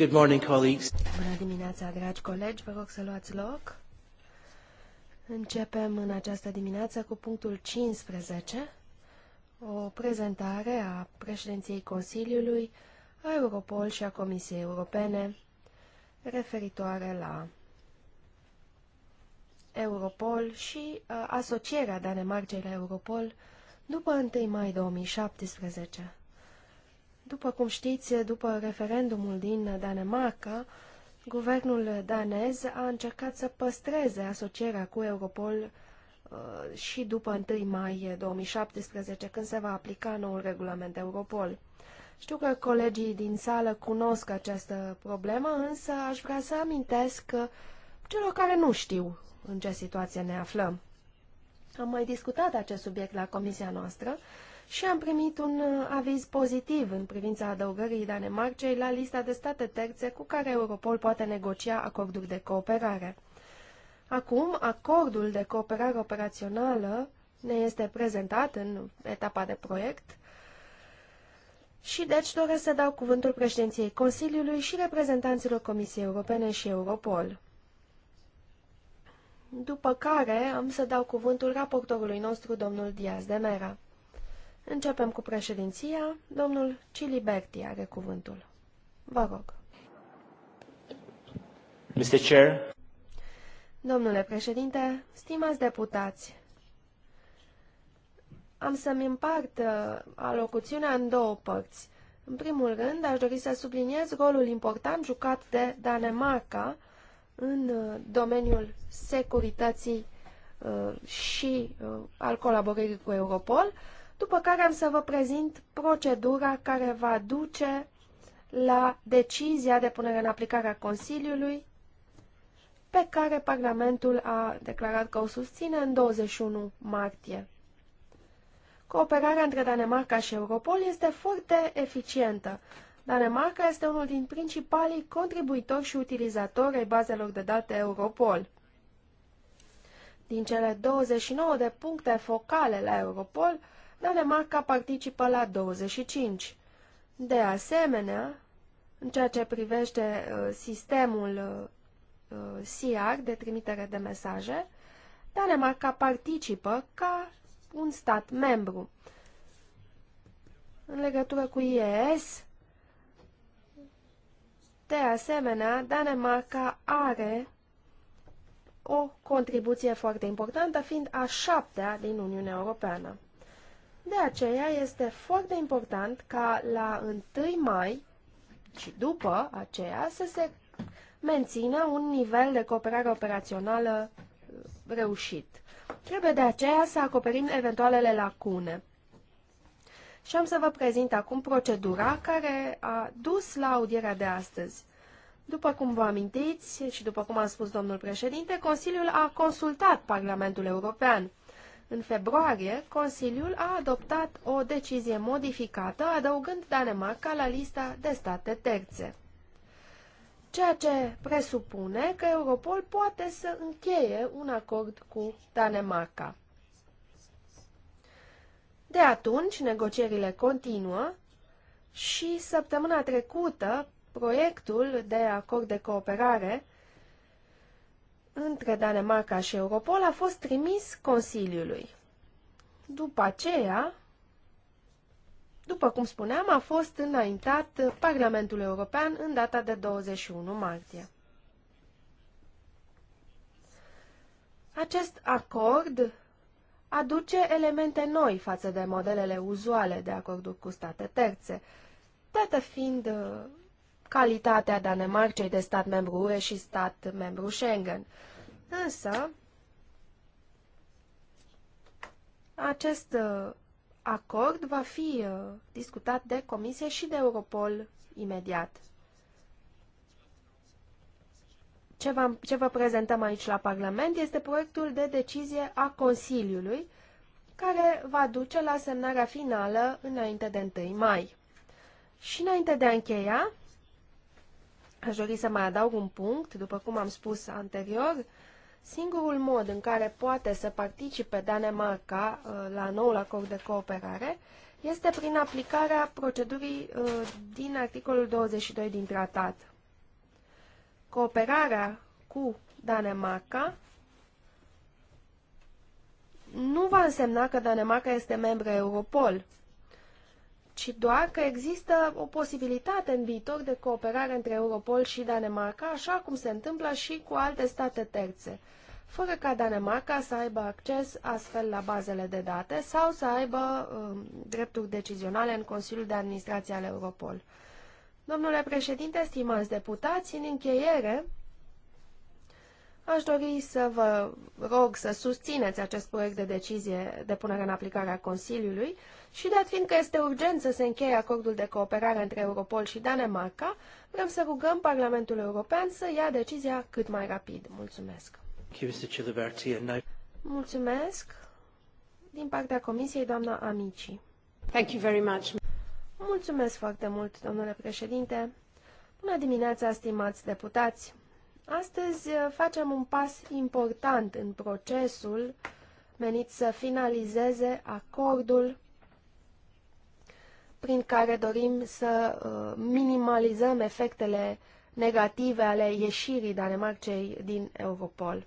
Good morning, colleagues. Bună dimineața, dragi colegi, vă rog să luați loc. Începem în această dimineață cu punctul 15, o prezentare a președinției Consiliului, a Europol și a Comisiei Europene referitoare la Europol și uh, asocierea Danemarcei la Europol după 1 mai 2017. După cum știți, după referendumul din Danemarca, guvernul danez a încercat să păstreze asocierea cu Europol uh, și după 1 mai 2017, când se va aplica noul regulament Europol. Știu că colegii din sală cunosc această problemă, însă aș vrea să amintesc celor care nu știu în ce situație ne aflăm. Am mai discutat acest subiect la comisia noastră și am primit un uh, aviz pozitiv în privința adăugării Danemarcei la lista de state terțe cu care Europol poate negocia acorduri de cooperare. Acum, acordul de cooperare operațională ne este prezentat în etapa de proiect și deci doresc să dau cuvântul președinției Consiliului și reprezentanților Comisiei Europene și Europol. După care am să dau cuvântul raportorului nostru, domnul Diaz de Mera. Începem cu președinția. Domnul Ciliberti are cuvântul. Vă rog. Mr. Chair. Domnule președinte, stimați deputați, am să-mi împart uh, alocuțiunea în două părți. În primul rând, aș dori să subliniez rolul important jucat de Danemarca în uh, domeniul securității uh, și al colaborării cu Europol, după care am să vă prezint procedura care va duce la decizia de punere în aplicare a Consiliului, pe care Parlamentul a declarat că o susține în 21 martie. Cooperarea între Danemarca și Europol este foarte eficientă. Danemarca este unul din principalii contribuitori și utilizatori ai bazelor de date Europol. Din cele 29 de puncte focale la Europol, Danemarca participă la 25. De asemenea, în ceea ce privește uh, sistemul uh, uh, SIAR de trimitere de mesaje, Danemarca participă ca un stat membru. În legătură cu IES, de asemenea, Danemarca are o contribuție foarte importantă, fiind a șaptea din Uniunea Europeană. De aceea este foarte important ca la 1 mai și după aceea să se mențină un nivel de cooperare operațională uh, reușit. Trebuie de aceea să acoperim eventualele lacune. Și am să vă prezint acum procedura care a dus la audierea de astăzi. După cum vă amintiți și după cum a spus domnul președinte, Consiliul a consultat Parlamentul European în februarie, Consiliul a adoptat o decizie modificată, adăugând Danemarca la lista de state terțe, ceea ce presupune că Europol poate să încheie un acord cu Danemarca. De atunci, negocierile continuă și săptămâna trecută, proiectul de acord de cooperare între Danemarca și Europol a fost trimis Consiliului. După aceea, după cum spuneam, a fost înaintat Parlamentul European în data de 21 martie. Acest acord aduce elemente noi față de modelele uzuale de acorduri cu state terțe, dată fiind uh, calitatea Danemarcei de stat membru UE și stat membru Schengen. Însă, acest uh, acord va fi uh, discutat de Comisie și de Europol imediat. Ce, ce vă prezentăm aici la Parlament este proiectul de decizie a Consiliului, care va duce la semnarea finală înainte de 1 mai. Și înainte de a încheia, aș dori să mai adaug un punct, după cum am spus anterior, Singurul mod în care poate să participe Danemarca uh, la noul acord de cooperare este prin aplicarea procedurii uh, din articolul 22 din tratat. Cooperarea cu Danemarca nu va însemna că Danemarca este membră Europol, ci doar că există o posibilitate în viitor de cooperare între Europol și Danemarca, așa cum se întâmplă și cu alte state terțe, fără ca Danemarca să aibă acces astfel la bazele de date sau să aibă um, drepturi decizionale în Consiliul de Administrație al Europol. Domnule președinte, stimați deputați, în încheiere, Aș dori să vă rog să susțineți acest proiect de decizie de punere în aplicare a Consiliului, și dat fiindcă este urgent să se încheie acordul de cooperare între Europol și Danemarca, vrem să rugăm Parlamentul European să ia decizia cât mai rapid. Mulțumesc! Mulțumesc! Din partea Comisiei, doamna Amici. Thank you very much. Mulțumesc foarte mult, domnule președinte. Bună dimineața, stimați deputați! Astăzi uh, facem un pas important în procesul menit să finalizeze acordul prin care dorim să uh, minimalizăm efectele negative ale ieșirii Danemarcei din Europol.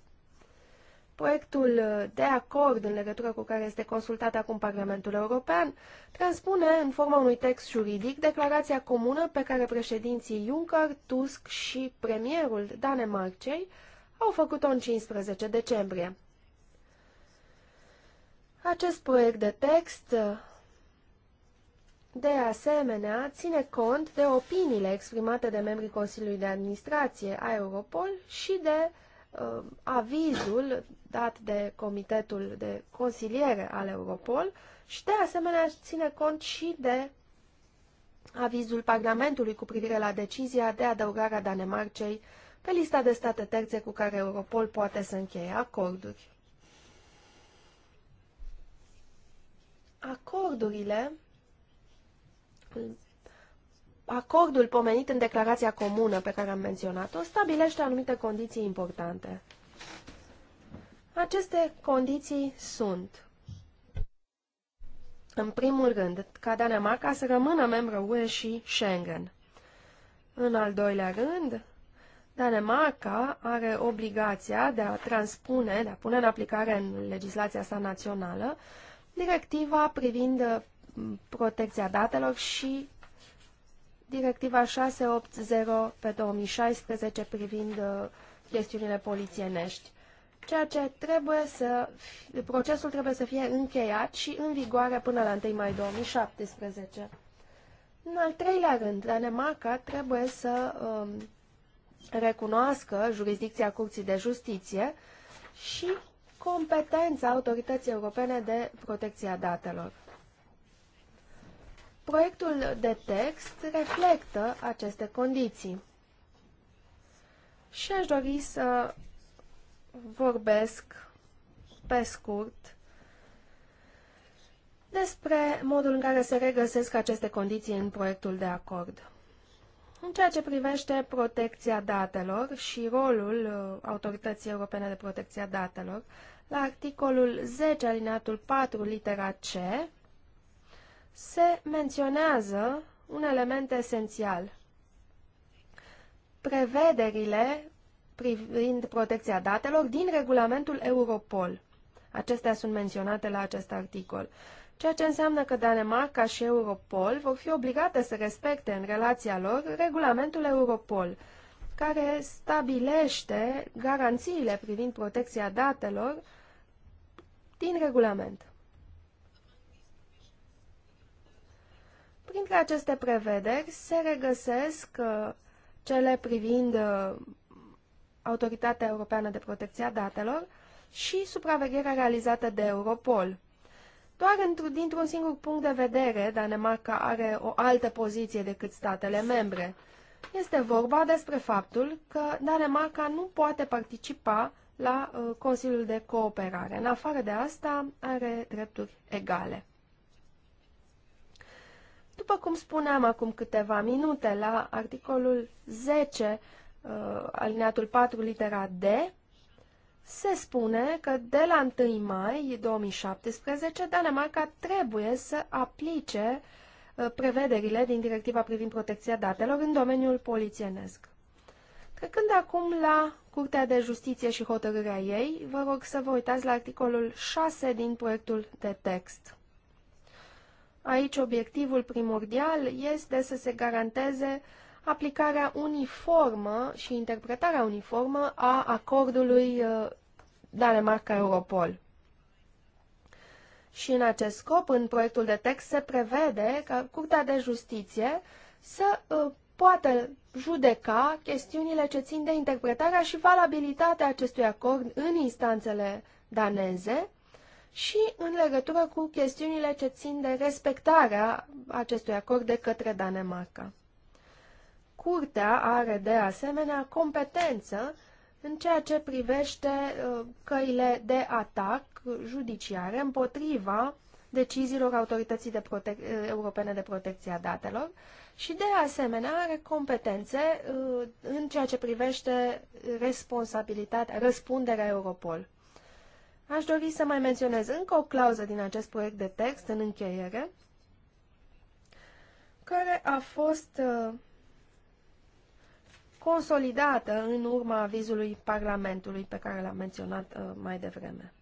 Proiectul uh, de acord în legătură cu care este consultat acum Parlamentul European transpune în forma unui text juridic declarația comună pe care președinții Juncker, Tusk și premierul Danemarcei au făcut-o în 15 decembrie. Acest proiect de text uh, de asemenea, ține cont de opiniile exprimate de membrii Consiliului de Administrație a Europol și de uh, avizul dat de Comitetul de Consiliere al Europol și, de asemenea, ține cont și de avizul Parlamentului cu privire la decizia de adăugare a Danemarcei pe lista de state terțe cu care Europol poate să încheie acorduri. Acordurile acordul pomenit în declarația comună pe care am menționat-o stabilește anumite condiții importante. Aceste condiții sunt în primul rând, ca Danemarca să rămână membră UE și Schengen. În al doilea rând, Danemarca are obligația de a transpune, de a pune în aplicare în legislația sa națională, directiva privind protecția datelor și directiva 680 pe 2016 privind uh, chestiunile polițienești. Ceea ce trebuie să, procesul trebuie să fie încheiat și în vigoare până la 1 mai 2017. În al treilea rând, Danemarca trebuie să um, recunoască jurisdicția Curții de Justiție și competența Autorității Europene de protecția a Datelor. Proiectul de text reflectă aceste condiții. Și aș dori să vorbesc pe scurt despre modul în care se regăsesc aceste condiții în proiectul de acord. În ceea ce privește protecția datelor și rolul uh, Autorității Europene de Protecție a Datelor, la articolul 10, alineatul 4, litera C, se menționează un element esențial. Prevederile privind protecția datelor din regulamentul Europol. Acestea sunt menționate la acest articol. Ceea ce înseamnă că Danemarca și Europol vor fi obligate să respecte în relația lor regulamentul Europol, care stabilește garanțiile privind protecția datelor din regulament. Printre aceste prevederi se regăsesc uh, cele privind uh, Autoritatea Europeană de Protecție a Datelor și supravegherea realizată de Europol. Doar dintr-un singur punct de vedere, Danemarca are o altă poziție decât statele membre. Este vorba despre faptul că Danemarca nu poate participa la uh, Consiliul de Cooperare. În afară de asta, are drepturi egale. După cum spuneam acum câteva minute, la articolul 10, uh, alineatul 4, litera D, se spune că de la 1 mai 2017 Danemarca trebuie să aplice uh, prevederile din directiva privind protecția datelor în domeniul polițienesc. Trecând acum la Curtea de Justiție și hotărârea ei, vă rog să vă uitați la articolul 6 din proiectul de text. Aici obiectivul primordial este să se garanteze aplicarea uniformă și interpretarea uniformă a acordului uh, Danemarca-Europol. Și în acest scop, în proiectul de text se prevede că Curtea de Justiție să uh, poată judeca chestiunile ce țin de interpretarea și valabilitatea acestui acord în instanțele daneze, și în legătură cu chestiunile ce țin de respectarea acestui acord de către Danemarca. Curtea are de asemenea competență în ceea ce privește uh, căile de atac judiciare împotriva deciziilor Autorității de uh, Europene de Protecție a Datelor și, de asemenea, are competențe uh, în ceea ce privește responsabilitatea, răspunderea Europol. Aș dori să mai menționez încă o clauză din acest proiect de text în încheiere, care a fost uh, consolidată în urma avizului Parlamentului pe care l-am menționat uh, mai devreme.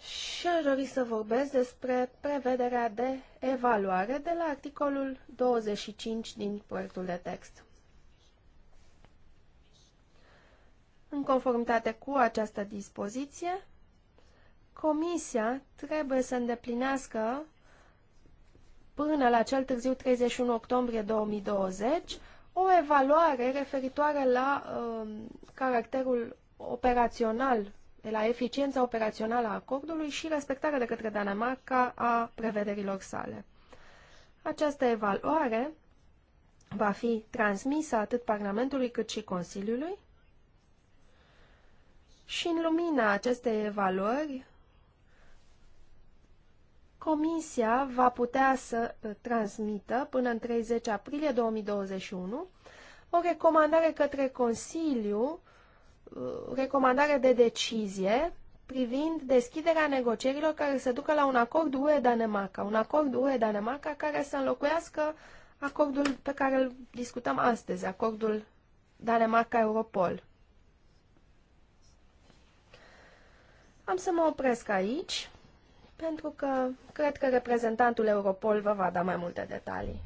Și aș dori să vorbesc despre prevederea de evaluare de la articolul 25 din proiectul de text. În conformitate cu această dispoziție, Comisia trebuie să îndeplinească până la cel târziu 31 octombrie 2020 o evaluare referitoare la uh, caracterul operațional, la eficiența operațională a acordului și respectarea de către Danemarca a prevederilor sale. Această evaluare va fi transmisă atât Parlamentului cât și Consiliului și în lumina acestei evaluări, Comisia va putea să uh, transmită până în 30 aprilie 2021 o recomandare către Consiliu, uh, recomandare de decizie privind deschiderea negocierilor care se ducă la un acord UE-Danemarca, un acord UE-Danemarca care să înlocuiască acordul pe care îl discutăm astăzi, acordul Danemarca-Europol. Am să mă opresc aici, pentru că cred că reprezentantul Europol vă va da mai multe detalii.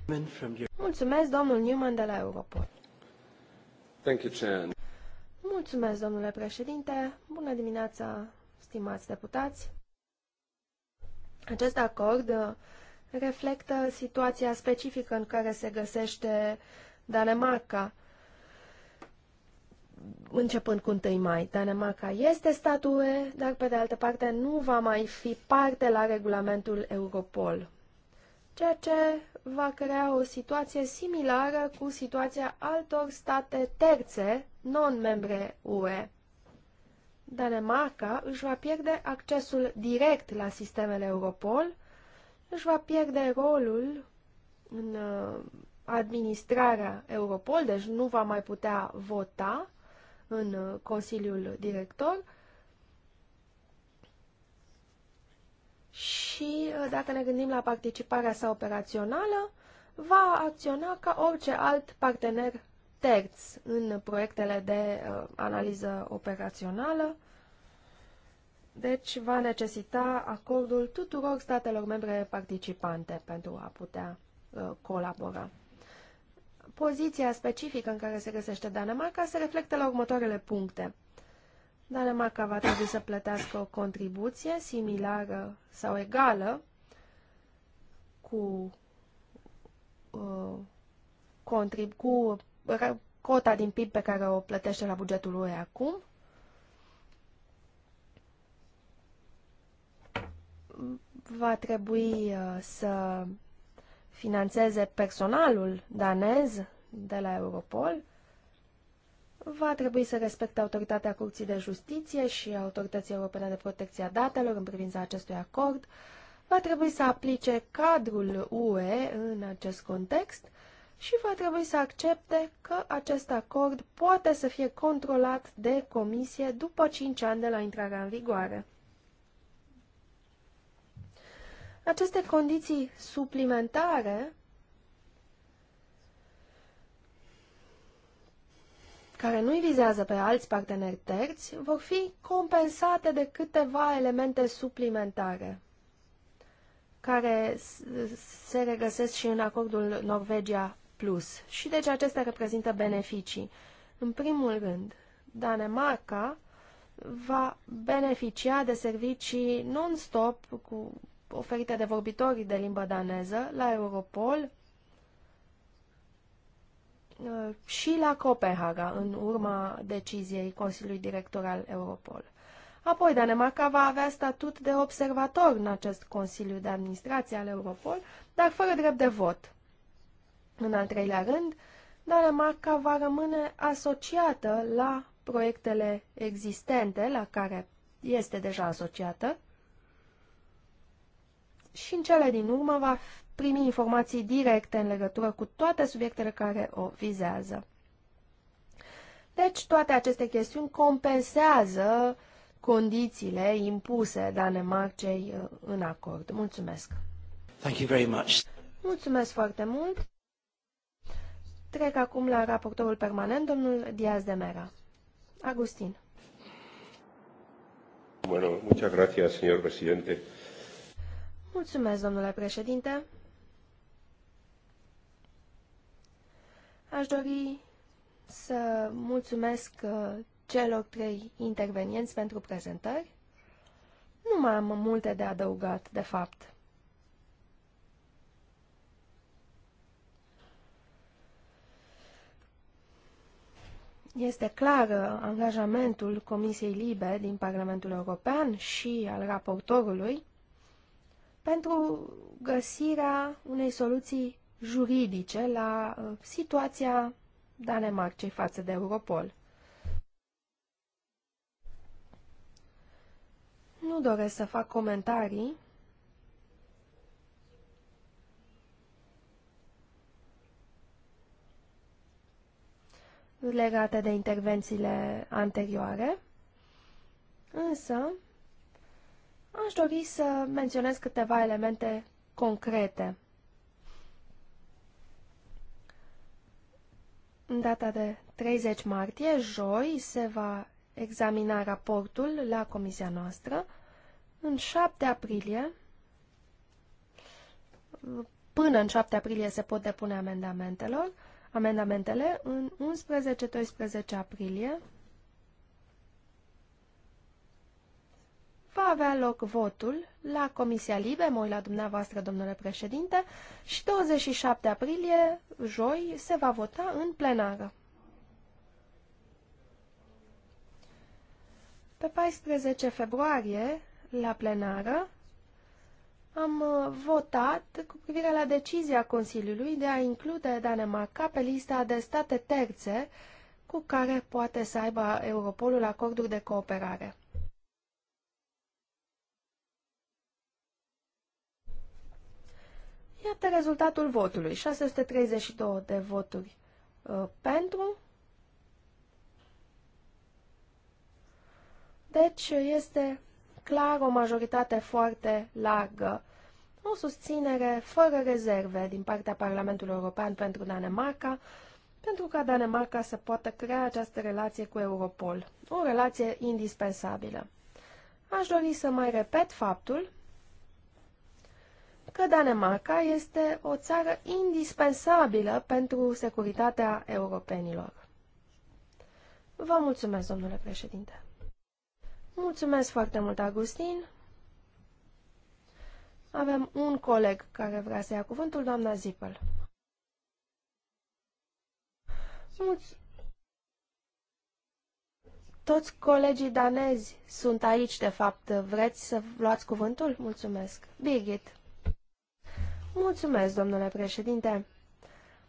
Mulțumesc, domnul Newman de la Europol. Thank you, Chan. Mulțumesc, domnule președinte. Bună dimineața, stimați deputați. Acest acord uh, reflectă situația specifică în care se găsește Danemarca începând cu 1 mai. Danemarca este statul UE, dar pe de altă parte nu va mai fi parte la regulamentul Europol, ceea ce va crea o situație similară cu situația altor state terțe, non-membre UE. Danemarca își va pierde accesul direct la sistemele Europol, își va pierde rolul în uh, administrarea Europol, deci nu va mai putea vota în uh, Consiliul Director. Și uh, dacă ne gândim la participarea sa operațională, va acționa ca orice alt partener terț în proiectele de uh, analiză operațională, deci va necesita acordul tuturor statelor membre participante pentru a putea uh, colabora. Poziția specifică în care se găsește Danemarca se reflectă la următoarele puncte. Danemarca va trebui să plătească o contribuție similară sau egală cu, uh, cu cota din PIB pe care o plătește la bugetul UE acum. Va trebui uh, să financeze personalul danez de la Europol, va trebui să respecte autoritatea Curții de Justiție și Autorității Europene de Protecție a Datelor în privința acestui acord, va trebui să aplice cadrul UE în acest context și va trebui să accepte că acest acord poate să fie controlat de Comisie după 5 ani de la intrarea în vigoare. Aceste condiții suplimentare care nu-i vizează pe alți parteneri terți, vor fi compensate de câteva elemente suplimentare care se regăsesc și în acordul Norvegia Plus. Și deci acestea reprezintă beneficii. În primul rând, Danemarca va beneficia de servicii non-stop cu oferite de vorbitorii de limba daneză la Europol uh, și la Copenhaga, în urma deciziei Consiliului Director al Europol. Apoi, Danemarca va avea statut de observator în acest Consiliu de Administrație al Europol, dar fără drept de vot. În al treilea rând, Danemarca va rămâne asociată la proiectele existente la care este deja asociată și în cele din urmă va primi informații directe în legătură cu toate subiectele care o vizează. Deci toate aceste chestiuni compensează condițiile impuse Danemarcei uh, în acord. Mulțumesc! Thank you very much. Mulțumesc foarte mult! Trec acum la raportorul permanent, domnul Diaz de Mera. Agustin. Bueno, muchas gracias, señor presidente. Mulțumesc, domnule președinte. Aș dori să mulțumesc uh, celor trei intervenienți pentru prezentări. Nu mai am multe de adăugat, de fapt. Este clar uh, angajamentul Comisiei Libe din Parlamentul European și al raportorului pentru găsirea unei soluții juridice la uh, situația Danemarcei față de Europol. Nu doresc să fac comentarii. legate de intervențiile anterioare, însă Aș dori să menționez câteva elemente concrete. În data de 30 martie, joi, se va examina raportul la comisia noastră. În 7 aprilie, până în 7 aprilie se pot depune amendamentelor, amendamentele. În 11-12 aprilie va avea loc votul la Comisia Libe, mă la dumneavoastră, domnule președinte, și 27 aprilie, joi, se va vota în plenară. Pe 14 februarie, la plenară, am votat cu privire la decizia Consiliului de a include Danemarca pe lista de state terțe cu care poate să aibă Europolul acorduri de cooperare. Iată rezultatul votului. 632 de voturi uh, pentru. Deci este clar o majoritate foarte largă. O susținere fără rezerve din partea Parlamentului European pentru Danemarca, pentru ca Danemarca să poată crea această relație cu Europol, o relație indispensabilă. Aș dori să mai repet faptul că Danemarca este o țară indispensabilă pentru securitatea europenilor. Vă mulțumesc, domnule președinte. Mulțumesc foarte mult, Agustin. Avem un coleg care vrea să ia cuvântul, doamna Zipel. Mulțumesc. Toți colegii danezi sunt aici, de fapt. Vreți să luați cuvântul? Mulțumesc. Birgit. Mulțumesc, domnule președinte.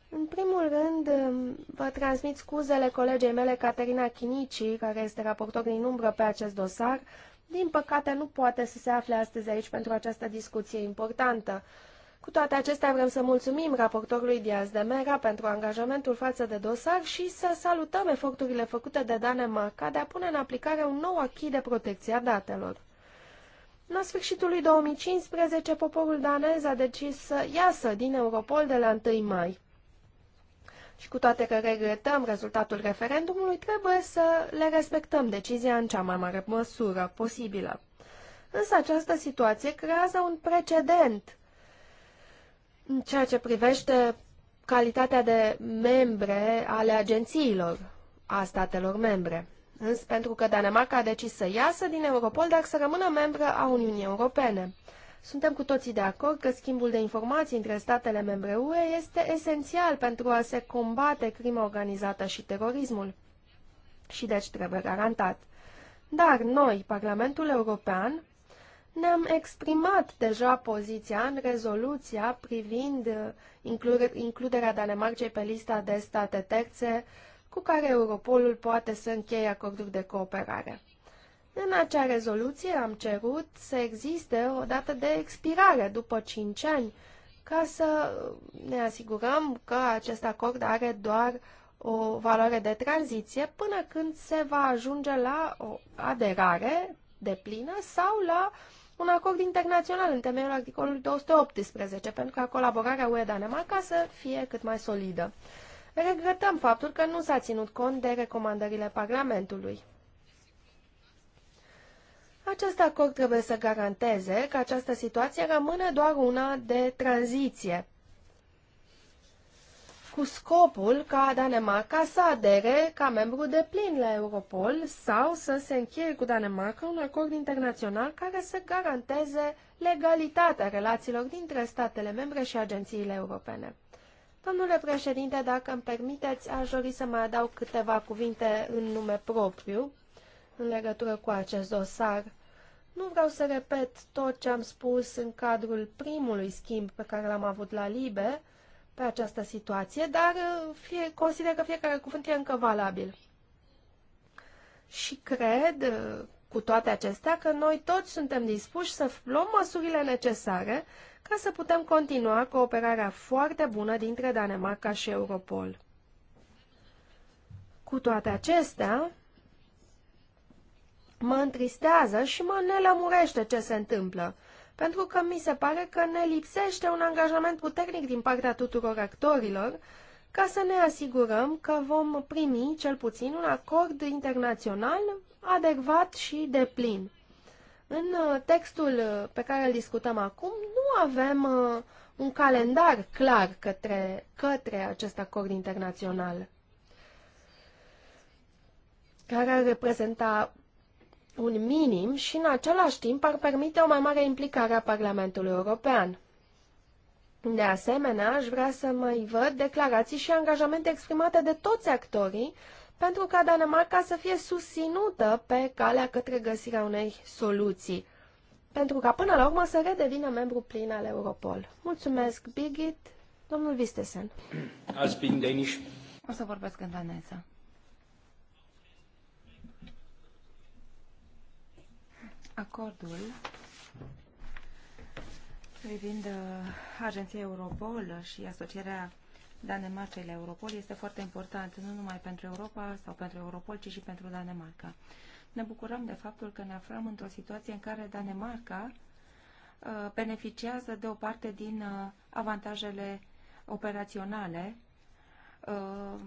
În primul rând, um, vă transmit scuzele colegei mele, Caterina Chinici, care este raportor din umbră pe acest dosar. Din păcate, nu poate să se afle astăzi aici pentru această discuție importantă. Cu toate acestea, vrem să mulțumim raportorului Diaz de Mera pentru angajamentul față de dosar și să salutăm eforturile făcute de Danemarca de a pune în aplicare un nou achid de protecție a datelor. La sfârșitul lui 2015, poporul danez a decis să iasă din Europol de la 1 mai. Și cu toate că regretăm rezultatul referendumului, trebuie să le respectăm decizia în cea mai mare măsură posibilă. Însă această situație creează un precedent în ceea ce privește calitatea de membre ale agențiilor a statelor membre pentru că Danemarca a decis să iasă din Europol, dar să rămână membră a Uniunii Europene. Suntem cu toții de acord că schimbul de informații între statele membre UE este esențial pentru a se combate crima organizată și terorismul. Și deci trebuie garantat. Dar noi, Parlamentul European, ne-am exprimat deja poziția în rezoluția privind uh, includerea Danemarcei pe lista de state terțe uh, cu care Europolul poate să încheie acorduri de cooperare. În acea rezoluție am cerut să existe o dată de expirare după 5 ani, ca să ne asigurăm că acest acord are doar o valoare de tranziție până când se va ajunge la o aderare de plină sau la un acord internațional în temeiul articolului 218, pentru ca colaborarea UE-Danemarca să fie cât mai solidă. Regretăm faptul că nu s-a ținut cont de recomandările Parlamentului. Acest acord trebuie să garanteze că această situație rămâne doar una de tranziție, cu scopul ca Danemarca să adere ca membru de plin la Europol sau să se încheie cu Danemarca un acord internațional care să garanteze legalitatea relațiilor dintre statele membre și agențiile europene. Domnule președinte, dacă îmi permiteți, aș dori să mai adaug câteva cuvinte în nume propriu în legătură cu acest dosar. Nu vreau să repet tot ce am spus în cadrul primului schimb pe care l-am avut la Libe pe această situație, dar uh, fie, consider că fiecare cuvânt e încă valabil. Și cred, uh, cu toate acestea, că noi toți suntem dispuși să luăm măsurile necesare ca să putem continua cooperarea foarte bună dintre Danemarca și Europol. Cu toate acestea, mă întristează și mă nelămurește ce se întâmplă, pentru că mi se pare că ne lipsește un angajament puternic din partea tuturor actorilor ca să ne asigurăm că vom primi cel puțin un acord internațional adecvat și deplin. În uh, textul uh, pe care îl discutăm acum nu avem uh, un calendar clar către, către acest acord internațional care ar reprezenta un minim și în același timp ar permite o mai mare implicare a Parlamentului European. De asemenea, aș vrea să mai văd declarații și angajamente exprimate de toți actorii pentru ca Danemarca să fie susținută pe calea către găsirea unei soluții, pentru ca până la urmă să redevină membru plin al Europol. Mulțumesc, Birgit. Domnul Vistesen. Danish. O să vorbesc în daneză. Acordul privind uh, Agenția Europol și asocierea Danemarcei la Europol este foarte important, nu numai pentru Europa sau pentru Europol, ci și pentru Danemarca. Ne bucurăm de faptul că ne aflăm într-o situație în care Danemarca uh, beneficiază de o parte din uh, avantajele operaționale uh,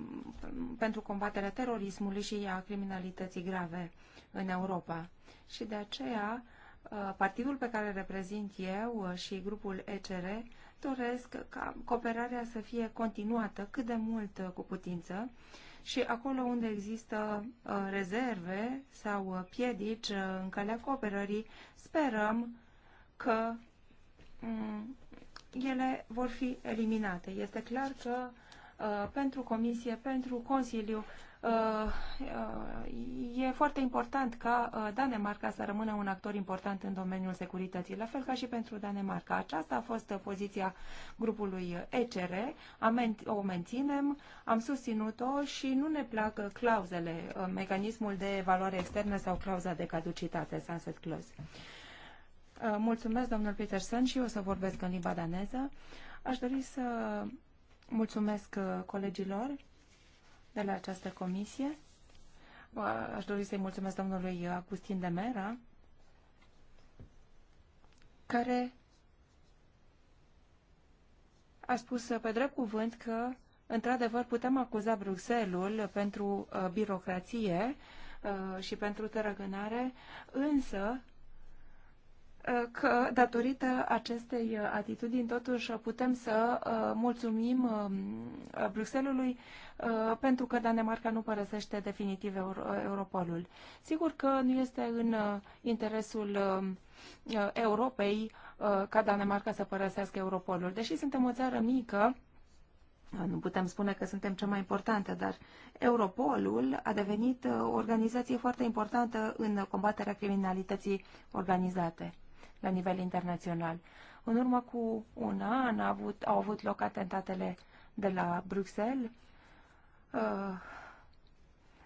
pentru combaterea terorismului și a criminalității grave în Europa. Și de aceea, partidul pe care reprezint eu și grupul ECR doresc ca cooperarea să fie continuată cât de mult uh, cu putință și acolo unde există uh, rezerve sau uh, piedici în calea cooperării, sperăm că mm, ele vor fi eliminate. Este clar că pentru Comisie, pentru Consiliu, Uh, uh, e foarte important ca uh, Danemarca să rămână un actor important în domeniul securității, la fel ca și pentru Danemarca. Aceasta a fost poziția grupului ECR, o menținem, am susținut-o și nu ne plac clauzele, mecanismul de valoare externă sau clauza de caducitate, sunset clause. Mulțumesc, domnul Peterson, și eu o să vorbesc în limba daneză. Aș dori să mulțumesc colegilor de la această comisie. Aș dori să-i mulțumesc domnului Agustin de Mera, care a spus pe drept cuvânt că, într-adevăr, putem acuza Bruxelles pentru uh, birocrație uh, și pentru tărăgânare, însă că, datorită acestei uh, atitudini, totuși uh, putem să uh, mulțumim Bruxellesului pentru că Danemarca nu părăsește definitiv Europolul. Sigur că nu este în interesul Europei ca Danemarca să părăsească Europolul. Deși suntem o țară mică, nu putem spune că suntem cea mai importantă, dar Europolul a devenit o organizație foarte importantă în combaterea criminalității organizate la nivel internațional. În urmă cu un an a avut, au avut loc atentatele de la Bruxelles, uh,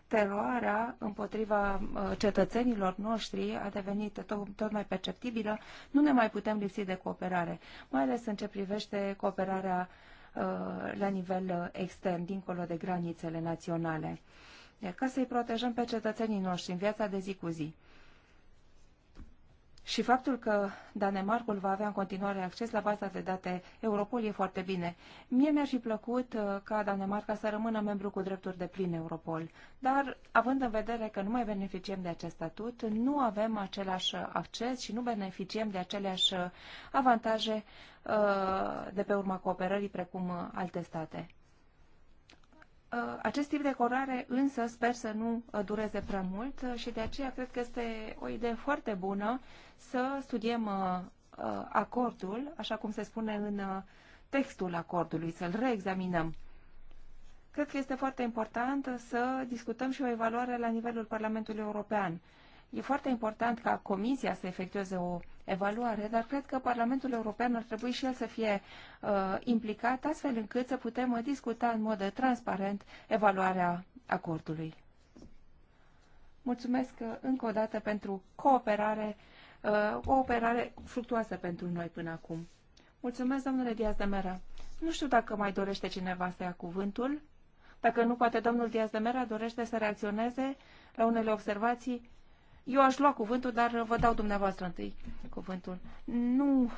teroarea împotriva uh, cetățenilor noștri a devenit tot, tot mai perceptibilă, nu ne mai putem lipsi de cooperare, mai ales în ce privește cooperarea uh, la nivel extern, dincolo de granițele naționale, ca să-i protejăm pe cetățenii noștri în viața de zi cu zi. Și faptul că Danemarcul va avea în continuare acces la baza de date Europol e foarte bine. Mie mi-ar fi plăcut uh, ca Danemarca să rămână membru cu drepturi de plin Europol, dar având în vedere că nu mai beneficiem de acest statut, nu avem același acces și nu beneficiem de aceleași avantaje uh, de pe urma cooperării precum uh, alte state. Uh, acest tip de corare însă sper să nu uh, dureze prea mult uh, și de aceea cred că este o idee foarte bună să studiem acordul, așa cum se spune în textul acordului, să-l reexaminăm. Cred că este foarte important să discutăm și o evaluare la nivelul Parlamentului European E foarte important ca Comisia să efectueze o evaluare, dar cred că Parlamentul European ar trebui și el să fie uh, implicat, astfel încât să putem uh, discuta în mod uh, transparent evaluarea acordului. Mulțumesc uh, încă o dată pentru cooperare, uh, o operare fructuoasă pentru noi până acum. Mulțumesc, domnule Diaz de Mera. Nu știu dacă mai dorește cineva să ia cuvântul. Dacă nu, poate domnul Diaz de Mera dorește să reacționeze la unele observații eu aș lua cuvântul, dar vă dau dumneavoastră întâi cuvântul. Nu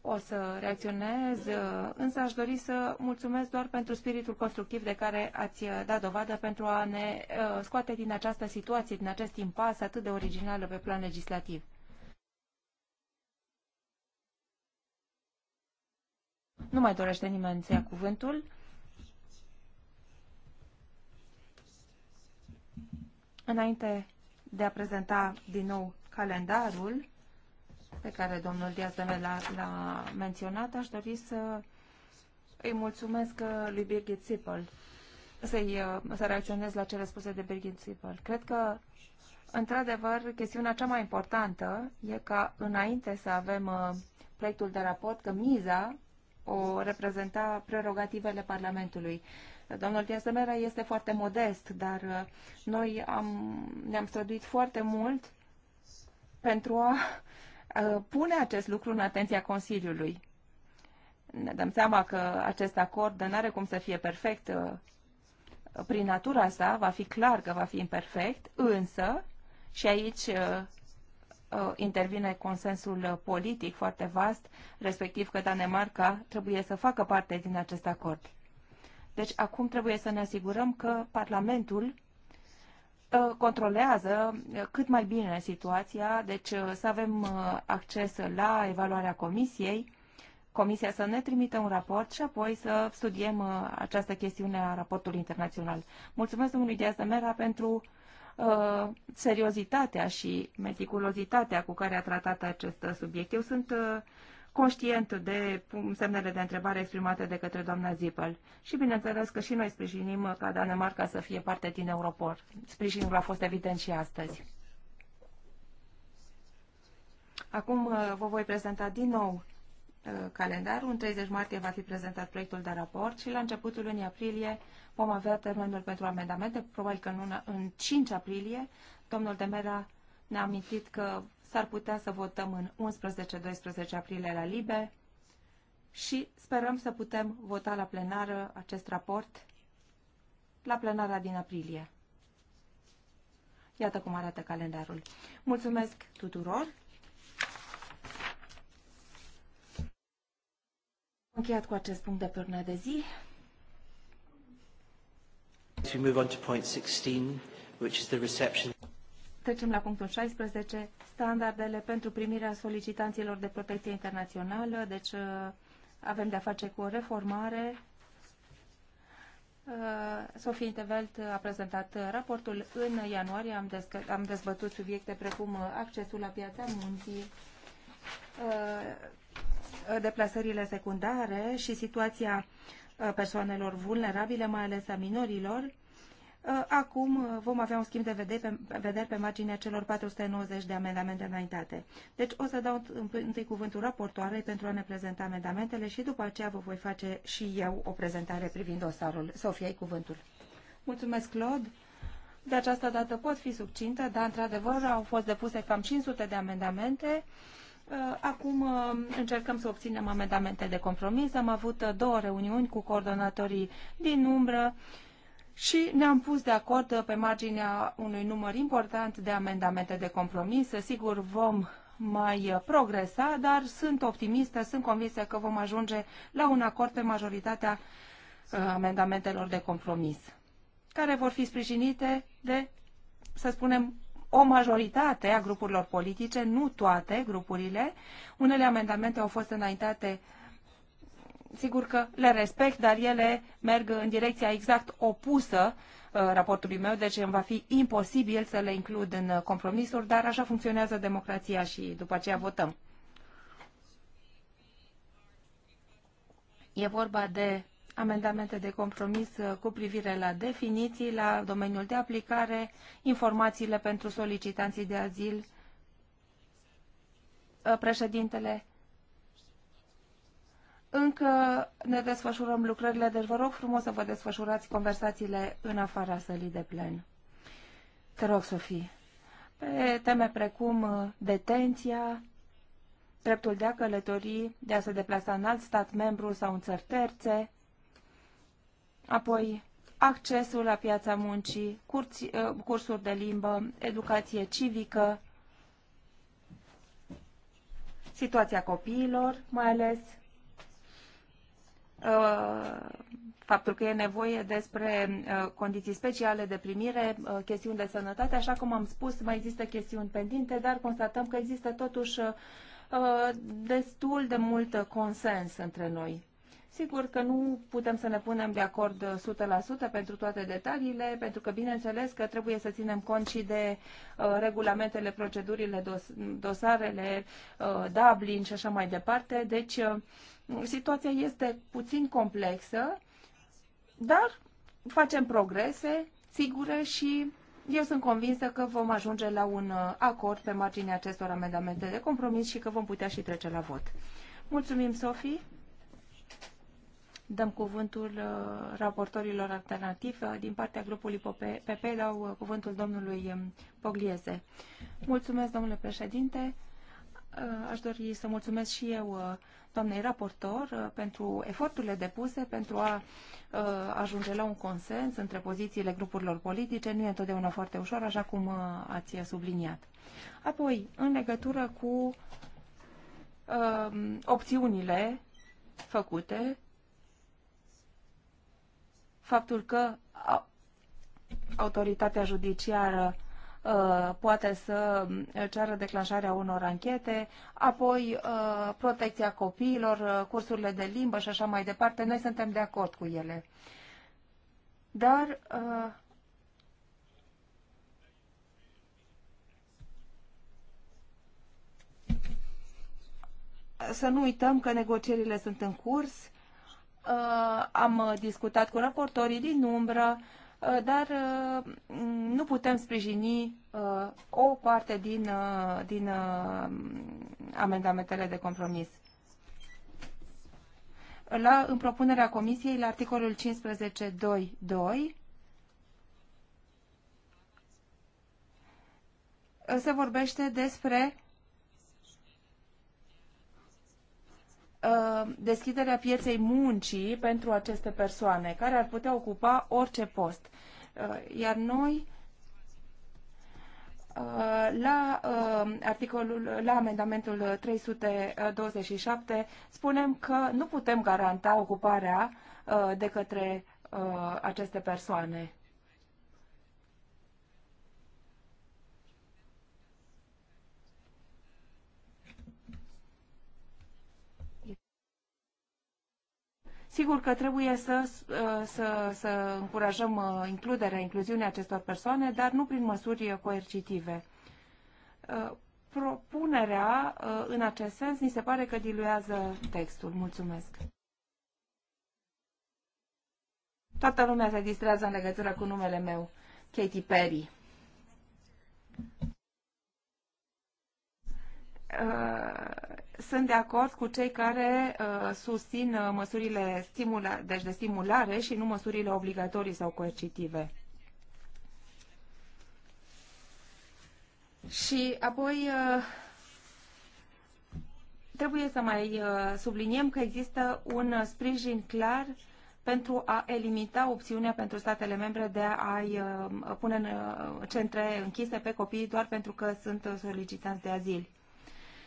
o să reacționez, însă aș dori să mulțumesc doar pentru spiritul constructiv de care ați dat dovadă pentru a ne uh, scoate din această situație, din acest impas atât de originală pe plan legislativ. Nu mai dorește nimeni să ia cuvântul. Înainte de a prezenta din nou calendarul pe care domnul Diaz de l-a menționat, aș dori să îi mulțumesc uh, lui Birgit Zippel să uh, să reacționez la cele spuse de Birgit Zippel. Cred că, într-adevăr, chestiunea cea mai importantă e ca înainte să avem uh, proiectul de raport, că miza o reprezenta prerogativele Parlamentului. Domnul Diaz este foarte modest, dar uh, noi am, ne-am străduit foarte mult pentru a uh, pune acest lucru în atenția Consiliului. Ne dăm seama că acest acord nu are cum să fie perfect uh, prin natura sa, va fi clar că va fi imperfect, însă, și aici intervine consensul politic foarte vast, respectiv că Danemarca trebuie să facă parte din acest acord. Deci acum trebuie să ne asigurăm că Parlamentul uh, controlează uh, cât mai bine situația, deci uh, să avem acces la evaluarea comisiei, comisia să ne trimită un raport și apoi să studiem această chestiune a raportului internațional. Mulțumesc domnului Diaz de Mera pentru uh, seriozitatea și meticulozitatea cu care a tratat acest subiect. Eu sunt uh, conștient de semnele de întrebare exprimate de către doamna Zipel. Și bineînțeles că și noi sprijinim ca Danemarca să fie parte din Europol. Sprijinul a fost evident și astăzi. Acum uh, vă voi prezenta din nou uh, calendarul. În 30 martie va fi prezentat proiectul de raport și la începutul lunii aprilie vom avea termenul pentru amendamente, probabil că în, una, în 5 aprilie. Domnul Demera ne-a amintit că S-ar putea să votăm în 11-12 aprilie la Libe și sperăm să putem vota la plenară acest raport la plenara din aprilie. Iată cum arată calendarul. Mulțumesc tuturor! Am încheiat cu acest punct de până de zi. We move on to point 16, which is the reception. Trecem la punctul 16, standardele pentru primirea solicitanților de protecție internațională. Deci uh, avem de-a face cu o reformare. Uh, Sofie Intevelt a prezentat raportul în ianuarie. Am, am dezbătut subiecte precum accesul la piața munții, uh, deplasările secundare și situația persoanelor vulnerabile, mai ales a minorilor Uh, acum uh, vom avea un schimb de vederi pe, vederi pe marginea celor 490 de amendamente înaintate. Deci o să dau întâi cuvântul raportoarei pentru a ne prezenta amendamentele și după aceea vă voi face și eu o prezentare privind dosarul. Sofia, ai cuvântul. Mulțumesc, Claude. De această dată pot fi subcintă, dar într-adevăr au fost depuse cam 500 de amendamente. Uh, acum încercăm să obținem amendamente de compromis. Am avut două reuniuni cu coordonatorii din umbră și ne-am pus de acord pe marginea unui număr important de amendamente de compromis. Sigur, vom mai progresa, dar sunt optimistă, sunt convinsă că vom ajunge la un acord pe majoritatea uh, amendamentelor de compromis, care vor fi sprijinite de, să spunem, o majoritate a grupurilor politice, nu toate grupurile. Unele amendamente au fost înaintate uh, sigur că le respect, dar ele merg în direcția exact opusă uh, raportului meu, deci îmi va fi imposibil să le includ în uh, compromisuri, dar așa funcționează democrația și după aceea votăm. E vorba de amendamente de compromis uh, cu privire la definiții, la domeniul de aplicare, informațiile pentru solicitanții de azil. Președintele încă ne desfășurăm lucrările, deci vă rog frumos să vă desfășurați conversațiile în afara sălii de plen. Te rog, Sofie. Pe teme precum uh, detenția, dreptul de a călători, de a se deplasa în alt stat membru sau în țări terțe, apoi accesul la piața muncii, curți, uh, cursuri de limbă, educație civică, situația copiilor, mai ales Uh, faptul că e nevoie despre uh, condiții speciale de primire, uh, chestiuni de sănătate. Așa cum am spus, mai există chestiuni pendinte, dar constatăm că există totuși destul de mult consens între noi. Sigur că nu putem să ne punem de acord 100% pentru toate detaliile, pentru că, bineînțeles, că trebuie să ținem cont și de uh, regulamentele, procedurile, dos, dosarele, uh, Dublin și așa mai departe. Deci, uh, situația este puțin complexă, dar facem progrese sigure și eu sunt convinsă că vom ajunge la un uh, acord pe marginea acestor amendamente de compromis și că vom putea și trece la vot. Mulțumim, Sofie! Dăm cuvântul uh, raportorilor alternative. Din partea grupului PP dau uh, cuvântul domnului um, Pogliese. Mulțumesc, domnule președinte. Uh, aș dori să mulțumesc și eu doamnei raportor pentru eforturile depuse pentru a ajunge la un consens între pozițiile grupurilor politice. Nu e întotdeauna foarte ușor, așa cum ați subliniat. Apoi, în legătură cu um, opțiunile făcute, faptul că autoritatea judiciară uh, poate să ceară declanșarea unor anchete, apoi uh, protecția copiilor, uh, cursurile de limbă și așa mai departe. Noi suntem de acord cu ele. Dar să nu uităm că negocierile sunt în curs Uh, am uh, discutat cu raportorii din umbră, uh, dar nu putem sprijini o parte din, din amendamentele de compromis. La, în propunerea comisiei, la articolul 15.2.2, se vorbește despre Uh, deschiderea pieței muncii pentru aceste persoane, care ar putea ocupa orice post. Uh, iar noi, uh, la articolul, la amendamentul 327, spunem că nu putem garanta ocuparea de către aceste persoane. Sigur că trebuie să, uh, să, să încurajăm uh, includerea, incluziunea acestor persoane, dar nu prin măsuri coercitive. Uh, propunerea în acest sens mi se pare că diluează textul. Mulțumesc! Toată lumea se distrează în legătură cu numele meu, Katy Perry. Uh, sunt de acord cu cei care uh, susțin uh, măsurile stimula, deci de stimulare și nu măsurile obligatorii sau coercitive. Și apoi uh, trebuie să mai uh, subliniem că există un sprijin clar pentru a elimina opțiunea pentru statele membre de a-i uh, pune în uh, centre închise pe copii doar pentru că sunt solicitanți de azil.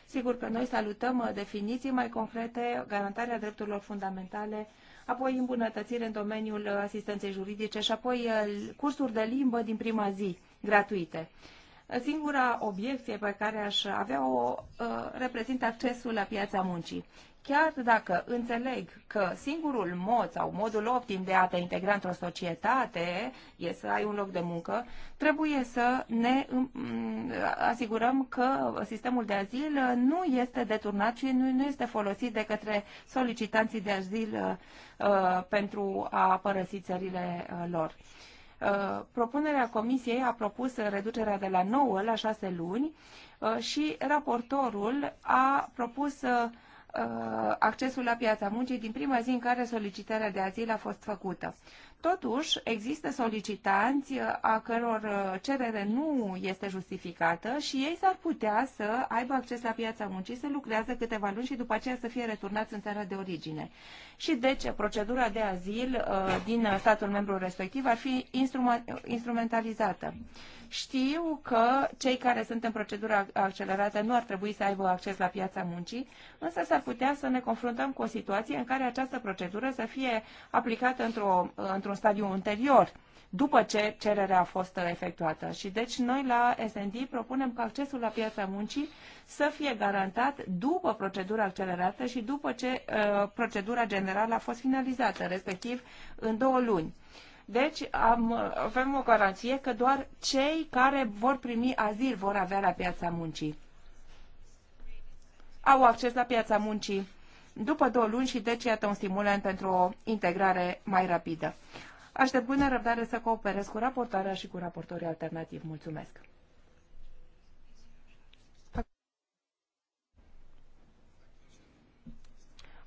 Sigur că noi salutăm uh, definiții mai concrete, garantarea drepturilor fundamentale, apoi îmbunătățire în domeniul uh, asistenței juridice și apoi uh, cursuri de limbă din prima zi, gratuite. Singura obiecție pe care aș avea-o reprezintă accesul la piața muncii chiar dacă înțeleg că singurul mod sau modul optim de a te integra într-o societate e să ai un loc de muncă, trebuie să ne mm, asigurăm că sistemul de azil nu este deturnat și nu este folosit de către solicitanții de azil uh, pentru a părăsi țările uh, lor. Uh, propunerea Comisiei a propus reducerea de la 9 la 6 luni și raportorul a propus Uh, accesul la piața muncii din prima zi în care solicitarea de azil a fost făcută. Totuși, există solicitanți uh, a căror uh, cerere nu este justificată și ei s-ar putea să aibă acces la piața muncii, să lucrează câteva luni și după aceea să fie returnați în țara de origine. Și deci, procedura de azil din statul membru respectiv ar fi instrumentalizată. Știu că cei care sunt în procedură accelerată nu ar trebui să aibă acces la piața muncii, însă s-ar putea să ne confruntăm cu o situație în care această procedură să fie aplicată într-un într stadiu anterior după ce cererea a fost efectuată. Și deci noi la SND propunem că accesul la piața muncii să fie garantat după procedura accelerată și după ce uh, procedura generală a fost finalizată, respectiv în două luni. Deci am, avem o garanție că doar cei care vor primi azil vor avea la piața muncii. Au acces la piața muncii după două luni și deci iată un stimulant pentru o integrare mai rapidă. Aștept bună răbdare să cooperez cu raportarea și cu raportorii alternativi. Mulțumesc!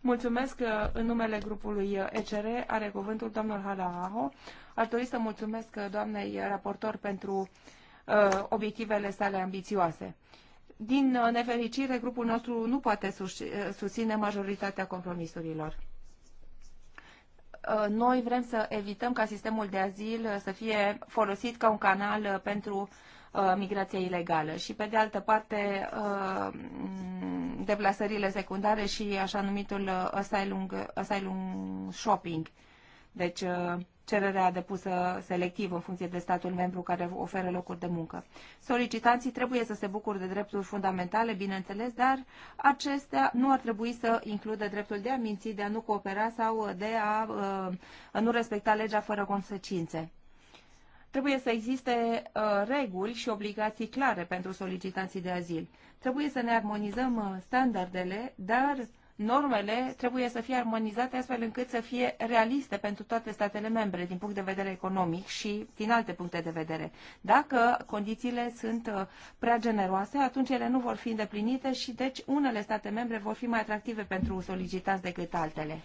Mulțumesc uh, în numele grupului uh, ECR, are cuvântul domnul Halaho. Aș dori să mulțumesc uh, doamnei raportor pentru uh, obiectivele sale ambițioase. Din uh, nefericire, grupul nostru nu poate sus susține majoritatea compromisurilor. Uh, noi vrem să evităm ca sistemul de azil să fie folosit ca un canal pentru uh, Uh, migrația ilegală și, pe de altă parte, uh, deplasările secundare și așa numitul uh, asylum, asylum shopping. Deci, cererea depusă selectiv în funcție de statul membru care oferă locuri de muncă. Solicitanții trebuie să se bucure de drepturi fundamentale, bineînțeles, dar acestea nu ar trebui să includă dreptul de a minți, de a nu coopera sau de a, a nu respecta legea fără consecințe. Trebuie să existe uh, reguli și obligații clare pentru solicitanții de azil. Trebuie să ne armonizăm uh, standardele, dar normele trebuie să fie armonizate astfel încât să fie realiste pentru toate statele membre din punct de vedere economic și din alte puncte de vedere. Dacă condițiile sunt uh, prea generoase, atunci ele nu vor fi îndeplinite și deci unele state membre vor fi mai atractive pentru solicitanți decât altele.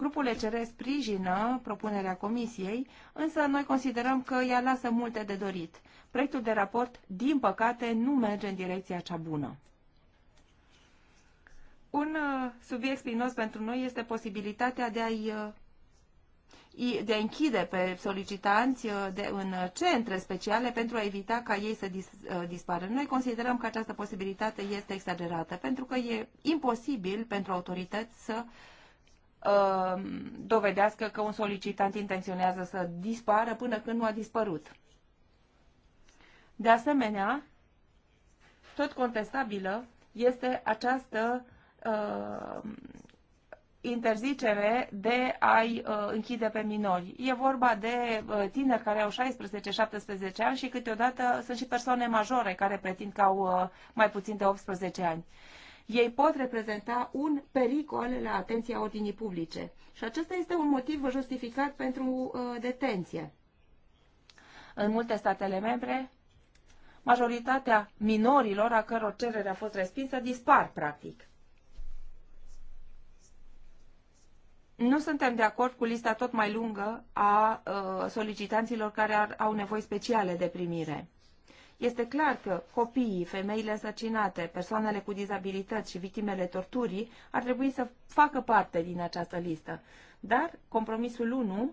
Grupul ECR sprijină propunerea Comisiei, însă noi considerăm că ea lasă multe de dorit. Proiectul de raport, din păcate, nu merge în direcția cea bună. Un uh, subiect spinos pentru noi este posibilitatea de a-i uh, de a închide pe solicitanți uh, de, în centre speciale pentru a evita ca ei să dis, dispară. Noi considerăm că această posibilitate este exagerată, pentru că e imposibil pentru autorități să Um, dovedească că un solicitant intenționează să dispară până când nu a dispărut. De asemenea, tot contestabilă este această uh, interzicere de a-i uh, închide pe minori. E vorba de uh, tineri care au 16-17 ani și câteodată sunt și persoane majore care pretind că au uh, mai puțin de 18 ani. Uh, ei pot reprezenta un pericol la atenția ordinii publice. Și acesta este un motiv justificat pentru uh, detenție. În multe statele membre, majoritatea minorilor a căror cerere a fost respinsă dispar, practic. Nu suntem de acord cu lista tot mai lungă a uh, solicitanților care ar, au nevoi speciale de primire. Este clar că copiii, femeile însărcinate, persoanele cu dizabilități și victimele torturii ar trebui să facă parte din această listă. Dar compromisul 1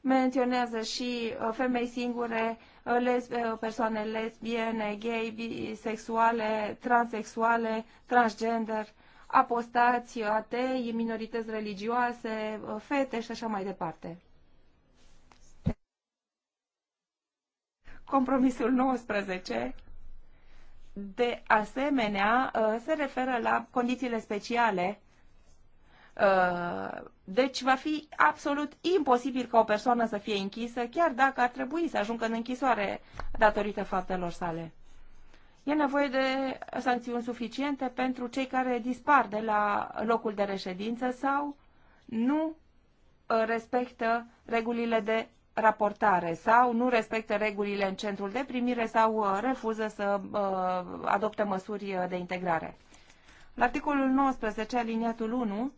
menționează și uh, femei singure, uh, lesbe, uh, persoane lesbiene, gay, bisexuale, transexuale, transgender, apostați, atei, minorități religioase, fete și așa mai departe. Compromisul 19, de asemenea, uh, se referă la condițiile speciale. Uh, deci va fi absolut imposibil ca o persoană să fie închisă, chiar dacă ar trebui să ajungă în închisoare datorită faptelor sale. E nevoie de sancțiuni suficiente pentru cei care dispar de la locul de reședință sau nu uh, respectă regulile de raportare sau nu respectă regulile în centrul de primire sau uh, refuză să uh, adopte măsuri de integrare. La articolul 19, aliniatul 1,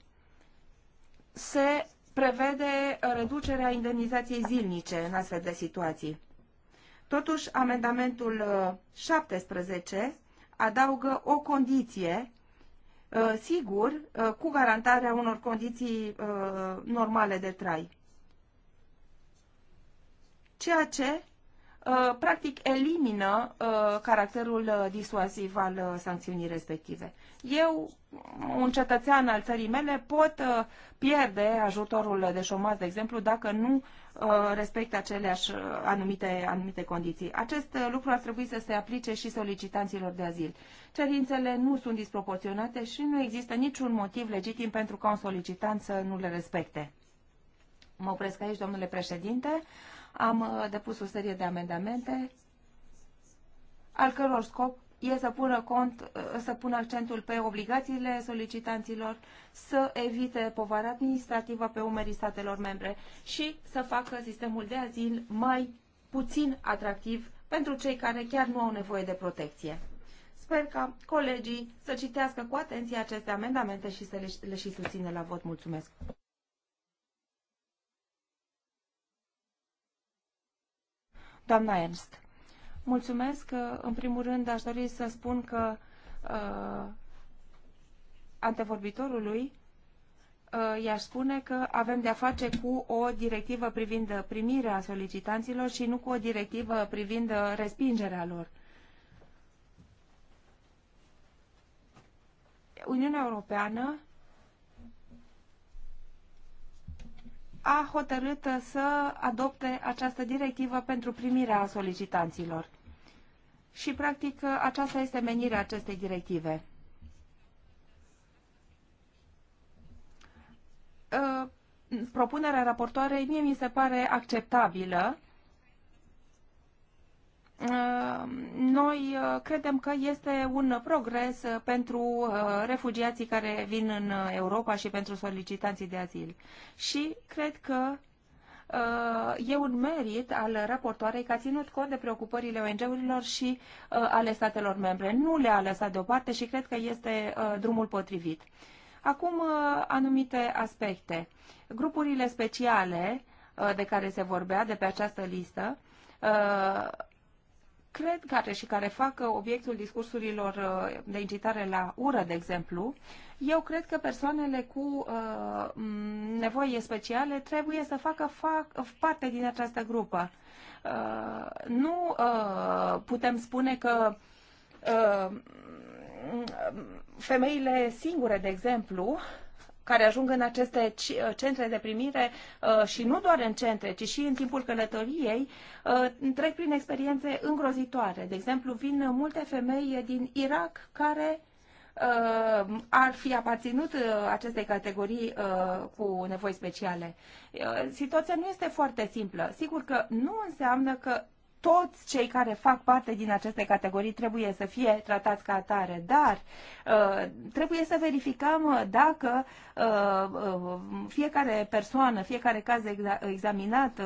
se prevede uh, reducerea indemnizației zilnice în astfel de situații. Totuși, amendamentul 17 adaugă o condiție, sigur, cu garantarea unor condiții normale de trai ceea ce uh, practic elimină uh, caracterul uh, disuasiv al sancțiunii respective. Eu, un cetățean al țării mele, pot pierde ajutorul de șomaj, de exemplu, dacă nu respectă aceleași anumite, anumite condiții. Acest lucru ar trebui să se aplice și solicitanților de azil. Cerințele nu sunt disproporționate și nu există niciun motiv legitim pentru ca un solicitant să nu le respecte. Mă opresc aici, domnule președinte. Am uh, depus o serie de amendamente, al căror scop e să pună, cont, uh, să pună accentul pe obligațiile solicitanților, să evite povara administrativă pe umerii statelor membre și să facă sistemul de azil mai puțin atractiv pentru cei care chiar nu au nevoie de protecție. Sper ca colegii să citească cu atenție aceste amendamente și să le, le și susțină la vot. Mulțumesc! Doamna Ernst. Mulțumesc. În primul rând, aș dori să spun că uh, antevorbitorului uh, i-aș spune că avem de-a face cu o directivă privind primirea solicitanților și nu cu o directivă privind respingerea lor. Uniunea Europeană a hotărât să adopte această directivă pentru primirea solicitanților. Și, practic, aceasta este menirea acestei directive. Ă, propunerea raportoarei mie mi se pare acceptabilă Uh, noi uh, credem că este un progres uh, pentru refugiații care vin în Europa și pentru solicitanții de azil. Și cred că e un merit al raportoarei că a ținut cont de preocupările ONG-urilor și ale statelor membre. Nu le-a lăsat deoparte și cred că este drumul potrivit. Acum anumite aspecte. Grupurile speciale de care se vorbea de pe această listă cred care și care fac obiectul discursurilor uh, de incitare la ură, de exemplu, eu cred că persoanele cu uh, nevoie speciale trebuie să facă fac, uh, parte din această grupă. Uh, nu uh, putem spune că uh, femeile singure, de exemplu, care ajung în aceste uh, centre de primire uh, și nu doar în centre, ci și în timpul călătoriei, uh, trec prin experiențe îngrozitoare. De exemplu, vin multe femei din Irak care ar fi aparținut acestei categorii cu nevoi speciale. Situația nu este foarte simplă. Sigur că nu înseamnă că toți cei care fac parte din aceste categorii trebuie să fie tratați ca atare, dar uh, trebuie să verificăm dacă uh, uh, fiecare persoană, fiecare caz examinat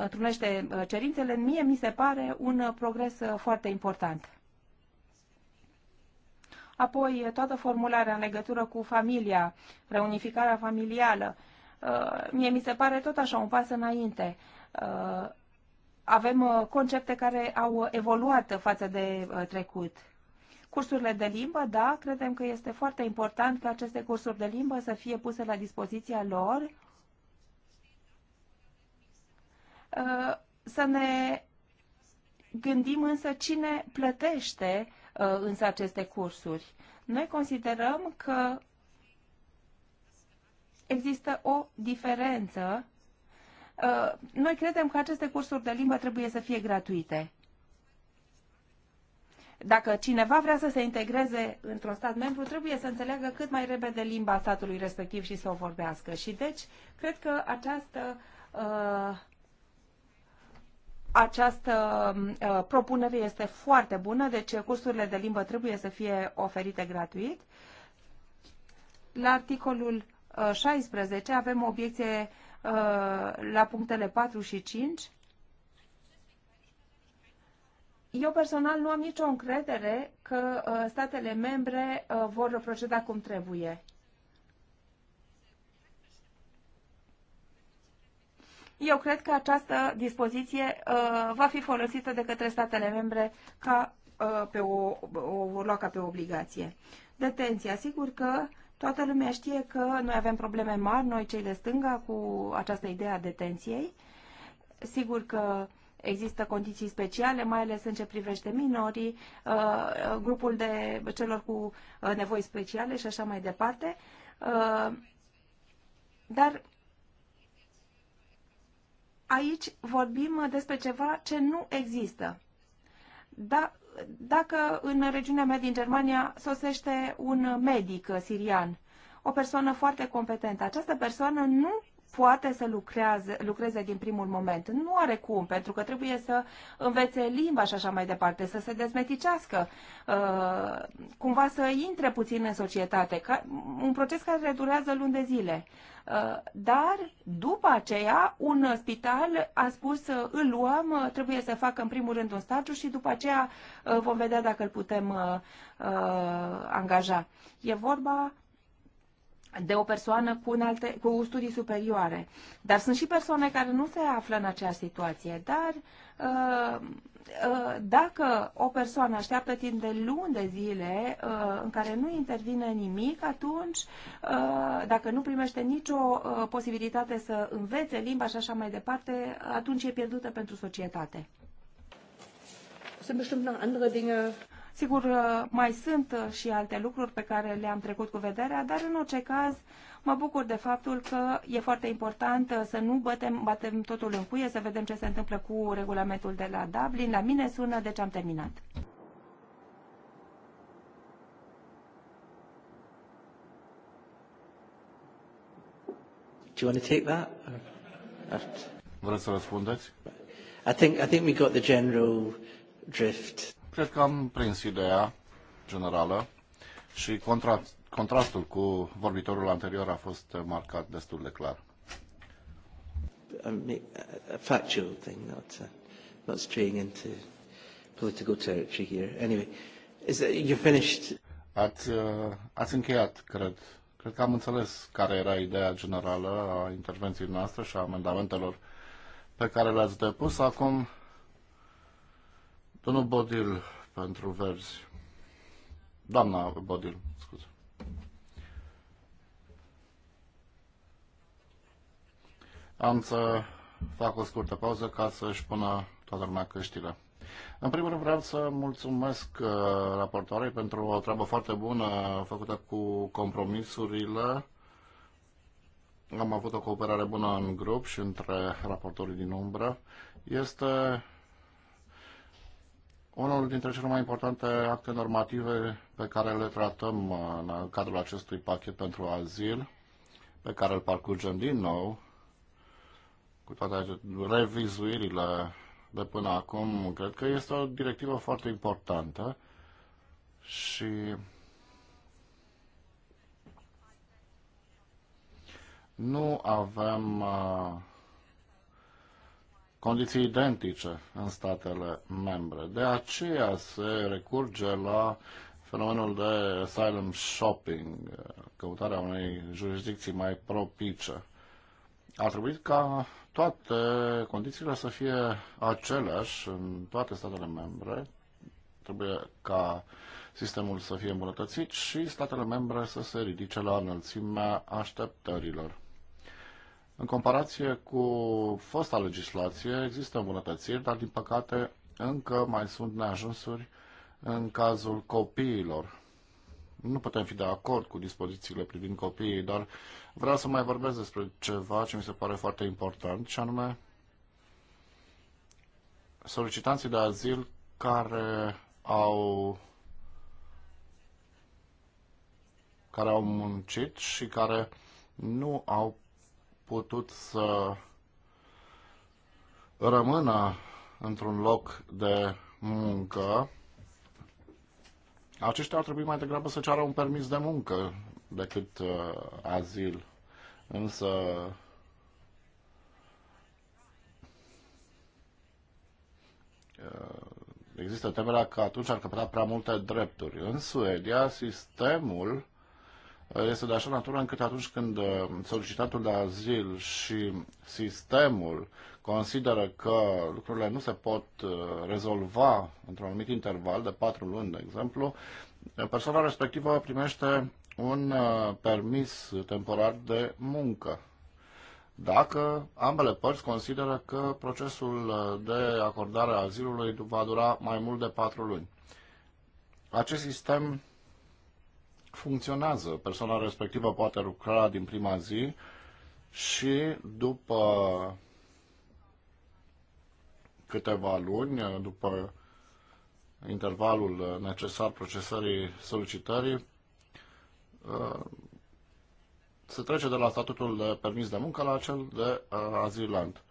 întrunește cerințele. Mie mi se pare un progres foarte important. Apoi, toată formularea în legătură cu familia, reunificarea familială, mie mi se pare tot așa un pas înainte avem uh, concepte care au evoluat față de uh, trecut. Cursurile de limbă, da, credem că este foarte important ca aceste cursuri de limbă să fie puse la dispoziția lor, uh, să ne gândim însă cine plătește însă aceste cursuri. Noi considerăm că există o diferență Uh, noi credem că aceste cursuri de limbă trebuie să fie gratuite. Dacă cineva vrea să se integreze într-un stat membru, trebuie să înțeleagă cât mai repede limba statului respectiv și să o vorbească. Și deci, cred că această uh, această uh, propunere este foarte bună, deci cursurile de limbă trebuie să fie oferite gratuit. La articolul uh, 16 avem obiecție uh, Uh, la punctele 4 și 5. Eu personal nu am nicio încredere că uh, statele membre uh, vor proceda cum trebuie. Eu cred că această dispoziție uh, va fi folosită de către statele membre ca uh, pe o, o, o lua ca pe o obligație. Detenția. Sigur că Toată lumea știe că noi avem probleme mari, noi cei de stânga, cu această idee a detenției. Sigur că există condiții speciale, mai ales în ce privește minorii, uh, grupul de celor cu uh, nevoi speciale și așa mai departe. Uh, dar aici vorbim despre ceva ce nu există. Da, dacă în regiunea mea din Germania sosește un medic sirian, o persoană foarte competentă, această persoană nu poate să lucreze, lucreze din primul moment. Nu are cum, pentru că trebuie să învețe limba și așa mai departe, să se dezmeticească, uh, cumva să intre puțin în societate, un proces care durează luni de zile. Uh, dar după aceea, un spital a spus uh, îl luăm, uh, trebuie să facă în primul rând un stagiu și după aceea vom vedea dacă îl putem angaja. E vorba de o persoană cu, alte, cu studii superioare. Dar sunt și persoane care nu se află în acea situație, dar uh, Uh, uh, dacă o persoană așteaptă timp de luni de zile uh, în care nu intervine nimic, atunci, dacă nu primește nicio posibilitate să învețe limba și așa mai departe, atunci e pierdută pentru societate. Sunt Dinge Sigur, mai sunt și alte lucruri pe care le-am trecut cu vederea, dar în orice caz Mă bucur de faptul că e foarte important uh, să nu bătem, batem totul în cuie, să vedem ce se întâmplă cu regulamentul de la Dublin. La mine sună, deci am terminat. Do you want to take that? Uh, uh, Vreți să răspundeți? I think, I think we got the general drift. Cred că am prins ideea generală și contract contrastul cu vorbitorul anterior a fost marcat destul de clar. A factual thing, not, uh, not straying into political territory here. Anyway, is that, finished? Ați, uh, ați încheiat, cred. Cred că am înțeles care era ideea generală a intervenției noastre și a amendamentelor pe care le-ați depus. Acum, domnul Bodil pentru verzi. Doamna Bodil, scuze. Am să fac o scurtă pauză ca să-și pună toată lumea căștile. În primul rând vreau să mulțumesc uh, raportoarei pentru o treabă foarte bună făcută cu compromisurile. Am avut o cooperare bună în grup și între raportorii din umbră. Este unul dintre cele mai importante acte normative pe care le tratăm uh, în cadrul acestui pachet pentru azil, pe care îl parcurgem din nou cu toate revizuirile de până acum, cred că este o directivă foarte importantă și nu avem uh, condiții identice în statele membre. De aceea se recurge la fenomenul de asylum shopping, uh, căutarea unei jurisdicții mai propice. Ar trebui ca toate condițiile să fie aceleași în toate statele membre. Trebuie ca sistemul să fie îmbunătățit și statele membre să se ridice la înălțimea așteptărilor. În comparație cu fosta legislație, există îmbunătățiri, dar din păcate încă mai sunt neajunsuri în cazul copiilor nu putem fi de acord cu dispozițiile privind copiii, dar vreau să mai vorbesc despre ceva ce mi se pare foarte important, și anume solicitanții de azil care au care au muncit și care nu au putut să rămână într-un loc de muncă aceștia ar trebui mai degrabă să ceară un permis de muncă decât uh, azil. Însă uh, există temerea că atunci ar căpăta prea multe drepturi. În Suedia, sistemul este de așa natură încât atunci când uh, solicitatul de azil și sistemul consideră că lucrurile nu se pot uh, rezolva într-un anumit interval de patru luni, de exemplu, persoana respectivă primește un uh, permis temporar de muncă. Dacă ambele părți consideră că procesul de acordare a azilului va dura mai mult de patru luni. Acest sistem funcționează. Persoana respectivă poate lucra din prima zi și după câteva luni, după intervalul necesar procesării solicitării, se trece de la statutul de permis de muncă la cel de uh, azilant.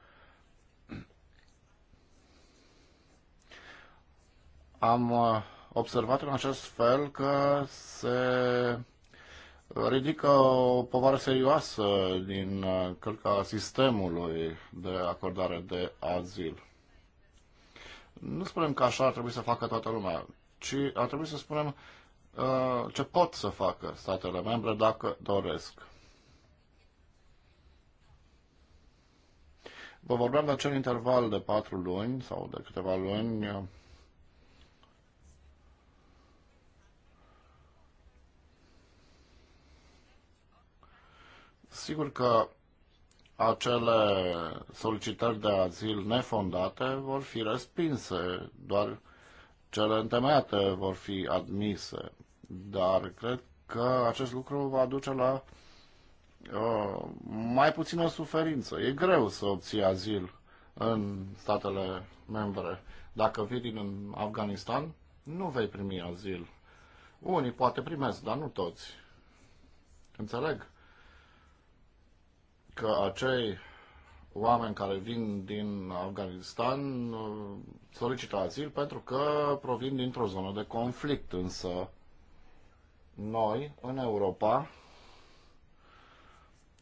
Am uh, observat în acest fel că se ridică o povară serioasă din uh, călca sistemului de acordare de azil. Nu spunem că așa ar trebui să facă toată lumea, ci ar trebui să spunem uh, ce pot să facă statele membre dacă doresc. Vă vorbeam de acel interval de patru luni sau de câteva luni uh, Sigur că acele solicitări de azil nefondate vor fi respinse, doar cele întemeiate vor fi admise. Dar cred că acest lucru va duce la uh, mai puțină suferință. E greu să obții azil în statele membre. Dacă vii din Afganistan, nu vei primi azil. Unii poate primesc, dar nu toți. Înțeleg? că acei oameni care vin din Afganistan uh, solicită azil pentru că provin dintr-o zonă de conflict, însă noi, în Europa,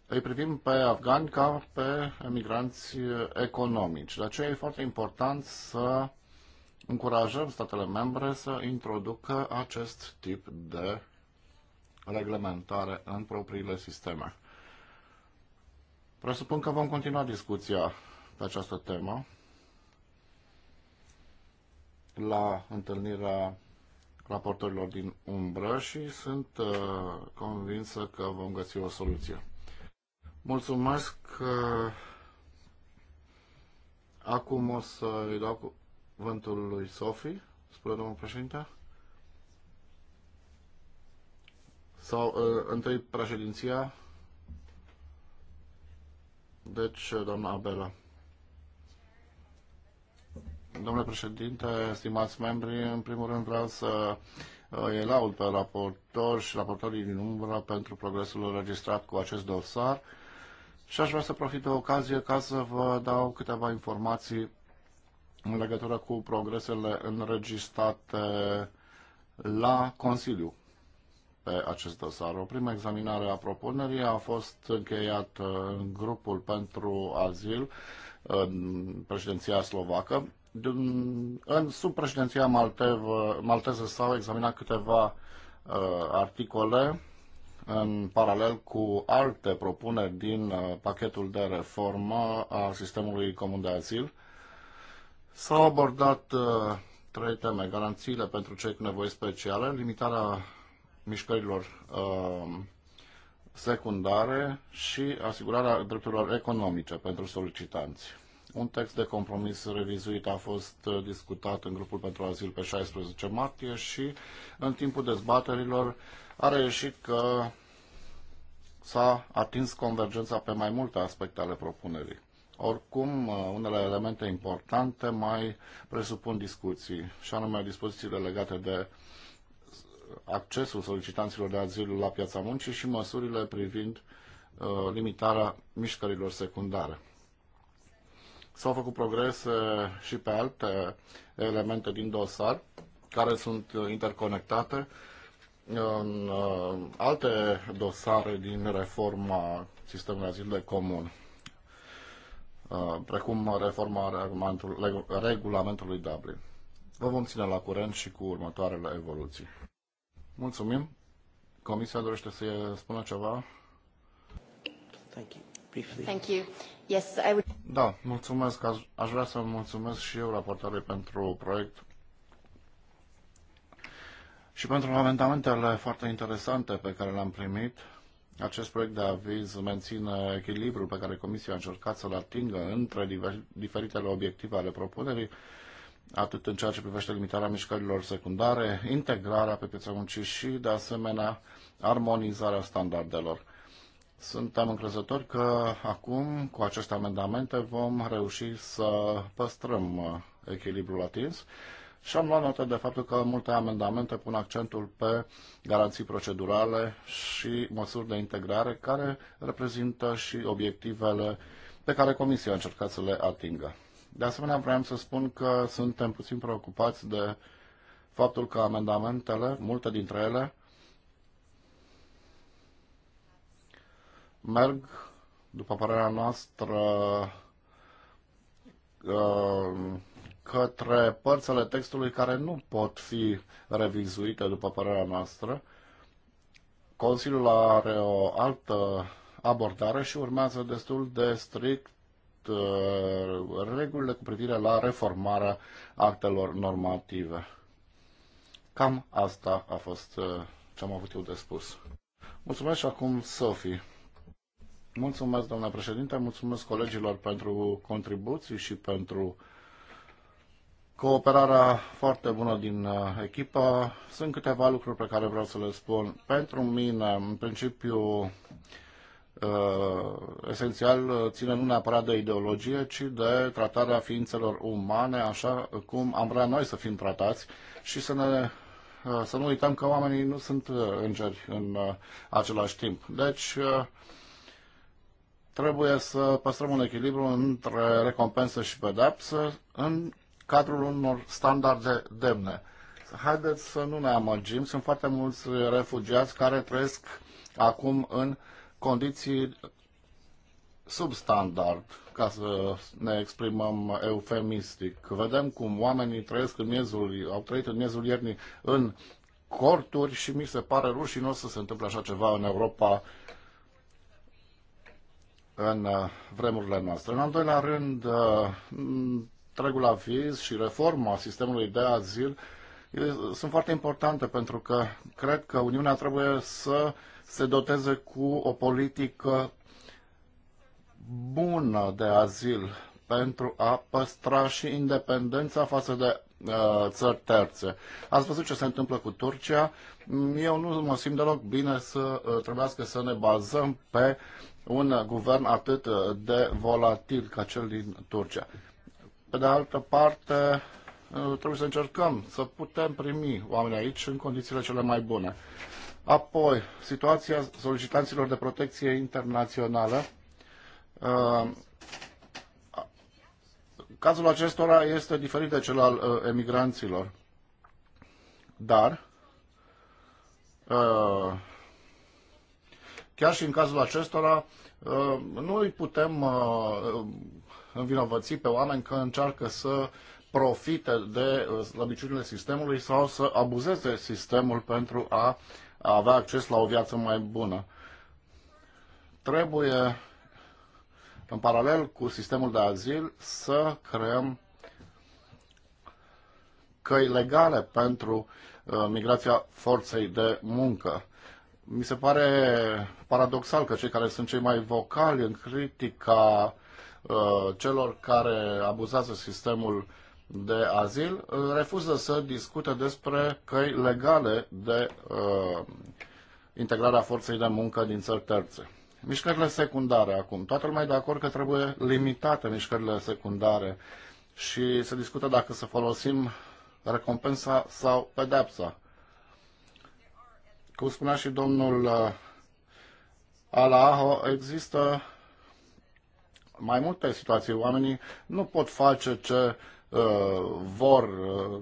îi privim pe afgani ca pe emigranți economici. De aceea e foarte important să încurajăm statele membre să introducă acest tip de reglementare în propriile sisteme. Presupun că vom continua discuția pe această temă la întâlnirea raportorilor din umbră și sunt uh, convinsă că vom găsi o soluție. Mulțumesc. Uh, acum o să îi dau cuvântul lui Sofi, spune domnul președinte. Sau uh, întâi președinția deci, doamna Abela. Domnule președinte, stimați membri, în primul rând vreau să uh, îi laud pe raportor și raportorii din umbră pentru progresul înregistrat cu acest dosar și aș vrea să profit de ocazie ca să vă dau câteva informații în legătură cu progresele înregistrate la Consiliu pe acest dosar. O primă examinare a propunerii a fost încheiat în grupul pentru azil în președinția slovacă. În sub președinția maltevă, malteză s-au examinat câteva uh, articole în paralel cu alte propuneri din uh, pachetul de reformă a sistemului comun de azil. S-au abordat uh, trei teme, garanțiile pentru cei cu nevoi speciale, limitarea mișcărilor um, secundare și asigurarea drepturilor economice pentru solicitanți. Un text de compromis revizuit a fost uh, discutat în grupul pentru azil pe 16 martie și în timpul dezbaterilor a reieșit că s-a atins convergența pe mai multe aspecte ale propunerii. Oricum, uh, unele elemente importante mai presupun discuții, și anume dispozițiile legate de accesul solicitanților de azil la piața muncii și măsurile privind uh, limitarea mișcărilor secundare. S-au făcut progrese și pe alte elemente din dosar care sunt uh, interconectate în uh, alte dosare din reforma sistemului azil de comun precum reforma regulamentului Dublin. Vă vom ține la curent și cu următoarele evoluții. Mulțumim. Comisia dorește să spună ceva? Thank you. Briefly. Thank you. Yes, I would... Da, mulțumesc. Aș, aș vrea să mulțumesc și eu raportorului pentru proiect și pentru amendamentele foarte interesante pe care le-am primit. Acest proiect de aviz menține echilibrul pe care Comisia a încercat să-l atingă între diferitele obiective ale propunerii atât în ceea ce privește limitarea mișcărilor secundare, integrarea pe piața muncii și, de asemenea, armonizarea standardelor. Suntem încrezători că acum, cu aceste amendamente, vom reuși să păstrăm uh, echilibrul atins și am luat notă de faptul că multe amendamente pun accentul pe garanții procedurale și măsuri de integrare care reprezintă și obiectivele pe care Comisia a încercat să le atingă. De asemenea, vreau să spun că suntem puțin preocupați de faptul că amendamentele, multe dintre ele, merg, după părerea noastră, uh, către părțile textului care nu pot fi revizuite, după părerea noastră. Consiliul are o altă abordare și urmează destul de strict Uh, regulile cu privire la reformarea actelor normative. Cam asta a fost uh, ce am avut eu de spus. Mulțumesc și acum, Sophie. Mulțumesc, domnule președinte, mulțumesc colegilor pentru contribuții și pentru cooperarea foarte bună din uh, echipă. Sunt câteva lucruri pe care vreau să le spun. Pentru mine, în principiu, Uh, esențial uh, ține nu neapărat de ideologie, ci de tratarea ființelor umane, așa cum am vrea noi să fim tratați și să ne uh, să nu uităm că oamenii nu sunt îngeri în același timp. Deci, trebuie să păstrăm un echilibru între recompensă și pedepsă în cadrul unor standarde demne. Haideți să nu ne amăgim, sunt foarte mulți refugiați care trăiesc acum în uh, condiții substandard, ca să ne exprimăm eufemistic. Vedem cum oamenii trăiesc în miezul, au trăit în miezul iernii în corturi și mi se pare rușinos să se întâmple așa ceva în Europa în uh, vremurile noastre. În al doilea rând, uh, întregul aviz și reforma sistemului de azil sunt foarte importante pentru că cred că Uniunea trebuie să se doteze cu o politică bună de azil pentru a păstra și independența față de uh, țări terțe. Ați văzut ce se întâmplă cu Turcia. Eu nu mă simt deloc bine să uh, trebuiască să ne bazăm pe un guvern atât de volatil ca cel din Turcia. Pe de altă parte, uh, trebuie să încercăm să putem primi oameni aici în condițiile cele mai bune. Apoi, situația solicitanților de protecție internațională. Uh, cazul acestora este diferit de cel al uh, emigranților. Dar, uh, chiar și în cazul acestora, nu îi putem învinovăți pe oameni că încearcă să profite de slăbiciunile sistemului sau să abuzeze sistemul pentru a a avea acces la o viață mai bună. Trebuie, în paralel cu sistemul de azil, să creăm căi legale pentru uh, migrația forței de muncă. Mi se pare paradoxal că cei care sunt cei mai vocali în critica uh, celor care abuzează sistemul de azil refuză să discute despre căi legale de uh, integrarea forței de muncă din țări terțe. Mișcările secundare acum. Toată lumea e de acord că trebuie limitate mișcările secundare și se discută dacă să folosim recompensa sau pedepsa. Cum spunea și domnul uh, Alaho, există mai multe situații. Oamenii nu pot face ce Uh, vor uh,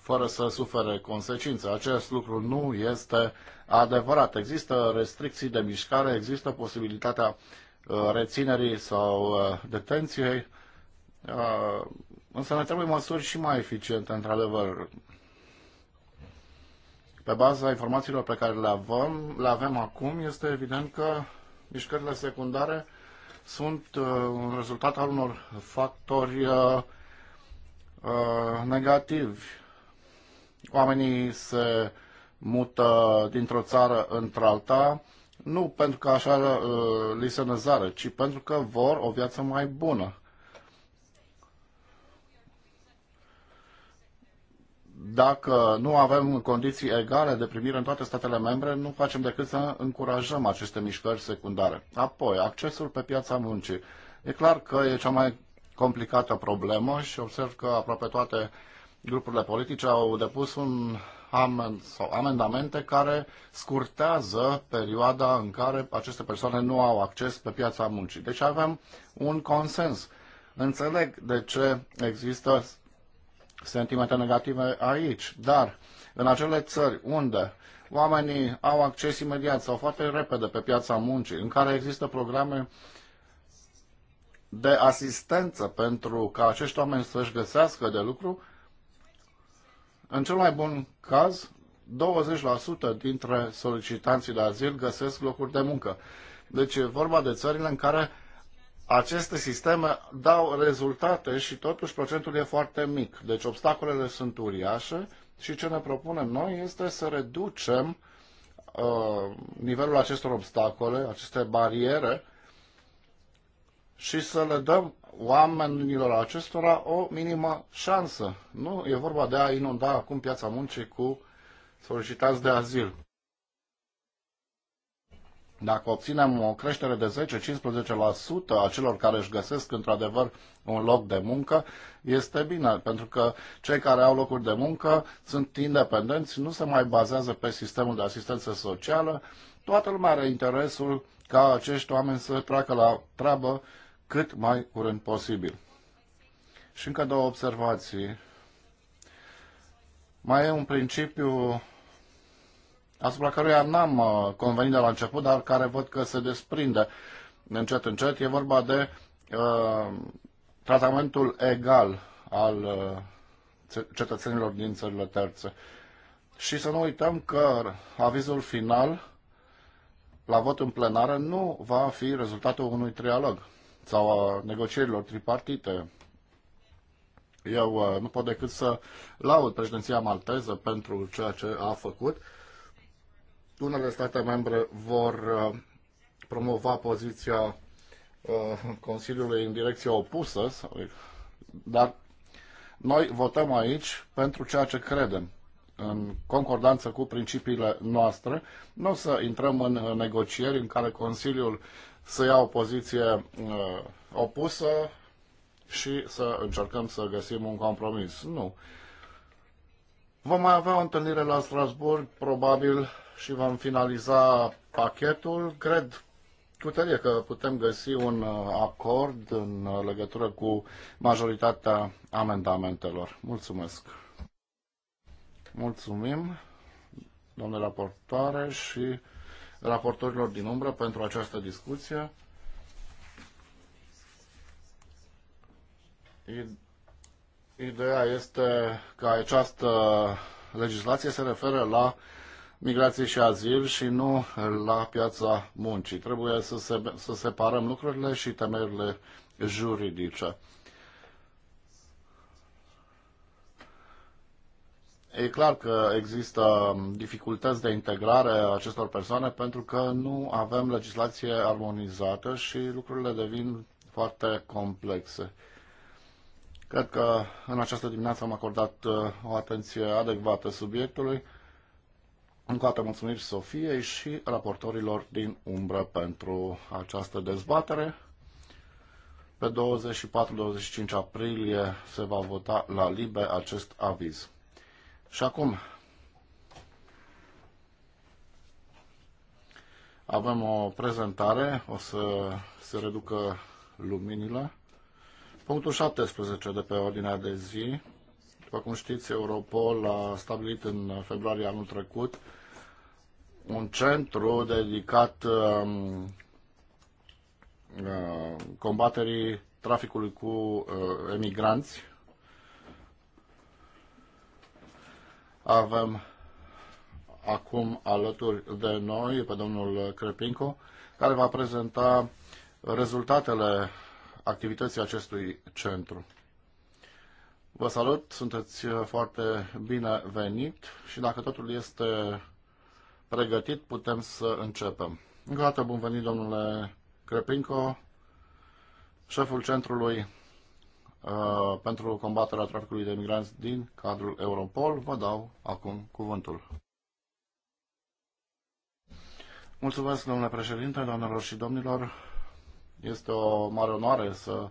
fără să sufere consecințe. Acest lucru nu este adevărat. Există restricții de mișcare, există posibilitatea uh, reținerii sau detenției, însă ne trebuie măsuri și mai eficiente, într-adevăr. Pe baza informațiilor pe care le avem, le avem acum, este evident că mișcările secundare sunt un rezultat al unor factori Uh, negativi. Oamenii se mută dintr-o țară într-alta, nu pentru că așa uh, li se năzară, ci pentru că vor o viață mai bună. Dacă nu avem condiții egale de primire în toate statele membre, nu facem decât să încurajăm aceste mișcări secundare. Apoi, accesul pe piața muncii. E clar că e cea mai complicată problemă și observ că aproape toate grupurile politice au depus un amend, sau amendamente care scurtează perioada în care aceste persoane nu au acces pe piața muncii. Deci avem un consens. Înțeleg de ce există sentimente negative aici, dar în acele țări unde oamenii au acces imediat sau foarte repede pe piața muncii, în care există programe uh, de asistență pentru ca acești oameni să-și găsească de lucru, în cel mai bun caz, 20% dintre solicitanții de azil găsesc locuri de muncă. Deci e vorba de țările în care aceste sisteme dau rezultate și totuși procentul e foarte mic. Deci obstacolele sunt uriașe și ce ne propunem noi este să reducem uh, nivelul acestor obstacole, aceste bariere și să le dăm oamenilor acestora o minimă șansă. Nu e vorba de a inunda acum piața muncii cu solicitați de azil. Dacă obținem o creștere de 10-15% a celor care își găsesc într-adevăr un loc de muncă, este bine, pentru că cei care au locuri de muncă sunt independenți, nu se mai bazează pe sistemul de asistență socială. Toată lumea are interesul ca acești oameni să treacă la treabă cât mai curând posibil. Și încă două observații. Mai e un principiu asupra căruia n-am uh, convenit de la început, dar care văd că se desprinde încet, încet. E vorba de uh, tratamentul egal al uh, cetățenilor din țările terțe. Și să nu uităm că avizul final la vot în plenară nu va fi rezultatul unui trialog sau a negocierilor tripartite. Eu uh, nu pot decât să laud președinția malteză pentru ceea ce a făcut. Unele state membre vor uh, promova poziția uh, Consiliului în direcția opusă, dar noi votăm aici pentru ceea ce credem, în concordanță cu principiile noastre. Nu o să intrăm în negocieri în care Consiliul să ia o poziție uh, opusă și să încercăm să găsim un compromis. Nu. Vom mai avea o întâlnire la Strasburg, probabil, și vom finaliza pachetul. Cred cu tărie că putem găsi un uh, acord în uh, legătură cu majoritatea amendamentelor. Mulțumesc! Mulțumim, domnule raportoare, și raportorilor din umbră pentru această discuție. Ideea este că această legislație se referă la migrație și azil și nu la piața muncii. Trebuie să, se, să separăm lucrurile și temerile juridice. E clar că există dificultăți de integrare a acestor persoane pentru că nu avem legislație armonizată și lucrurile devin foarte complexe. Cred că în această dimineață am acordat uh, o atenție adecvată subiectului. Încă o dată mulțumiri Sofiei și raportorilor din umbră pentru această dezbatere. Pe 24-25 aprilie se va vota la LIBE acest aviz. Și acum avem o prezentare, o să se reducă luminile. Punctul 17 de pe ordinea de zi. După cum știți, Europol a stabilit în februarie anul trecut un centru dedicat um, uh, combaterii traficului cu uh, emigranți Avem acum alături de noi pe domnul Crepinco, care va prezenta rezultatele activității acestui centru. Vă salut, sunteți foarte bine venit și dacă totul este pregătit, putem să începem. Încă o dată bun venit, domnule Crepinco, șeful centrului Uh, pentru combaterea traficului de migranți din cadrul Europol. Vă dau acum cuvântul. Mulțumesc, domnule președinte, doamnelor și domnilor. Este o mare onoare să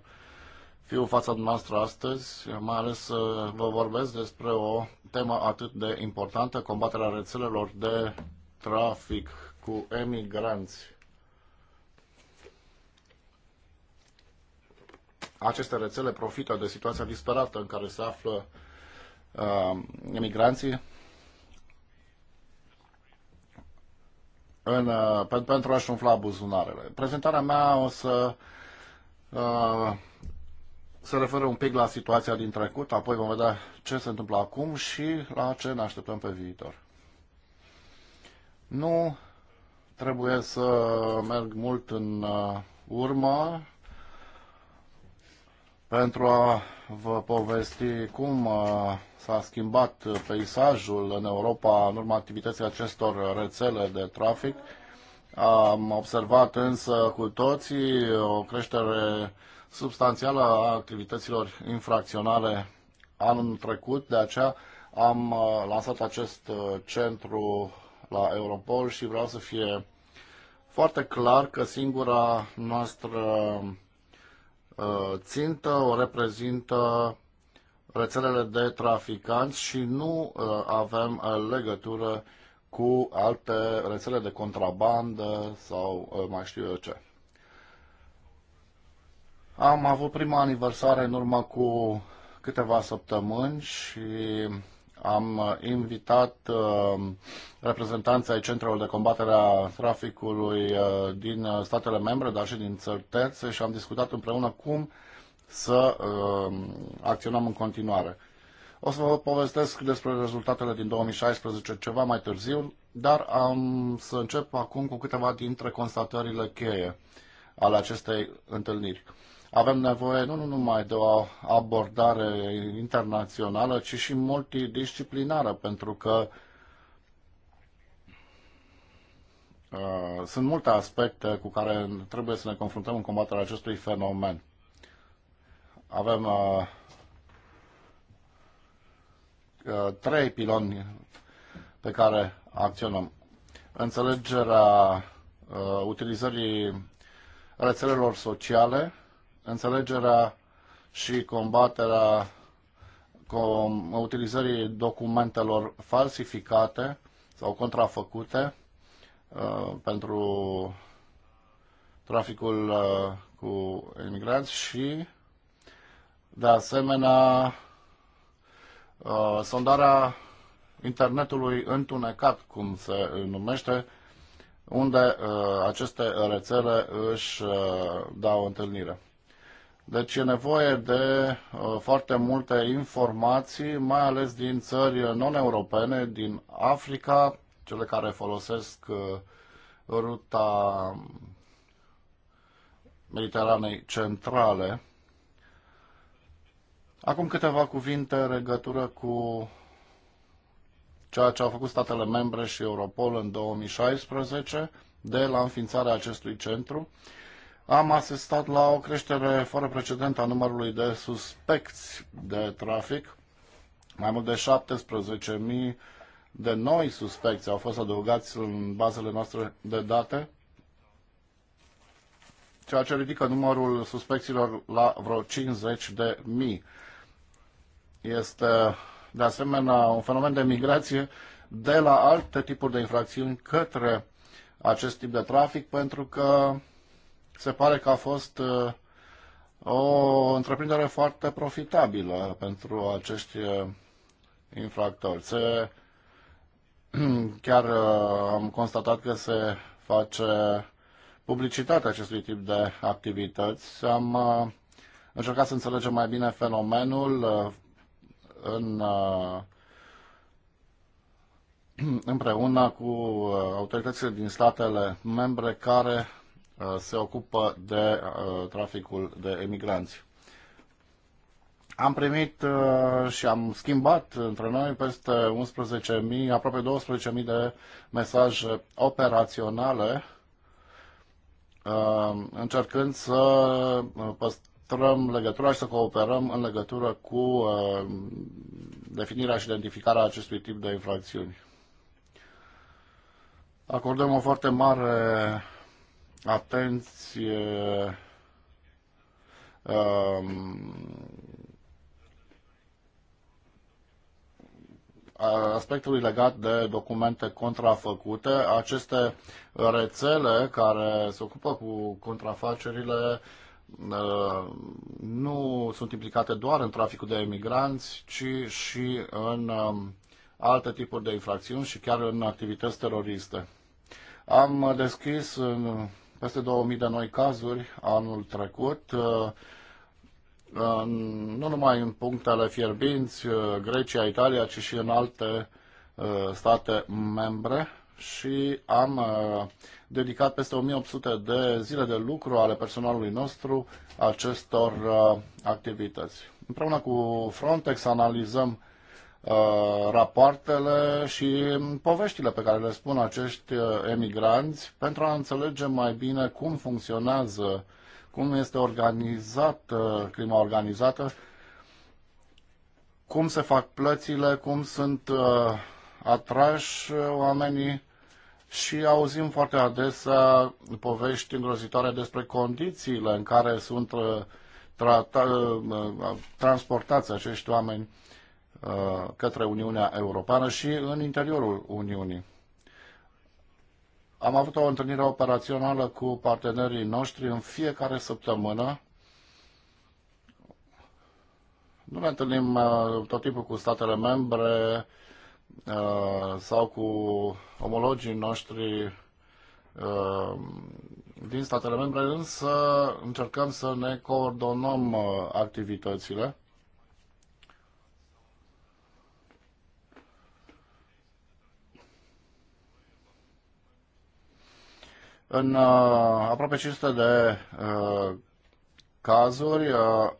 fiu fața dumneavoastră astăzi, mai ales să vă vorbesc despre o temă atât de importantă, combaterea rețelelor de trafic cu emigranți. Aceste rețele profită de situația disperată în care se află uh, emigranții în, uh, pe, pentru a-și umfla buzunarele. Prezentarea mea o să uh, se referă un pic la situația din trecut, apoi vom vedea ce se întâmplă acum și la ce ne așteptăm pe viitor. Nu trebuie să merg mult în uh, urmă pentru a vă povesti cum uh, s-a schimbat peisajul în Europa în urma activității acestor rețele de trafic. Am observat însă cu toții o creștere substanțială a activităților infracționale anul trecut, de aceea am uh, lansat acest uh, centru la Europol și vreau să fie foarte clar că singura noastră Uh, țintă o reprezintă rețelele de traficanți și nu uh, avem uh, legătură cu alte rețele de contrabandă sau mai știu eu ce. Am avut prima aniversare în urmă cu câteva săptămâni și am uh, invitat uh, reprezentanții ai centrelor de combatere a traficului uh, din statele membre, dar și din țări terțe și am discutat împreună cum să acționăm în continuare. O să vă povestesc despre rezultatele din 2016 ceva mai târziu, dar am să încep acum cu câteva dintre constatările cheie ale acestei întâlniri. Avem nevoie nu numai de o abordare internațională, ci și multidisciplinară, pentru că uh, sunt multe aspecte cu care trebuie să ne confruntăm în combaterea acestui fenomen. Avem uh, uh, trei piloni pe care acționăm. Înțelegerea uh, utilizării rețelelor sociale, înțelegerea și combaterea utilizării documentelor falsificate sau contrafăcute uh, pentru traficul uh, cu imigranți și, de asemenea, uh, sondarea internetului întunecat, cum se numește, unde uh, aceste rețele își uh, dau întâlnire. Deci e nevoie de uh, foarte multe informații, mai ales din țări non-europene, din Africa, cele care folosesc uh, ruta Mediteranei centrale. Acum câteva cuvinte în legătură cu ceea ce au făcut statele membre și Europol în 2016 de la înființarea acestui centru am asistat la o creștere fără precedent a numărului de suspecți de trafic. Mai mult de 17.000 de noi suspecți au fost adăugați în bazele noastre de date, ceea ce ridică numărul suspecțiilor la vreo 50 de mii. Este de asemenea un fenomen de migrație de la alte tipuri de infracțiuni către acest tip de trafic, pentru că se pare că a fost uh, o întreprindere foarte profitabilă pentru acești uh, infractori. Se, chiar uh, am constatat că se face publicitatea acestui tip de activități. Am încercat să înțelegem mai bine fenomenul în, împreună cu autoritățile din statele membre care Uh, se ocupă de uh, traficul de emigranți. Am primit uh, și am schimbat între noi peste 11.000, aproape 12.000 de mesaje operaționale încercând să păstrăm legătura și să cooperăm în legătură cu definirea și identificarea acestui tip de infracțiuni. Acordăm o foarte mare atenție um, aspectului legat de documente contrafăcute. Aceste rețele care se ocupă cu contrafacerile uh, nu sunt implicate doar în traficul de emigranți, ci și în um, alte tipuri de infracțiuni și chiar în activități teroriste. Am deschis peste 2000 de noi cazuri anul trecut, uh, nu numai în punctele fierbinți, uh, Grecia, Italia, ci și în alte uh, state membre și am dedicat peste 1800 de zile de lucru ale personalului nostru acestor activități. Împreună cu Frontex analizăm Uh, rapoartele și poveștile pe care le spun acești uh, emigranți pentru a înțelege mai bine cum funcționează, cum este organizată uh, crima organizată, cum se fac plățile, cum sunt atrași oamenii și auzim foarte adesea povești îngrozitoare despre condițiile în care sunt trata, transportați acești oameni Uh, către Uniunea Europeană și în interiorul Uniunii. Am avut o întâlnire operațională cu partenerii noștri în fiecare săptămână. Nu ne întâlnim uh, tot timpul cu statele membre uh, sau cu omologii noștri din statele membre, însă încercăm să ne coordonăm activitățile. În uh, aproape 500 de uh, cazuri uh,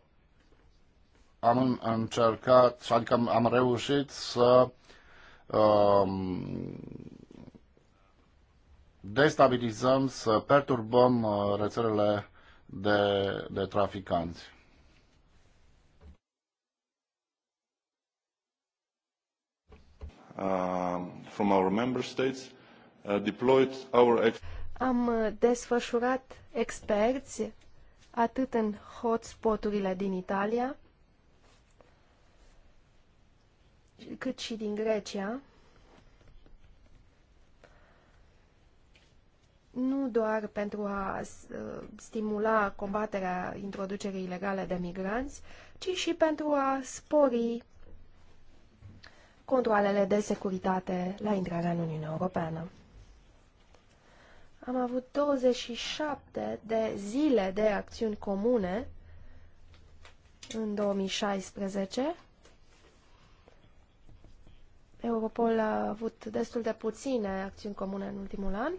am încercat, adică am, am reușit să uh, destabilizăm, să perturbăm uh, rețelele de, de traficanți. Uh, from our member states, uh, deployed our am uh, desfășurat experți atât în hotspoturile din Italia, cât și din Grecia, nu doar pentru a uh, stimula combaterea introducerii ilegale de migranți, ci și pentru a spori controlele de securitate la intrarea în Uniunea Europeană. Am avut 27 de zile de acțiuni comune în 2016. Europol a avut destul de puține acțiuni comune în ultimul an,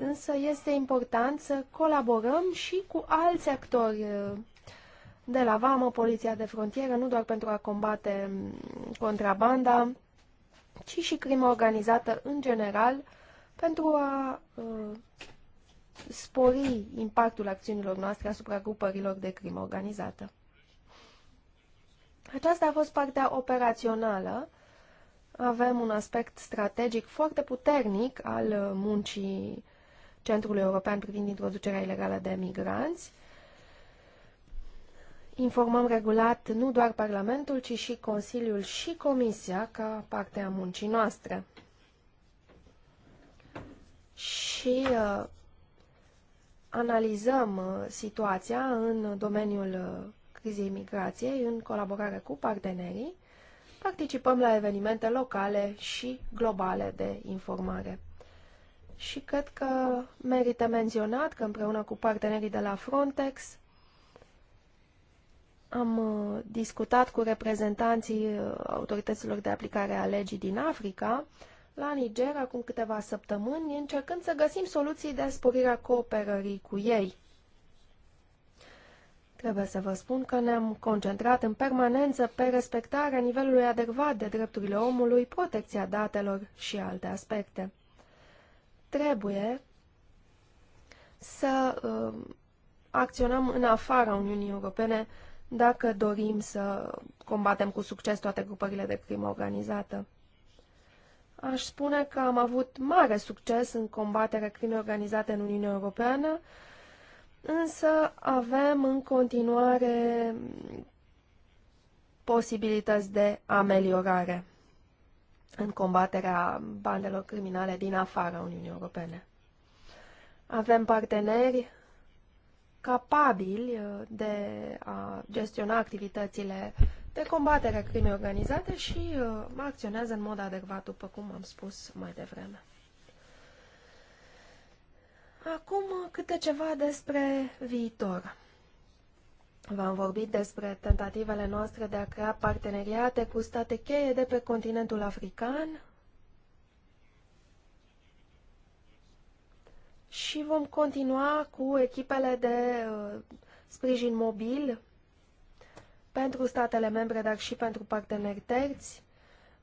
însă este important să colaborăm și cu alți actori uh, de la Vamă, Poliția de Frontieră, nu doar pentru a combate mm, contrabanda, ci și crima organizată în general, pentru a uh, spori impactul acțiunilor noastre asupra grupărilor de crimă organizată. Aceasta a fost partea operațională. Avem un aspect strategic foarte puternic al uh, muncii Centrului European privind introducerea ilegală de migranți. Informăm regulat nu doar Parlamentul, ci și Consiliul și Comisia ca parte a muncii noastre și uh, analizăm uh, situația în domeniul uh, crizei migrației în colaborare cu partenerii, participăm la evenimente locale și globale de informare. Și cred că merită menționat că împreună cu partenerii de la Frontex am uh, discutat cu reprezentanții uh, autorităților de aplicare a legii din Africa, la Niger acum câteva săptămâni, încercând să găsim soluții de sporirea cooperării cu ei. Trebuie să vă spun că ne-am concentrat în permanență pe respectarea nivelului adecvat de drepturile omului, protecția datelor și alte aspecte. Trebuie să uh, acționăm în afara Uniunii Europene dacă dorim să combatem cu succes toate grupările de crimă organizată. Aș spune că am avut mare succes în combaterea crimei organizate în Uniunea Europeană, însă avem în continuare posibilități de ameliorare în combaterea bandelor criminale din afara Uniunii Europene. Avem parteneri capabili uh, de a gestiona activitățile de combaterea crimei organizate și uh, acționează în mod adecvat, după cum am spus mai devreme. Acum uh, câte ceva despre viitor. V-am vorbit despre tentativele noastre de a crea parteneriate cu state cheie de pe continentul african și vom continua cu echipele de uh, sprijin mobil pentru statele membre, dar și pentru parteneri terți,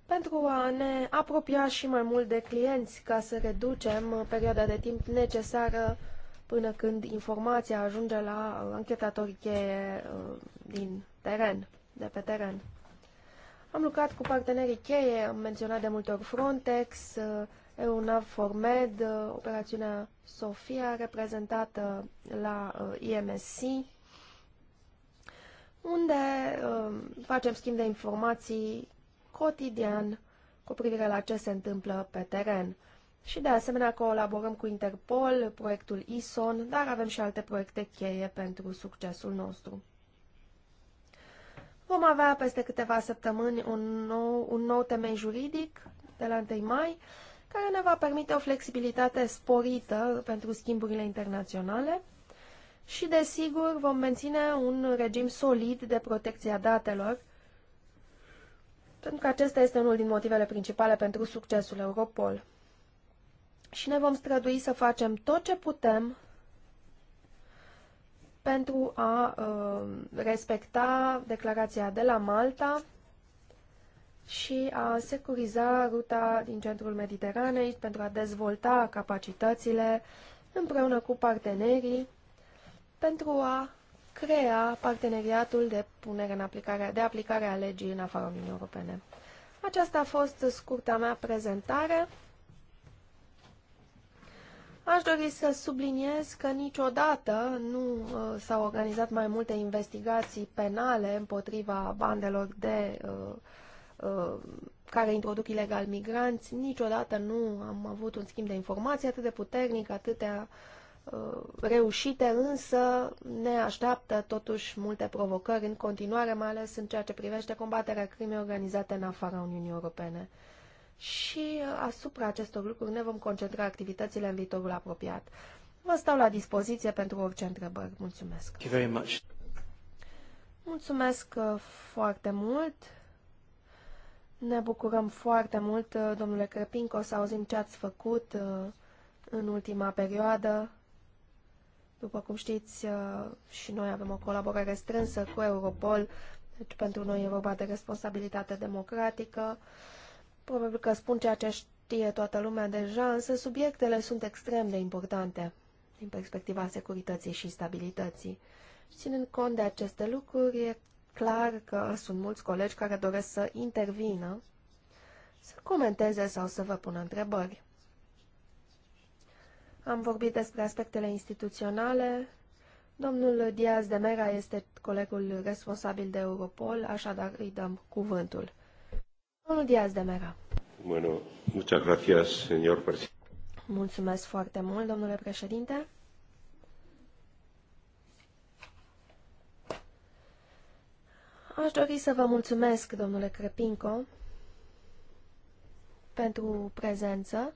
pentru a ne apropia și mai mult de clienți ca să reducem uh, perioada de timp necesară până când informația ajunge la închetatorii uh, cheie uh, din teren, de pe teren. Am lucrat cu partenerii cheie, am menționat de multe ori Frontex, EUNAV Formed, operațiunea Sofia reprezentată la IMSC, unde uh, facem schimb de informații cotidian cu privire la ce se întâmplă pe teren. Și de asemenea colaborăm cu Interpol, proiectul ISON, dar avem și alte proiecte cheie pentru succesul nostru. Vom avea peste câteva săptămâni un nou, un nou temei juridic de la 1 mai, care ne va permite o flexibilitate sporită pentru schimburile internaționale și, desigur, vom menține un regim solid de protecție a datelor, pentru că acesta este unul din motivele principale pentru succesul Europol. Și ne vom strădui să facem tot ce putem pentru a uh, respecta declarația de la Malta și a securiza ruta din centrul Mediteranei pentru a dezvolta capacitățile împreună cu partenerii pentru a crea parteneriatul de punere în aplicare, de aplicare a legii în afara Uniunii Europene. Aceasta a fost scurta mea prezentare. Aș dori să subliniez că niciodată nu uh, s-au organizat mai multe investigații penale împotriva bandelor de uh, uh, care introduc ilegal migranți. Niciodată nu am avut un schimb de informații atât de puternic, atâtea uh, Uh, reușite, însă ne așteaptă totuși multe provocări în continuare, mai ales în ceea ce privește combaterea crimei organizate în afara Uniunii Europene. Și uh, asupra acestor lucruri ne vom concentra activitățile în viitorul apropiat. Vă stau la dispoziție pentru orice întrebări. Mulțumesc! Thank you very much. Mulțumesc uh, foarte mult! Ne bucurăm foarte mult, domnule Crăpin, să auzim ce ați făcut în ultima perioadă după cum știți, uh, și noi avem o colaborare strânsă cu Europol, deci pentru noi e vorba de responsabilitate democratică. Probabil că spun ceea ce știe toată lumea deja, însă subiectele sunt extrem de importante din perspectiva securității și stabilității. Și ținând cont de aceste lucruri, e clar că sunt mulți colegi care doresc să intervină, să comenteze sau să vă pună întrebări. Am vorbit despre aspectele instituționale. Domnul Diaz de Mera este colegul responsabil de Europol, așadar îi dăm cuvântul. Domnul Diaz de Mera. Bueno, muchas gracias, señor presidente. Mulțumesc foarte mult, domnule președinte. Aș dori să vă mulțumesc, domnule Crepinco, pentru prezență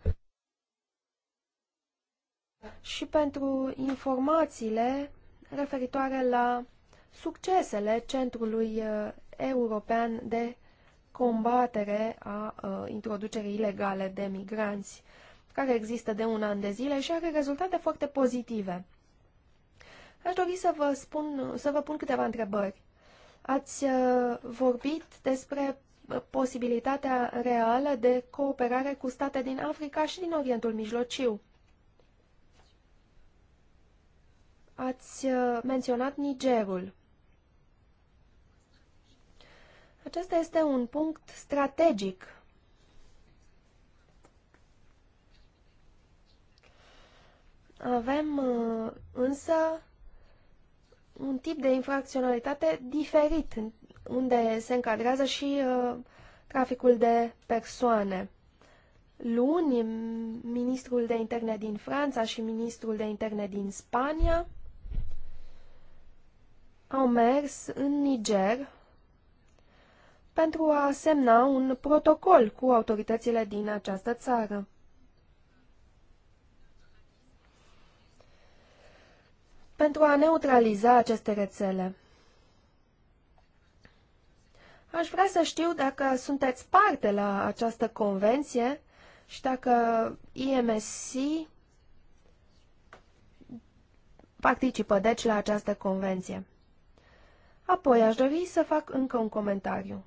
și pentru informațiile referitoare la succesele Centrului uh, European de combatere a uh, introducerii ilegale de migranți, care există de un an de zile și are rezultate foarte pozitive. Aș dori să vă, spun, să vă pun câteva întrebări. Ați uh, vorbit despre posibilitatea reală de cooperare cu state din Africa și din Orientul Mijlociu. Ați uh, menționat Nigerul. Acesta este un punct strategic. Avem uh, însă un tip de infracționalitate diferit, unde se încadrează și uh, traficul de persoane. Luni, ministrul de interne din Franța și ministrul de interne din Spania au mers în Niger pentru a semna un protocol cu autoritățile din această țară. Pentru a neutraliza aceste rețele. Aș vrea să știu dacă sunteți parte la această convenție și dacă IMSC participă, deci, la această convenție. Apoi aș dori să fac încă un comentariu.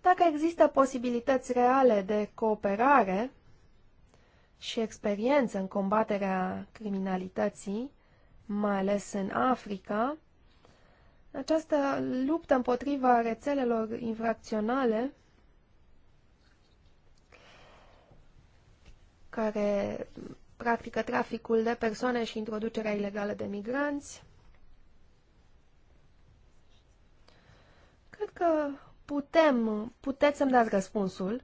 Dacă există posibilități reale de cooperare și experiență în combaterea criminalității, mai ales în Africa, această luptă împotriva rețelelor infracționale care practică traficul de persoane și introducerea ilegală de migranți. Cred că putem, puteți să-mi dați răspunsul,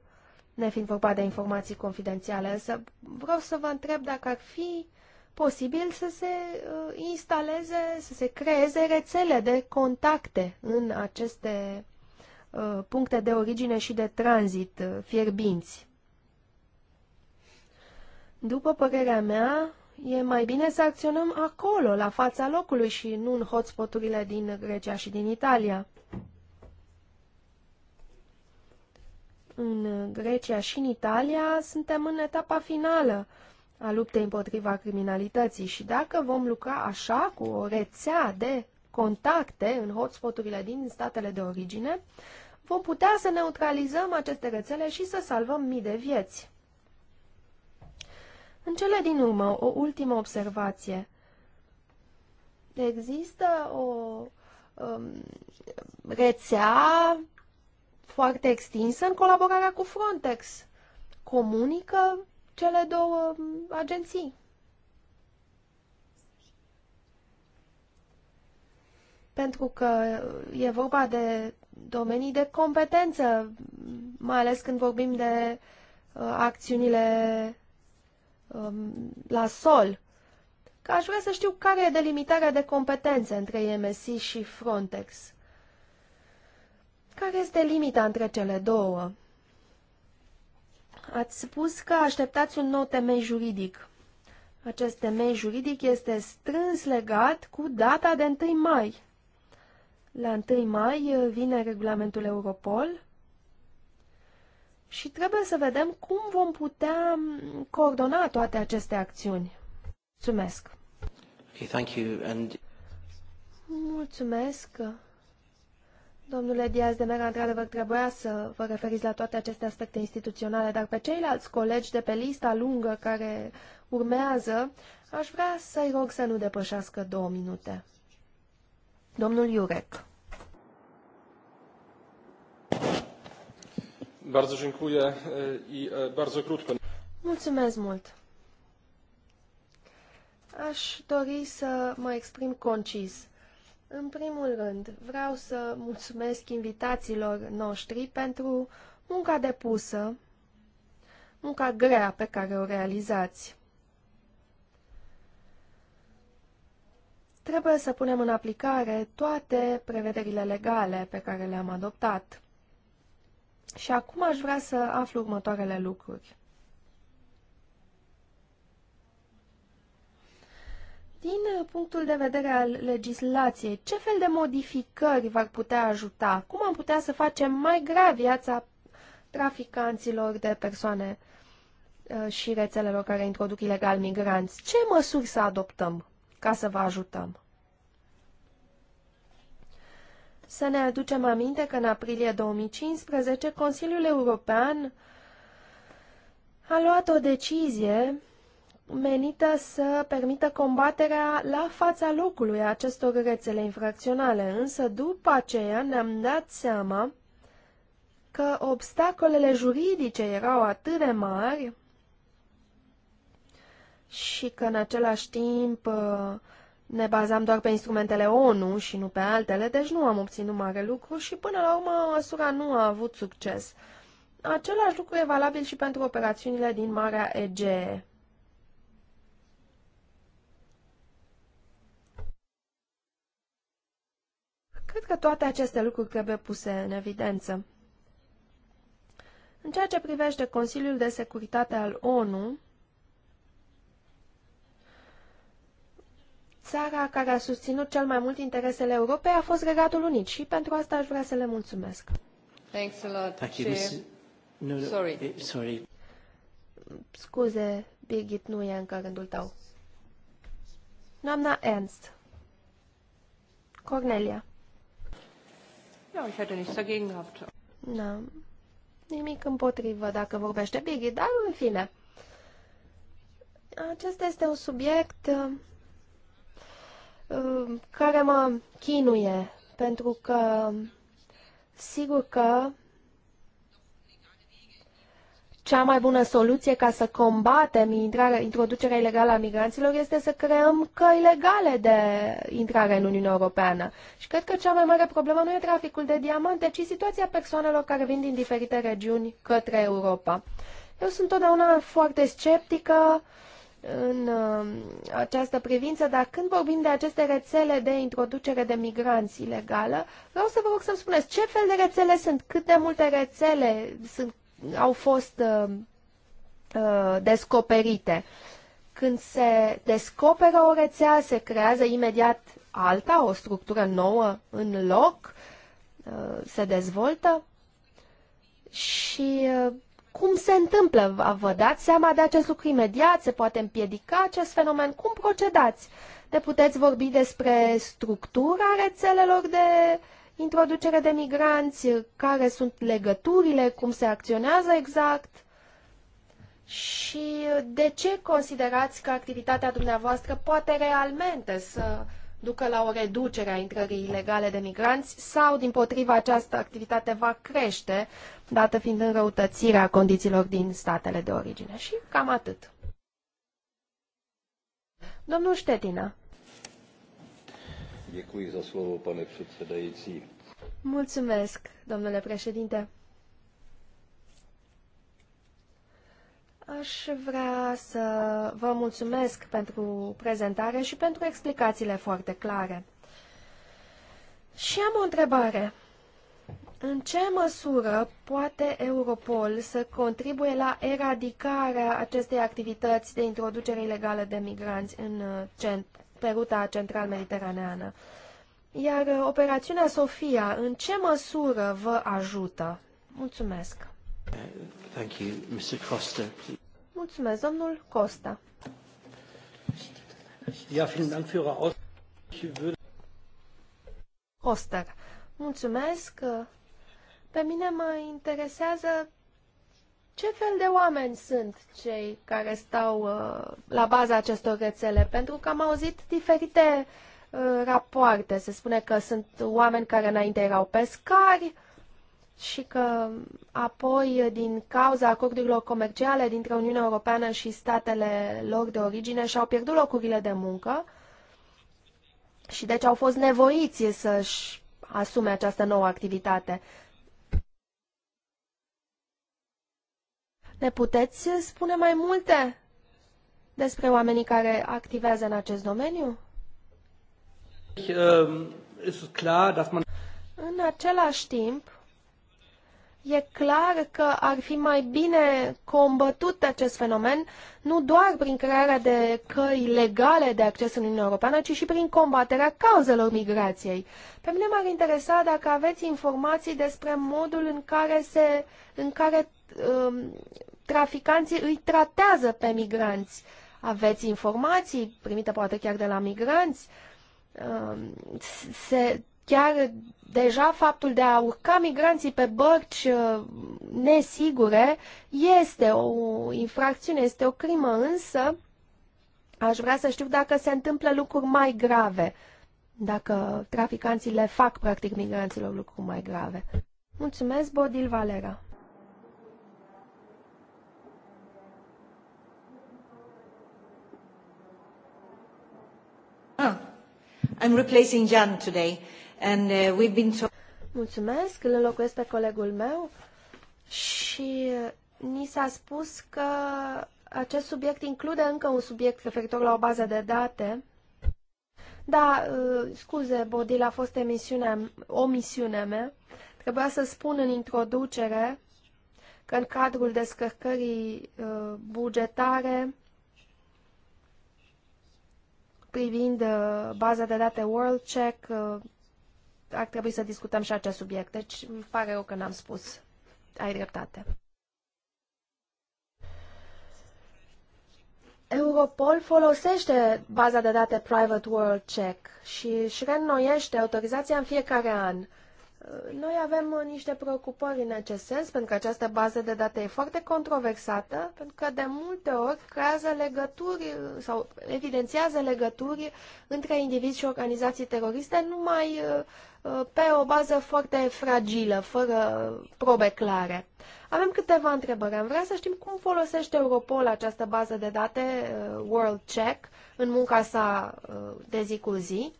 nefiind vorba de informații confidențiale, însă vreau să vă întreb dacă ar fi posibil să se uh, instaleze, să se creeze rețele de contacte în aceste uh, puncte de origine și de tranzit uh, fierbinți. După părerea mea, e mai bine să acționăm acolo, la fața locului și nu în hotspoturile din Grecia și din Italia. În Grecia și în Italia suntem în etapa finală a luptei împotriva criminalității și dacă vom lucra așa cu o rețea de contacte în hotspoturile din statele de origine, vom putea să neutralizăm aceste rețele și să salvăm mii de vieți. În cele din urmă, o ultimă observație. Există o um, rețea foarte extinsă în colaborarea cu Frontex. Comunică cele două um, agenții. Pentru că e vorba de domenii de competență, mai ales când vorbim de uh, acțiunile Um, la sol. Că aș vrea să știu care e delimitarea de competențe între EMS și Frontex. Care este limita între cele două? Ați spus că așteptați un nou temei juridic. Acest temei juridic este strâns legat cu data de 1 mai. La 1 mai vine regulamentul Europol și trebuie să vedem cum vom putea coordona toate aceste acțiuni. Mulțumesc! Okay, thank you. And... Mulțumesc! Domnule Diaz de Mera, într-adevăr trebuia să vă referiți la toate aceste aspecte instituționale, dar pe ceilalți colegi de pe lista lungă care urmează, aș vrea să-i rog să nu depășească două minute. Domnul Iurec. Bardzo dziękuję i bardzo krótko. Mulțumesc mult. Aș dori să mă exprim concis. În primul rând, vreau să mulțumesc invitațiilor noștri pentru munca depusă, munca grea pe care o realizați. Trebuie să punem în aplicare toate prevederile legale pe care le-am adoptat. Și acum aș vrea să aflu următoarele lucruri. Din punctul de vedere al legislației, ce fel de modificări v-ar putea ajuta? Cum am putea să facem mai grea viața traficanților de persoane uh, și rețelelor care introduc ilegal migranți? Ce măsuri să adoptăm ca să vă ajutăm? Să ne aducem aminte că în aprilie 2015 Consiliul European a luat o decizie menită să permită combaterea la fața locului a acestor rețele infracționale, însă după aceea ne-am dat seama că obstacolele juridice erau atât de mari și că în același timp ne bazam doar pe instrumentele ONU și nu pe altele, deci nu am obținut mare lucru și până la urmă măsura nu a avut succes. Același lucru e valabil și pentru operațiunile din Marea Egee. Cred că toate aceste lucruri trebuie puse în evidență. În ceea ce privește Consiliul de Securitate al ONU, Țara care a susținut cel mai mult interesele Europei a fost Regatul Unit și pentru asta aș vrea să le mulțumesc. Thanks a lot, Thank you, no, no, sorry. Eh, sorry. Scuze, Birgit, nu e încă rândul tău. Doamna Ernst. Cornelia. Ja, ich hätte nichts dagegen gehabt. Na, nimic împotrivă dacă vorbește Birgit, dar în fine. Acesta este un subiect Uh, care mă chinuie, pentru că sigur că cea mai bună soluție ca să combatem intrarea, introducerea ilegală a migranților este să creăm căi legale de intrare în Uniunea Europeană. Și cred că cea mai mare problemă nu e traficul de diamante, ci situația persoanelor care vin din diferite regiuni către Europa. Eu sunt totdeauna foarte sceptică uh, în uh, această privință, dar când vorbim de aceste rețele de introducere de migranți ilegală, vreau să vă rog să-mi spuneți ce fel de rețele sunt, cât de multe rețele sunt, au fost uh, uh, descoperite. Când se descoperă o rețea, se creează imediat alta, o structură nouă în loc, uh, se dezvoltă și uh, cum se întâmplă? Vă dați seama de acest lucru imediat? Se poate împiedica acest fenomen? Cum procedați? Ne puteți vorbi despre structura rețelelor de introducere de migranți, care sunt legăturile, cum se acționează exact? Și de ce considerați că activitatea dumneavoastră poate realmente să ducă la o reducere a intrării ilegale de migranți sau, din potriva, această activitate va crește dată fiind înrăutățirea condițiilor din statele de origine. Și cam atât. Domnul Ștetina. za slovo, pane předsedající. Mulțumesc, domnule președinte. Aș vrea să vă mulțumesc pentru prezentare și pentru explicațiile foarte clare. Și am o întrebare. În ce măsură poate Europol să contribuie la eradicarea acestei activități de introducere ilegală de migranți în uh, cent- pe ruta central-mediteraneană? Iar uh, operațiunea Sofia, în ce măsură vă ajută? Mulțumesc. Thank you, Mr. Costa, Mulțumesc, domnul Costa. Ja, vielen Dank für Ihre Costa. Mulțumesc. Uh, pe mine mă interesează ce fel de oameni sunt cei care stau uh, la baza acestor rețele, pentru că am auzit diferite uh, rapoarte. Se spune că sunt oameni care înainte erau pescari și că um, apoi, uh, din cauza acordurilor comerciale dintre Uniunea Europeană și statele lor de origine, și-au pierdut locurile de muncă și deci au fost nevoiți să-și asume această nouă activitate. Ne puteți spune mai multe despre oamenii care activează în acest domeniu? Ähm, în același timp, e clar că ar fi mai bine combătut acest fenomen nu doar prin crearea de căi legale de acces în Uniunea Europeană, ci și prin combaterea cauzelor migrației. Pe mine m-ar interesa dacă aveți informații despre modul în care, se, în care um, traficanții îi tratează pe migranți. Aveți informații primite poate chiar de la migranți? Um, se, chiar deja faptul de a urca migranții pe bărci uh, nesigure este o infracțiune, este o crimă, însă aș vrea să știu dacă se întâmplă lucruri mai grave, dacă traficanții le fac practic migranților lucruri mai grave. Mulțumesc, Bodil Valera. Oh. Jan uh, Mulțumesc, îl înlocuiesc pe colegul meu și uh, ni s-a spus că acest subiect include încă un subiect referitor la o bază de date. Da, uh, scuze, Bodil, a fost emisiunea, o misiune mea. Trebuia să spun în introducere că în cadrul descărcării bugetare privind uh, baza de date World Check, uh, ar trebui să discutăm și acest subiect. Deci îmi pare rău că n-am spus. Ai dreptate. Europol folosește baza de date Private World Check și își reînnoiește autorizația în fiecare an. Noi avem niște preocupări în acest sens, pentru că această bază de date e foarte controversată, pentru că de multe ori creează legături sau evidențiază legături între indivizi și organizații teroriste numai uh, uh, pe o bază foarte fragilă, fără probe clare. Avem câteva întrebări. Am vrea să știm cum folosește Europol această bază de date uh, World Check în munca sa de zi cu zi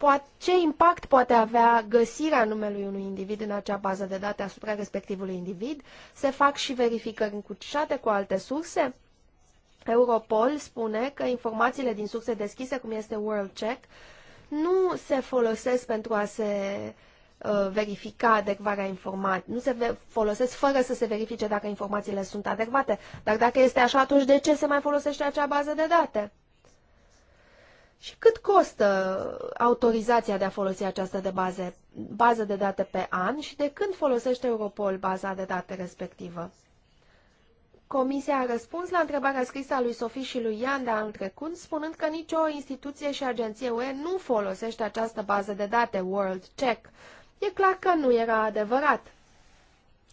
poate, ce impact poate avea găsirea numelui unui individ în acea bază de date asupra respectivului individ? Se fac și verificări încurcișate cu alte surse? Europol spune că informațiile din surse deschise, cum este World Check, nu se folosesc pentru a se uh, verifica adecvarea informației. Nu se folosesc fără să se verifice dacă informațiile sunt adecvate. Dar dacă este așa, atunci de ce se mai folosește acea bază de date? Și cât costă autorizația de a folosi această de baze, bază de date pe an și de când folosește Europol baza de date respectivă? Comisia a răspuns la întrebarea scrisă a lui Sofie și lui Ian de anul trecut, spunând că nicio instituție și agenție UE nu folosește această bază de date, World Check. E clar că nu era adevărat.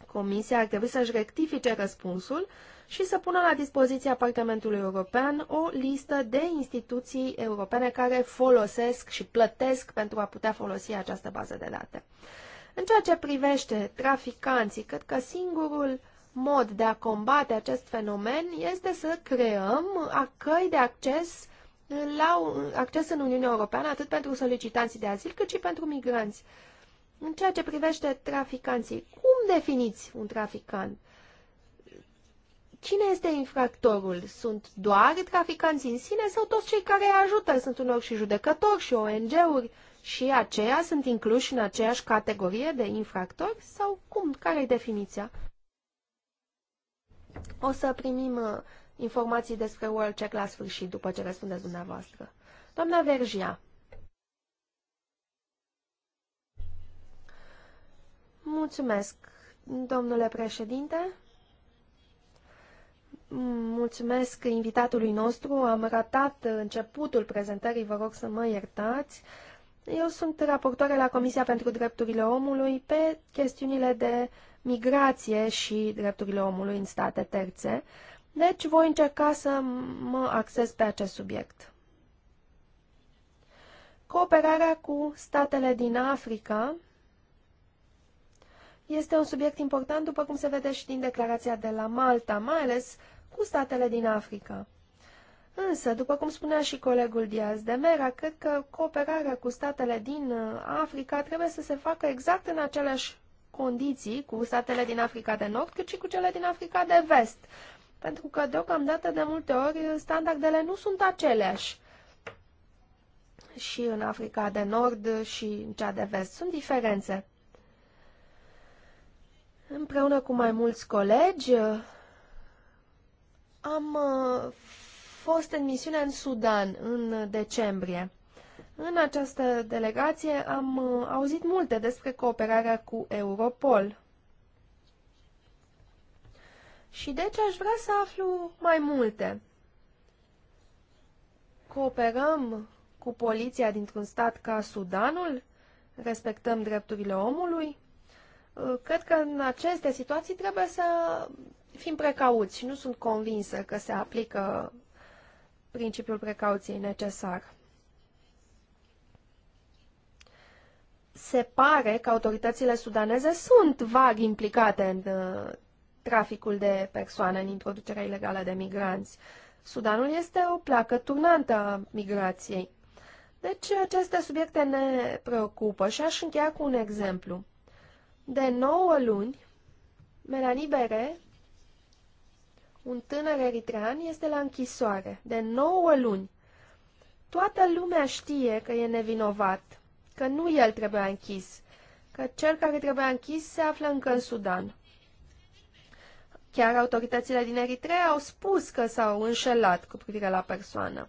Comisia ar trebui să-și rectifice răspunsul și să pună la dispoziția Parlamentului European o listă de instituții europene care folosesc și plătesc pentru a putea folosi această bază de date. În ceea ce privește traficanții, cred că singurul mod de a combate acest fenomen este să creăm căi de acces la acces în Uniunea Europeană atât pentru solicitanții de azil cât și pentru migranți. În ceea ce privește traficanții, cum definiți un traficant? Cine este infractorul? Sunt doar traficanții în sine sau toți cei care ajută? Sunt unor și judecători și ONG-uri și aceia sunt incluși în aceeași categorie de infractori? Sau cum? Care e definiția? O să primim uh, informații despre World Check la sfârșit, după ce răspundeți dumneavoastră. Doamna Vergia. Mulțumesc, domnule președinte. Mulțumesc invitatului nostru. Am ratat începutul prezentării, vă rog să mă iertați. Eu sunt raportoare la Comisia pentru Drepturile Omului pe chestiunile de migrație și drepturile omului în state terțe, deci voi încerca să mă acces pe acest subiect. Cooperarea cu statele din Africa este un subiect important, după cum se vede și din declarația de la Malta, mai ales cu statele din Africa. Însă, după cum spunea și colegul Diaz de Mera, cred că cooperarea cu statele din uh, Africa trebuie să se facă exact în aceleași condiții cu statele din Africa de Nord, cât și cu cele din Africa de Vest. Pentru că, deocamdată, de multe ori, standardele nu sunt aceleași și în Africa de Nord și în cea de Vest. Sunt diferențe. Împreună cu mai mulți colegi, am uh, fost în misiune în Sudan în decembrie. În această delegație am uh, auzit multe despre cooperarea cu Europol. Și deci aș vrea să aflu mai multe. Cooperăm cu poliția dintr-un stat ca Sudanul? Respectăm drepturile omului? Uh, cred că în aceste situații trebuie să fim precauți. Nu sunt convinsă că se aplică principiul precauției necesar. Se pare că autoritățile sudaneze sunt vag implicate în uh, traficul de persoane, în introducerea ilegală de migranți. Sudanul este o placă turnantă a migrației. Deci aceste subiecte ne preocupă și aș încheia cu un exemplu. De 9 luni, Melanie Bere un tânăr eritrean este la închisoare de 9 luni. Toată lumea știe că e nevinovat, că nu el trebuia închis, că cel care trebuia închis se află încă în Sudan. Chiar autoritățile din Eritrea au spus că s-au înșelat cu privire la persoană.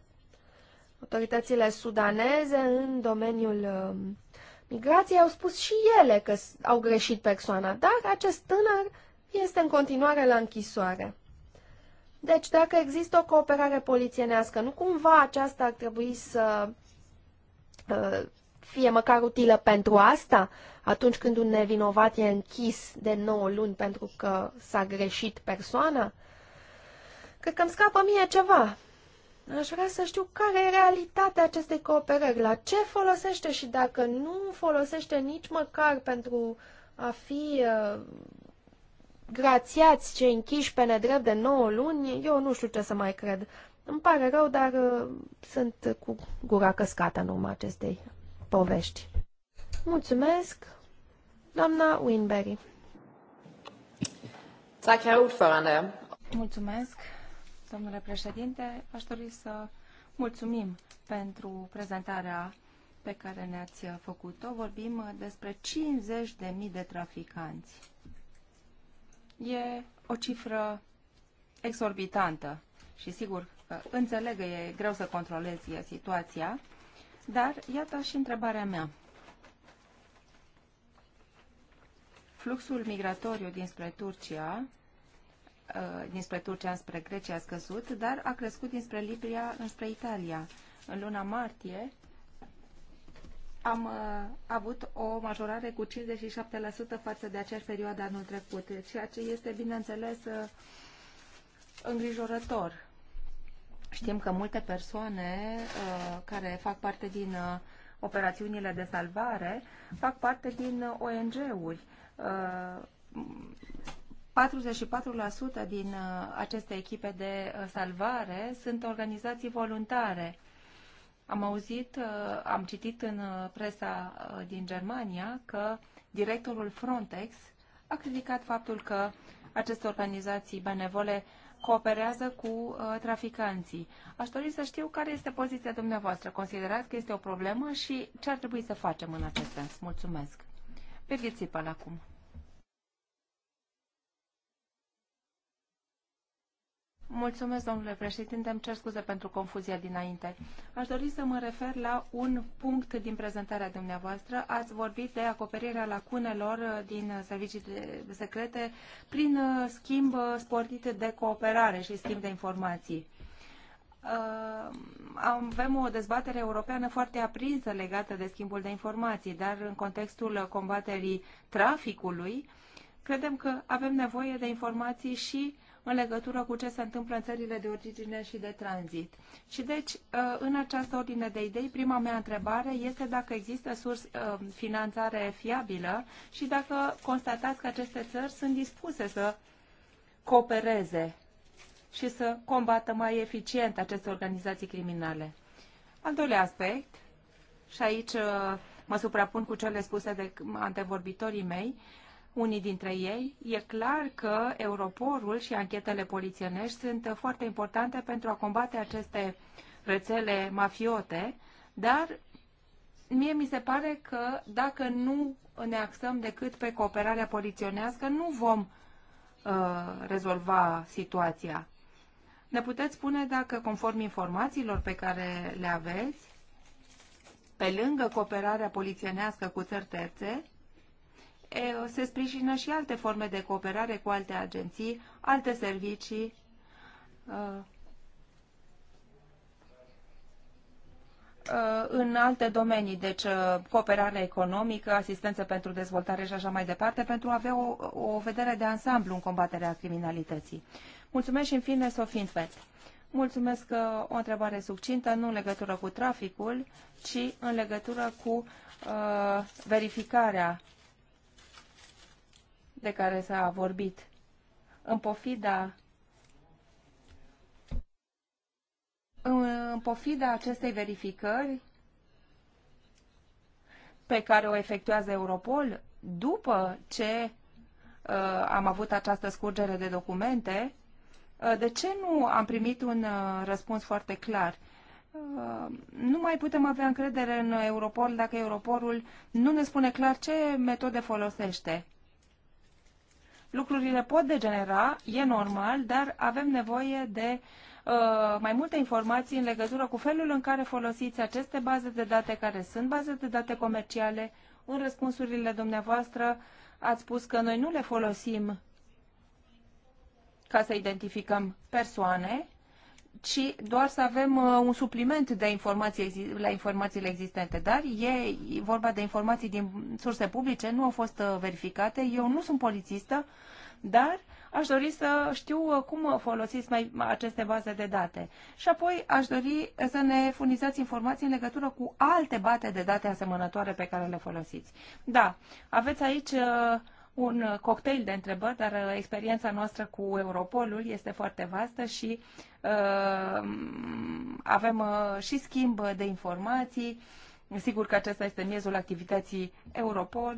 Autoritățile sudaneze în domeniul um, migrației au spus și ele că au greșit persoana, dar acest tânăr este în continuare la închisoare. Deci, dacă există o cooperare polițienească, nu cumva aceasta ar trebui să uh, fie măcar utilă pentru asta, atunci când un nevinovat e închis de 9 luni pentru că s-a greșit persoana? Cred că îmi scapă mie ceva. Aș vrea să știu care e realitatea acestei cooperări, la ce folosește și dacă nu folosește nici măcar pentru a fi uh, grațiați cei închiși pe nedrept de 9 luni, eu nu știu ce să mai cred. Îmi pare rău, dar uh, sunt cu gura căscată în urma acestei povești. Mulțumesc, doamna Winberry. Mulțumesc, domnule președinte. Aș dori să mulțumim pentru prezentarea pe care ne-ați făcut-o. Vorbim despre 50.000 de traficanți E o cifră exorbitantă și sigur înțeleg că e greu să controlezi situația, dar iată și întrebarea mea. Fluxul migratoriu dinspre Turcia, uh, dinspre Turcia spre Grecia a scăzut, dar a crescut dinspre Libia înspre Italia. În luna martie, am uh, avut o majorare cu 57% față de aceeași perioadă anul trecut, ceea ce este, bineînțeles, uh, îngrijorător. Știm că multe persoane uh, care fac parte din uh, operațiunile de salvare fac parte din uh, ONG-uri. Uh, 44% din uh, aceste echipe de uh, salvare sunt organizații voluntare am auzit, uh, am citit în uh, presa uh, din Germania că directorul Frontex a criticat faptul că aceste organizații benevole cooperează cu traficanții. Aș dori să știu care este poziția dumneavoastră. Considerați că este o problemă și ce ar trebui să facem în acest sens? Mulțumesc. Pe Țipăl acum. Mulțumesc, domnule președinte. Îmi cer scuze pentru confuzia dinainte. Aș dori să mă refer la un punct din prezentarea dumneavoastră. Ați vorbit de acoperirea lacunelor din serviciile secrete prin uh, schimb sportit de cooperare și schimb de informații. Uh, avem o dezbatere europeană foarte aprinsă legată de schimbul de informații, dar în contextul combaterii traficului, credem că avem nevoie de informații și în legătură cu ce se întâmplă în țările de origine și de tranzit. Și deci, uh, în această ordine de idei, prima mea întrebare este dacă există surs uh, finanțare fiabilă și dacă constatați că aceste țări sunt dispuse să coopereze și să combată mai eficient aceste organizații criminale. Al doilea aspect, și aici uh, mă suprapun cu cele spuse de antevorbitorii mei, unii dintre ei, e clar că Europorul și anchetele polițienești sunt foarte importante pentru a combate aceste rețele mafiote, dar mie mi se pare că dacă nu ne axăm decât pe cooperarea polițienească, nu vom uh, rezolva situația. Ne puteți spune dacă, conform informațiilor pe care le aveți, pe lângă cooperarea polițienească cu țări terțe, se sprijină și alte forme de cooperare cu alte agenții, alte servicii. Uh, uh, în alte domenii, deci uh, cooperare economică, asistență pentru dezvoltare și așa mai departe, pentru a avea o, o vedere de ansamblu în combaterea criminalității. Mulțumesc și în fine, Sofie Fet. Mulțumesc că o întrebare succintă, nu în legătură cu traficul, ci în legătură cu uh, verificarea de care s-a vorbit, în pofida în pofida acestei verificări pe care o efectuează Europol, după ce uh, am avut această scurgere de documente, uh, de ce nu am primit un uh, răspuns foarte clar? Uh, nu mai putem avea încredere în Europol dacă Europolul nu ne spune clar ce metode folosește lucrurile pot degenera, e normal, dar avem nevoie de uh, mai multe informații în legătură cu felul în care folosiți aceste baze de date, care sunt baze de date comerciale. În răspunsurile dumneavoastră ați spus că noi nu le folosim ca să identificăm persoane, ci doar să avem uh, un supliment de informații la informațiile existente. Dar e vorba de informații din surse publice, nu au fost uh, verificate. Eu nu sunt polițistă, dar aș dori să știu uh, cum folosiți mai aceste baze de date. Și apoi aș dori să ne furnizați informații în legătură cu alte bate de date asemănătoare pe care le folosiți. Da, aveți aici un uh, cocktail de întrebări, dar uh, experiența noastră cu Europolul este foarte vastă și uh, avem uh, și schimb de informații. Sigur că acesta este miezul activității Europol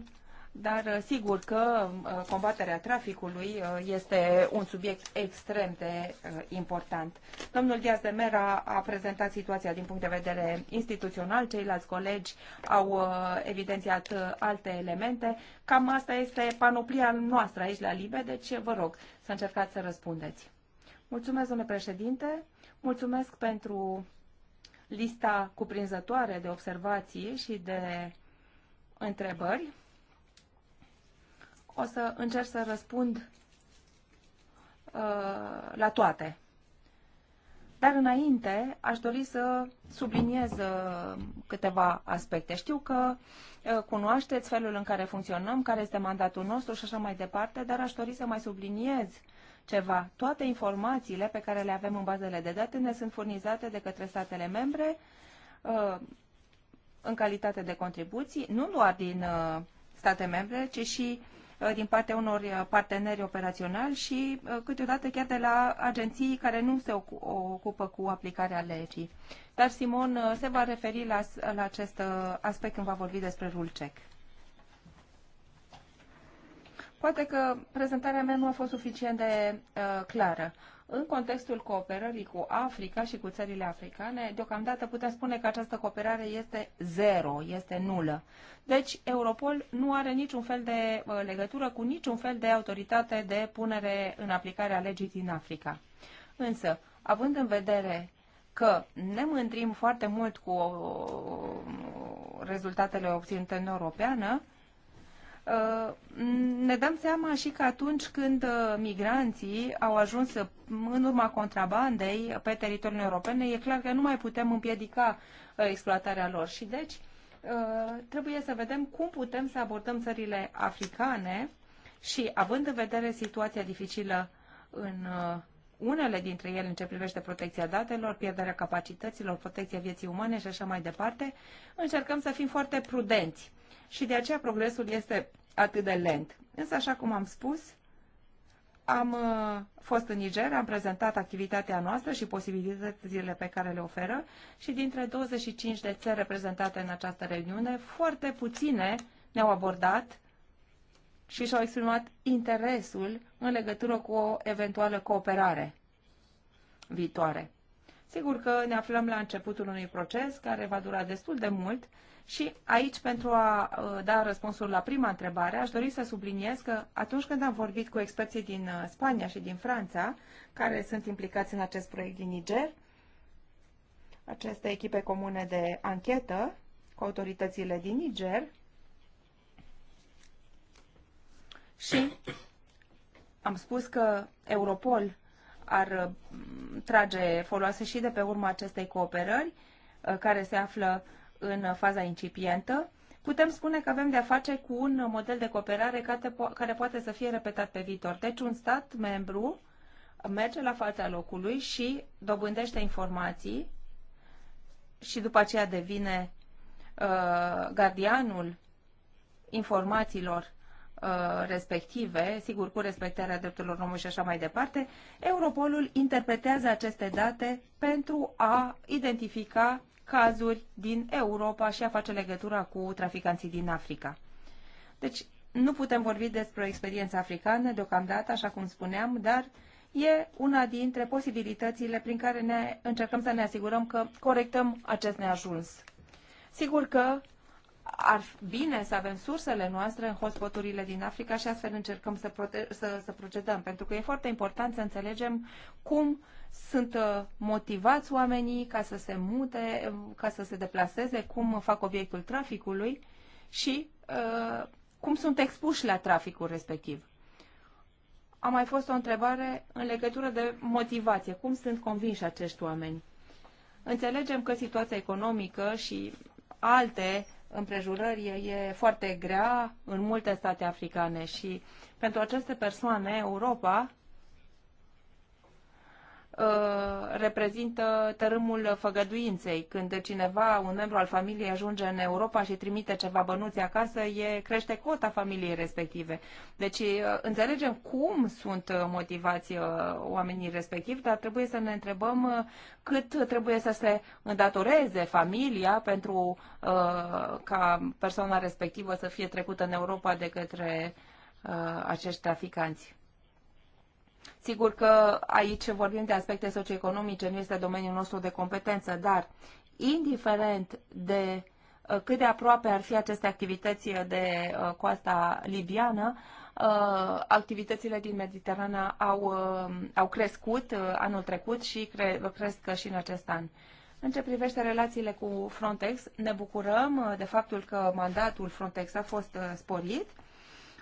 dar uh, sigur că uh, combaterea traficului uh, este un subiect extrem de important. Domnul Diaz de Mera a prezentat situația din punct de vedere instituțional, ceilalți colegi au evidențiat alte elemente. Cam asta este panoplia noastră aici la Libe, deci vă rog să încercați să răspundeți. Mulțumesc, domnule președinte, mulțumesc pentru lista cuprinzătoare de observații și de întrebări. O să încerc să răspund uh, la toate. Dar înainte aș dori să subliniez uh, câteva aspecte. Știu că uh, cunoașteți felul în care funcționăm, care este mandatul nostru și așa mai departe, dar aș dori să mai subliniez ceva. Toate informațiile pe care le avem în bazele de date ne sunt furnizate de către statele membre uh, în calitate de contribuții, nu doar din state membre, ci și Uh, din partea unor uh, parteneri operaționali și uh, câteodată chiar de la agenții care nu se ocupă cu aplicarea legii. Dar Simon se va referi la, la acest aspect când va vorbi despre RULCEC. Poate că prezentarea mea nu a fost suficient de uh, clară. În contextul cooperării cu Africa și cu țările africane, deocamdată putem spune că această cooperare este zero, este nulă. Deci, Europol nu are niciun fel de uh, legătură cu niciun fel de autoritate de punere în aplicare a legii din Africa. Însă, având în vedere că ne mândrim foarte mult cu uh, rezultatele obținute în Europeană, Uh, ne dăm seama și că atunci când uh, migranții au ajuns în urma contrabandei pe teritoriul european, e clar că nu mai putem împiedica uh, exploatarea lor. Și deci trebuie să vedem cum putem să abordăm țările africane și având în vedere situația dificilă în unele dintre ele în ce privește protecția datelor, pierderea capacităților, protecția vieții umane și așa mai departe, încercăm să fim foarte prudenți și de aceea progresul este atât de lent. Însă, așa cum am spus, am uh, fost în Niger, am prezentat activitatea noastră și posibilitățile pe care le oferă și dintre 25 de țări reprezentate în această reuniune, foarte puține ne-au abordat și și-au exprimat interesul în legătură cu o eventuală cooperare viitoare. Sigur că ne aflăm la începutul unui proces care va dura destul de mult și aici, pentru a uh, da răspunsul la prima întrebare, aș dori să subliniez că atunci când am vorbit cu experții din uh, Spania și din Franța, care sunt implicați în acest proiect din Niger, aceste echipe comune de anchetă cu autoritățile din Niger, și am spus că Europol ar uh, trage foloase și de pe urma acestei cooperări, care se află în faza incipientă, putem spune că avem de-a face cu un model de cooperare care poate să fie repetat pe viitor. Deci un stat membru merge la fața locului și dobândește informații și după aceea devine uh, gardianul informațiilor uh, respective, sigur cu respectarea drepturilor omului și așa mai departe, Europolul interpretează aceste date pentru a identifica cazuri din Europa și a face legătura cu traficanții din Africa. Deci, nu putem vorbi despre o experiență africană deocamdată, așa cum spuneam, dar e una dintre posibilitățile prin care ne încercăm să ne asigurăm că corectăm acest neajuns. Sigur că ar fi bine să avem sursele noastre în hotspoturile din Africa și astfel încercăm să, prote- să, să procedăm, pentru că e foarte important să înțelegem cum uh, sunt uh, motivați oamenii ca să se mute, um, ca să se deplaseze, cum fac obiectul traficului și uh, cum sunt expuși la traficul respectiv. A mai fost o întrebare în legătură de motivație. Cum sunt convinși acești oameni? Înțelegem că situația economică și alte împrejurări e foarte grea în multe state africane și pentru aceste persoane Europa Uh, reprezintă tărâmul făgăduinței. Când cineva, un membru al familiei, ajunge în Europa și trimite ceva bănuți acasă, e, crește cota familiei respective. Deci uh, înțelegem cum sunt motivați uh, oamenii respectivi, dar trebuie să ne întrebăm cât trebuie să se îndatoreze familia pentru ca persoana respectivă să fie trecută în Europa de către acești traficanți. Sigur că aici vorbim de aspecte socioeconomice, nu este domeniul nostru de competență, dar indiferent de uh, cât de aproape ar fi aceste activități de uh, coasta libiană, uh, activitățile din Mediterana au, au crescut anul trecut și cre, cresc și în acest an. În ce privește relațiile cu Frontex, ne bucurăm de faptul că mandatul Frontex a fost sporit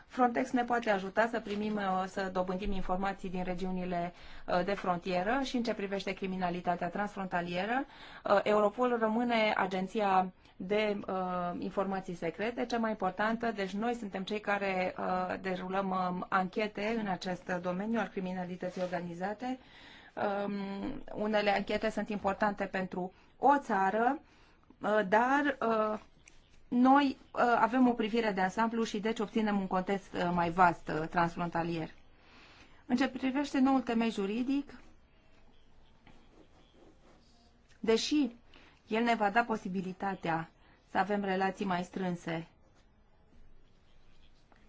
Frontex ne poate ajuta să primim, uh, să dobândim informații din regiunile uh, de frontieră și în ce privește criminalitatea transfrontalieră. Uh, Europol rămâne agenția de uh, informații secrete, cea mai importantă. Deci noi suntem cei care uh, derulăm uh, anchete în acest domeniu al criminalității organizate. Um, unele anchete sunt importante pentru o țară, uh, dar uh, noi uh, avem o privire de ansamblu și deci obținem un context uh, mai vast uh, transfrontalier. În ce privește noul temei juridic, deși el ne va da posibilitatea să avem relații mai strânse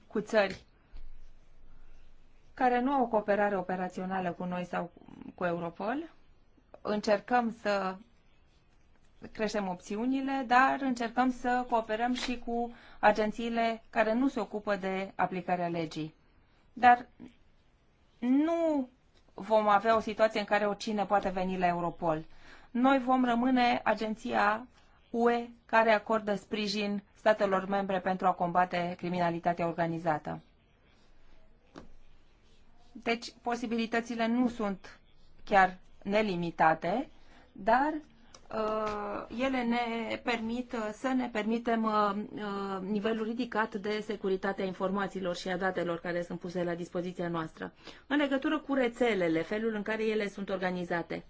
cu țări care nu au o cooperare operațională cu noi sau cu Europol, încercăm să creștem opțiunile, dar încercăm să cooperăm și cu agențiile care nu se ocupă de aplicarea legii. Dar nu vom avea o situație în care oricine poate veni la Europol. Noi vom rămâne agenția UE care acordă sprijin statelor membre pentru a combate criminalitatea organizată. Deci posibilitățile nu sunt chiar nelimitate, dar Uh, ele ne permit uh, să ne permitem uh, nivelul ridicat de securitate a informațiilor și a datelor care sunt puse la dispoziția noastră. În legătură cu rețelele, felul în care ele sunt organizate.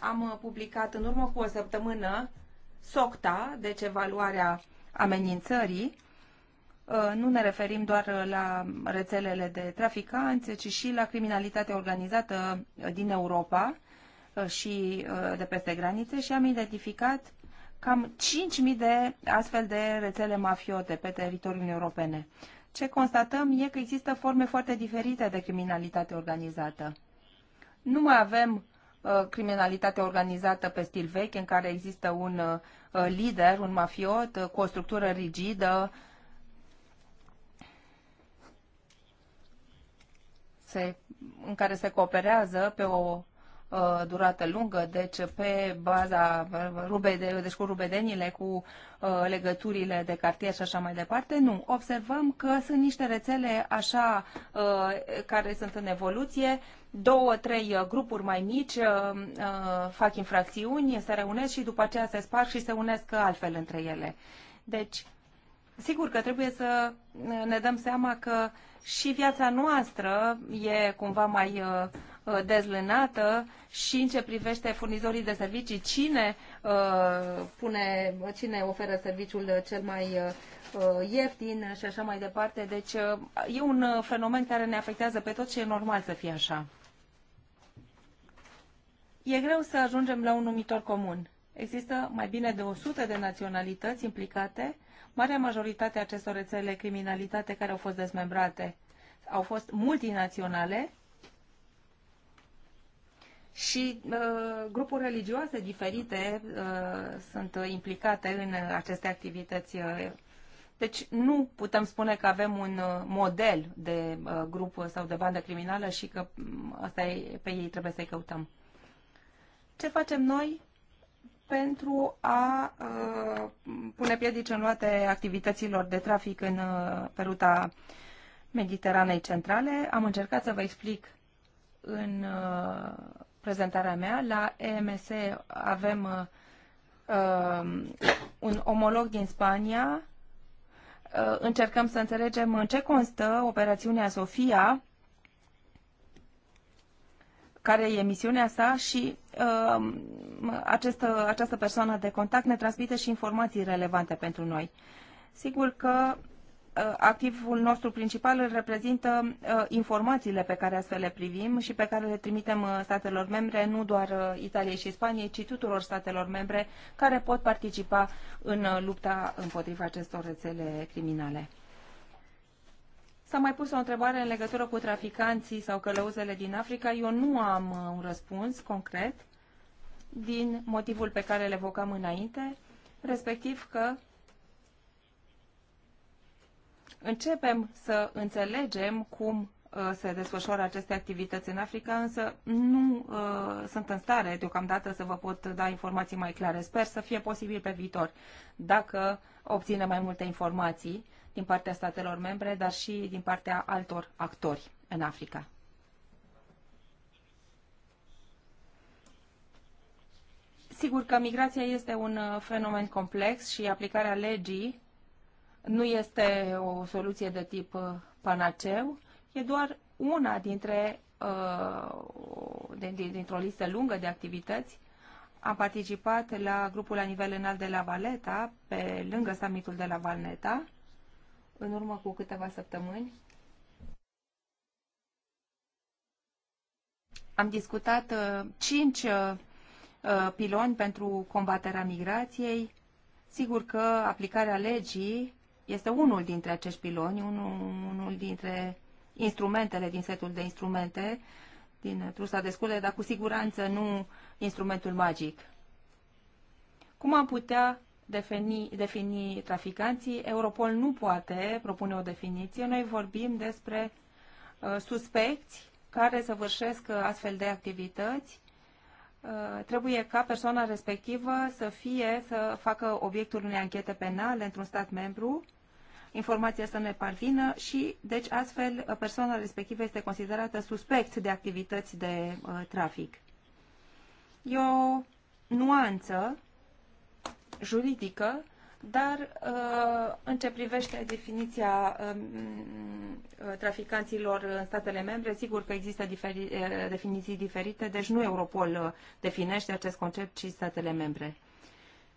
Am publicat în urmă cu o săptămână SOCTA, deci evaluarea amenințării. Nu ne referim doar la rețelele de traficanți, ci și la criminalitatea organizată din Europa Uh, și uh, de peste granițe și am identificat cam 5.000 de astfel de rețele mafiote pe teritoriul Uniunii Europene. Ce constatăm e că există forme foarte diferite de criminalitate organizată. Nu mai avem uh, criminalitate organizată pe stil vechi, în care există un lider, un mafiot, cu o structură rigidă. Se, în care se cooperează pe o Uh, durată lungă, deci pe baza rubede, deci cu rubedenile, cu uh, legăturile de cartier și așa mai departe, nu. Observăm că sunt niște rețele așa uh, care sunt în evoluție, două, trei grupuri mai mici fac infracțiuni, se reunesc și după aceea se sparg și se unesc altfel între ele. Deci, sigur că trebuie să ne dăm seama că și viața noastră e cumva mai Uh, dezlânată și în ce privește furnizorii de servicii, cine, uh, pune, cine oferă serviciul cel mai uh, ieftin și așa mai departe. Deci e un fenomen care ne afectează pe tot și e normal să fie așa. E greu să ajungem la un numitor comun. Există mai bine de 100 de naționalități implicate, marea majoritate a acestor rețele criminalitate care au fost dezmembrate au fost multinaționale și uh, grupuri religioase diferite uh, sunt implicate în aceste activități. Uh, deci nu putem spune că avem un uh, model de uh, grup sau de bandă criminală și că mm, asta e, pe ei trebuie să-i căutăm. Ce facem noi pentru a uh, pune piedici în luate activităților de trafic în uh, pe ruta Mediteranei Centrale? Am încercat să vă explic în uh, prezentarea mea. La EMS avem uh, um, un omolog din Spania. Uh, încercăm să înțelegem în ce constă operațiunea Sofia, care e misiunea sa și uh, um, această, această persoană de contact ne transmite și informații relevante pentru noi. Sigur că Uh, activul nostru principal îl reprezintă uh, informațiile pe care astfel le privim și pe care le trimitem uh, statelor membre, nu doar Italiei și Spaniei, ci tuturor statelor membre care pot participa în lupta împotriva acestor rețele criminale. S-a mai pus o întrebare în legătură cu traficanții sau călăuzele din Africa. Eu nu am un răspuns concret din motivul pe care le evocam înainte, respectiv că Începem să înțelegem cum uh, se desfășoară aceste activități în Africa, însă nu uh, sunt în stare deocamdată să vă pot da informații mai clare. Sper să fie posibil pe viitor, dacă obținem mai multe informații din partea statelor membre, dar și din partea altor actori în Africa. Sigur că migrația este un uh, fenomen complex și aplicarea legii nu este o soluție de tip uh, panaceu, e doar una dintre uh, dintr-o listă lungă de activități. Am participat la grupul la nivel înalt de la Valeta, pe lângă summitul de la Valneta, în urmă cu câteva săptămâni. Am discutat uh, cinci piloni pentru combaterea migrației. Sigur că aplicarea legii este unul dintre acești piloni, unul, unul dintre instrumentele din setul de instrumente din trusa de scule, dar cu siguranță nu instrumentul magic. Cum am putea defini, defini traficanții? Europol nu poate propune o definiție. Noi vorbim despre uh, suspecți care săvârșesc uh, astfel de activități uh, trebuie ca persoana respectivă să fie, să facă obiectul unei anchete penale într-un stat membru informația să ne parvină și, deci, astfel, persoana respectivă este considerată suspect de activități de uh, trafic. E o nuanță juridică, dar uh, în ce privește definiția um, uh, traficanților în statele membre, sigur că există diferi, uh, definiții diferite, deci nu Europol uh, definește acest concept, ci statele membre.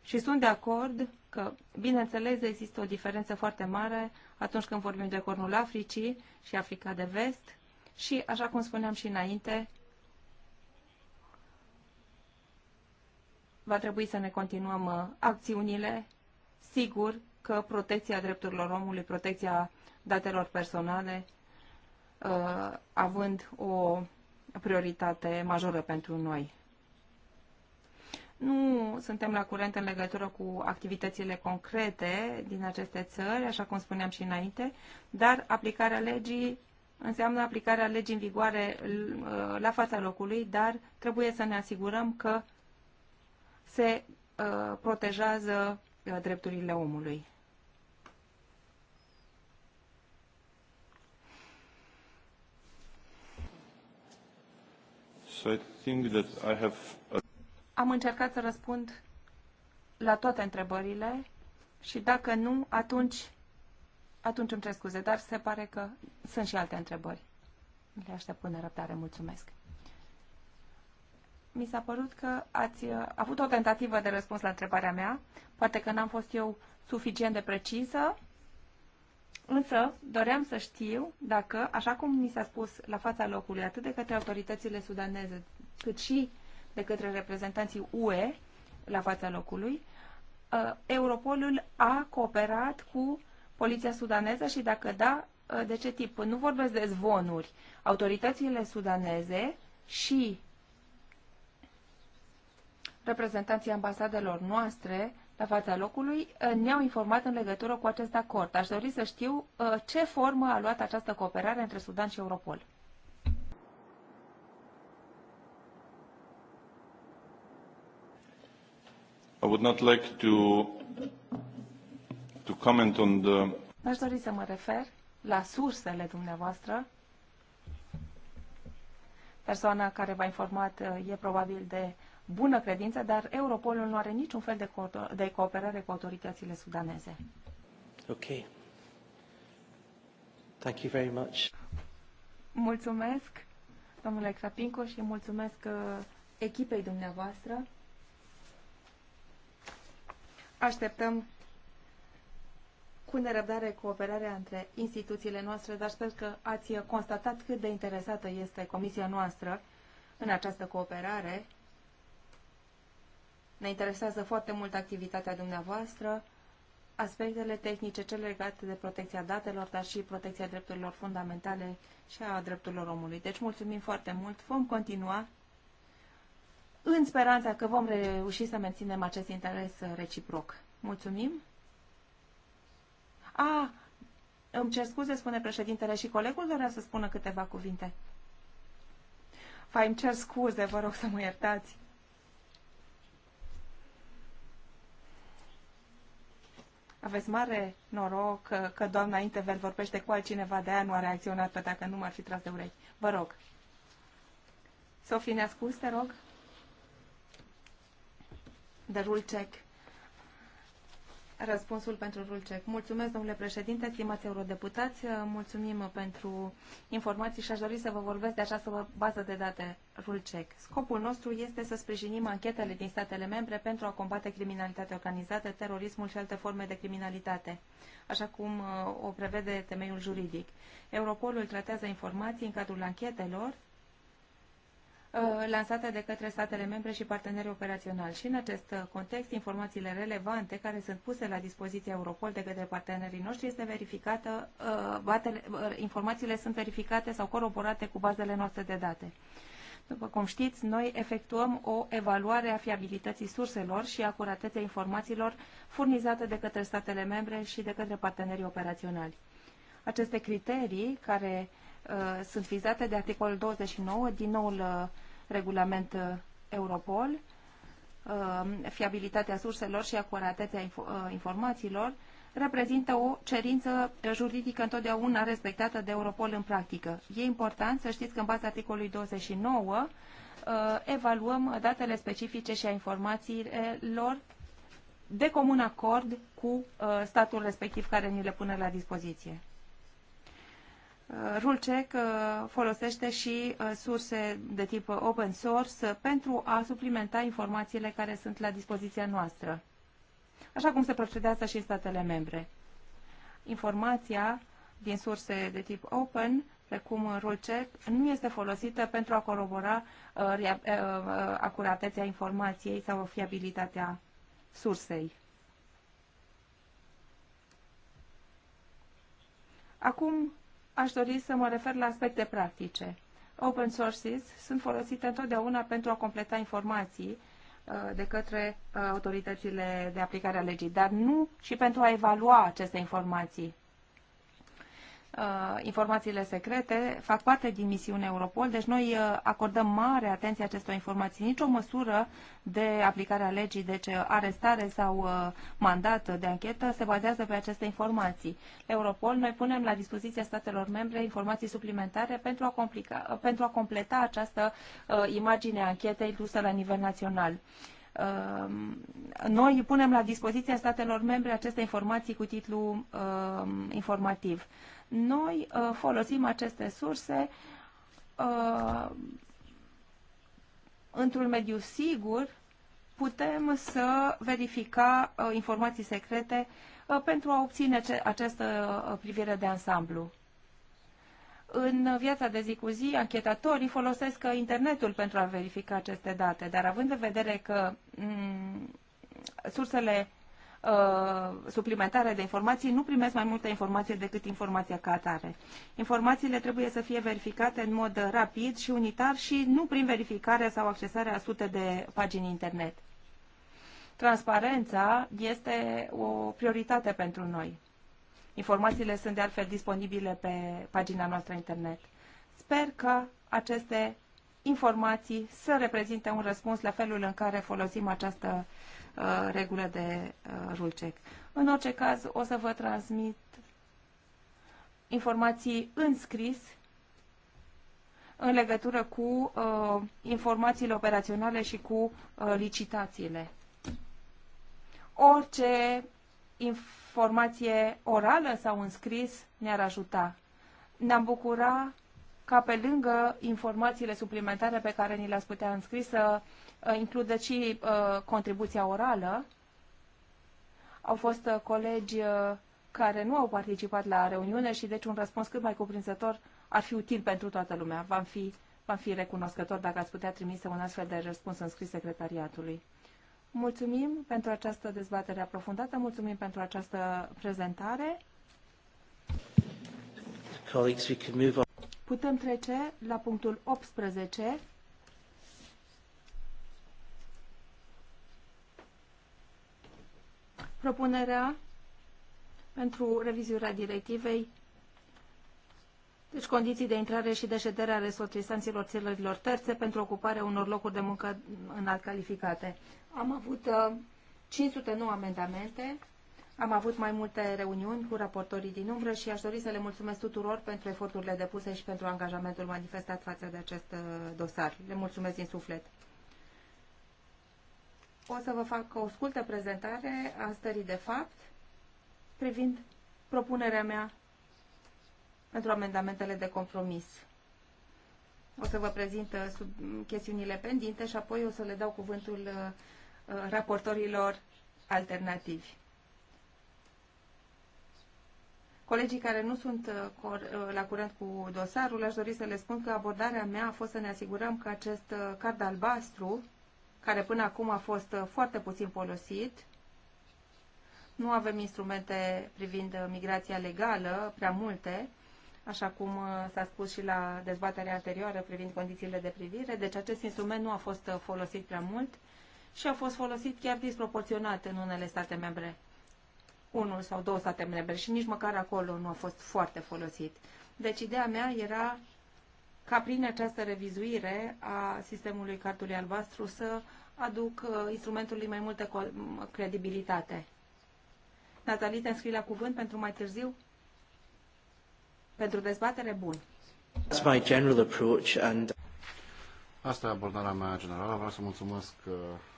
Și sunt de acord că, bineînțeles, există o diferență foarte mare atunci când vorbim de Cornul Africii și Africa de Vest și, așa cum spuneam și înainte, va trebui să ne continuăm uh, acțiunile. Sigur că protecția drepturilor omului, protecția datelor personale, uh, având o prioritate majoră pentru noi. Nu suntem la curent în legătură cu activitățile concrete din aceste țări, așa cum spuneam și înainte, dar aplicarea legii înseamnă aplicarea legii în vigoare uh, la fața locului, dar trebuie să ne asigurăm că se uh, protejează uh, drepturile omului. So I think that I have a am încercat să răspund la toate întrebările și dacă nu, atunci, atunci îmi cer scuze, dar se pare că sunt și alte întrebări. Le aștept până răbdare, mulțumesc. Mi s-a părut că ați uh, avut o tentativă de răspuns la întrebarea mea, poate că n-am fost eu suficient de precisă, însă doream să știu dacă, așa cum mi s-a spus la fața locului, atât de către autoritățile sudaneze, cât și de către reprezentanții UE la fața locului, uh, Europolul a cooperat cu poliția sudaneză și dacă da, uh, de ce tip? Nu vorbesc de zvonuri. Autoritățile sudaneze și reprezentanții ambasadelor noastre la fața locului uh, ne-au informat în legătură cu acest acord. Aș dori să știu ce formă a luat această cooperare între Sudan și Europol. I would not like to, to comment on the... Aș dori să mă refer la sursele dumneavoastră. Persoana care v-a informat uh, e probabil de bună credință, dar Europolul nu are niciun fel de, co- de cooperare cu autoritățile sudaneze. Ok. Thank you very much. Mulțumesc, domnule Crapinco, și mulțumesc uh, echipei dumneavoastră. Așteptăm cu nerăbdare cooperarea între instituțiile noastre, dar sper că ați constatat cât de interesată este comisia noastră în această cooperare. Ne interesează foarte mult activitatea dumneavoastră, aspectele tehnice, cele legate de protecția datelor, dar și protecția drepturilor fundamentale și a drepturilor omului. Deci mulțumim foarte mult, vom continua în speranța că vom reuși să menținem acest interes reciproc. Mulțumim! A, îmi cer scuze, spune președintele și colegul dorea să spună câteva cuvinte. Fai, îmi cer scuze, vă rog să mă iertați. Aveți mare noroc că, că doamna Intevel vorbește cu altcineva, de aia nu a reacționat, pe dacă nu m-ar fi tras de urechi. Vă rog. Sofie, ne-a spus, te rog? de Rulcec. Răspunsul pentru Rulcec. Mulțumesc, domnule președinte, stimați eurodeputați, mulțumim pentru informații și aș dori să vă vorbesc de această bază de date Rulcec. Scopul nostru este să sprijinim anchetele din statele membre pentru a combate criminalitatea organizată, terorismul și alte forme de criminalitate, așa cum uh, o prevede temeiul juridic. Europolul tratează informații în cadrul anchetelor Uh, lansate de către statele membre și partenerii operaționali. Și în acest uh, context, informațiile relevante care sunt puse la dispoziția Europol de către partenerii noștri este verificată, uh, batele, informațiile sunt verificate sau coroborate cu bazele noastre de date. După cum știți, noi efectuăm o evaluare a fiabilității surselor și a curateței informațiilor furnizate de către statele membre și de către partenerii operaționali. Aceste criterii, care uh, Uh, sunt vizate de articolul 29 din noul uh, regulament uh, Europol, fiabilitatea surselor și acuratețea informațiilor, reprezintă o cerință juridică întotdeauna respectată de Europol în practică. E important să știți că în baza articolului 29 evaluăm datele specifice și a informațiilor de comun acord cu statul respectiv care ni le pune la dispoziție. Rulcec uh, folosește și uh, surse de tip open source pentru a suplimenta informațiile care sunt la dispoziția noastră, așa cum se procedează și în statele membre. Informația din surse de tip open, precum Rulcec, nu este folosită pentru a corobora uh, acuratețea informației sau fiabilitatea sursei. Acum aș dori să mă refer la aspecte practice. Open sources sunt folosite întotdeauna pentru a completa informații uh, de către uh, autoritățile de aplicare a legii, dar nu și pentru a evalua aceste informații. Uh, informațiile secrete fac parte din misiunea Europol, deci noi uh, acordăm mare atenție acestor informații. Nici o măsură de aplicare a legii, deci uh, arestare sau mandat de anchetă, se bazează pe aceste informații. Europol, noi punem la dispoziția statelor membre informații suplimentare pentru a, complica, pentru a completa această imagine a anchetei dusă la nivel național um, noi punem la dispoziția statelor membre aceste informații cu titlu uh, informativ. Noi uh, folosim aceste surse uh, într-un mediu sigur, putem să verifica uh, informații secrete pentru a obține această privire de ansamblu. În viața de zi cu zi, anchetatorii folosesc internetul pentru a verifica aceste date, dar având în vedere că mm, sursele Uh, suplimentare de informații nu primesc mai multă informație decât informația ca atare. Informațiile trebuie să fie verificate în mod rapid și unitar și nu prin verificarea sau accesarea a sute de pagini internet. Transparența este o prioritate pentru noi. Informațiile sunt de altfel disponibile pe pagina noastră internet. Sper că aceste informații să reprezinte un răspuns la felul în care folosim această uh, Uh, regulă de uh, rulcec. În orice caz, o să vă transmit informații în scris în legătură cu uh, informațiile operaționale și cu uh, licitațiile. Orice informație orală sau înscris ne-ar ajuta. Ne-am bucurat ca pe lângă informațiile suplimentare pe care ni le-ați putea înscris să uh, includă și uh, contribuția orală. Au fost uh, colegi care nu au participat la reuniune și deci un răspuns cât mai cuprinzător ar fi util pentru toată lumea. V-am fi, v-am fi recunoscător dacă ați putea trimise un astfel de răspuns înscris secretariatului. Mulțumim pentru această dezbatere aprofundată, mulțumim pentru această prezentare. Colleagues, we can move on. Putem trece la punctul 18. Propunerea pentru revizuirea directivei deci condiții de intrare și de ședere a resortisanților țărilor terțe pentru ocuparea unor locuri de muncă înalt calificate. Am avut 509 uh, amendamente am avut mai multe reuniuni cu raportorii din umbră și aș dori să le mulțumesc tuturor pentru eforturile depuse și pentru angajamentul manifestat față de acest uh, dosar. Le mulțumesc din suflet. O să vă fac o scurtă prezentare a stării de fapt privind propunerea mea pentru amendamentele de compromis. O să vă prezint uh, sub chestiunile pendinte și apoi o să le dau cuvântul uh, raportorilor alternativi. Colegii care nu sunt uh, uh, la curent cu dosarul, aș dori să le spun că abordarea mea a fost să ne asigurăm că acest uh, card albastru, care până acum a fost foarte puțin folosit, nu avem instrumente privind migrația legală, prea multe, așa cum s-a spus și la dezbaterea anterioară privind condițiile de privire. Deci acest instrument nu a fost folosit prea mult și a fost folosit chiar disproporționat în unele state membre unul sau două state membre și nici măcar acolo nu a fost foarte folosit. Deci ideea mea era ca prin această revizuire a sistemului cartului albastru să aduc uh, instrumentului mai multă credibilitate. Natalie, te scrii la cuvânt pentru mai târziu? Pentru dezbatere, bun. That's my general approach and... Asta e abordarea mea generală. Vreau să mulțumesc uh,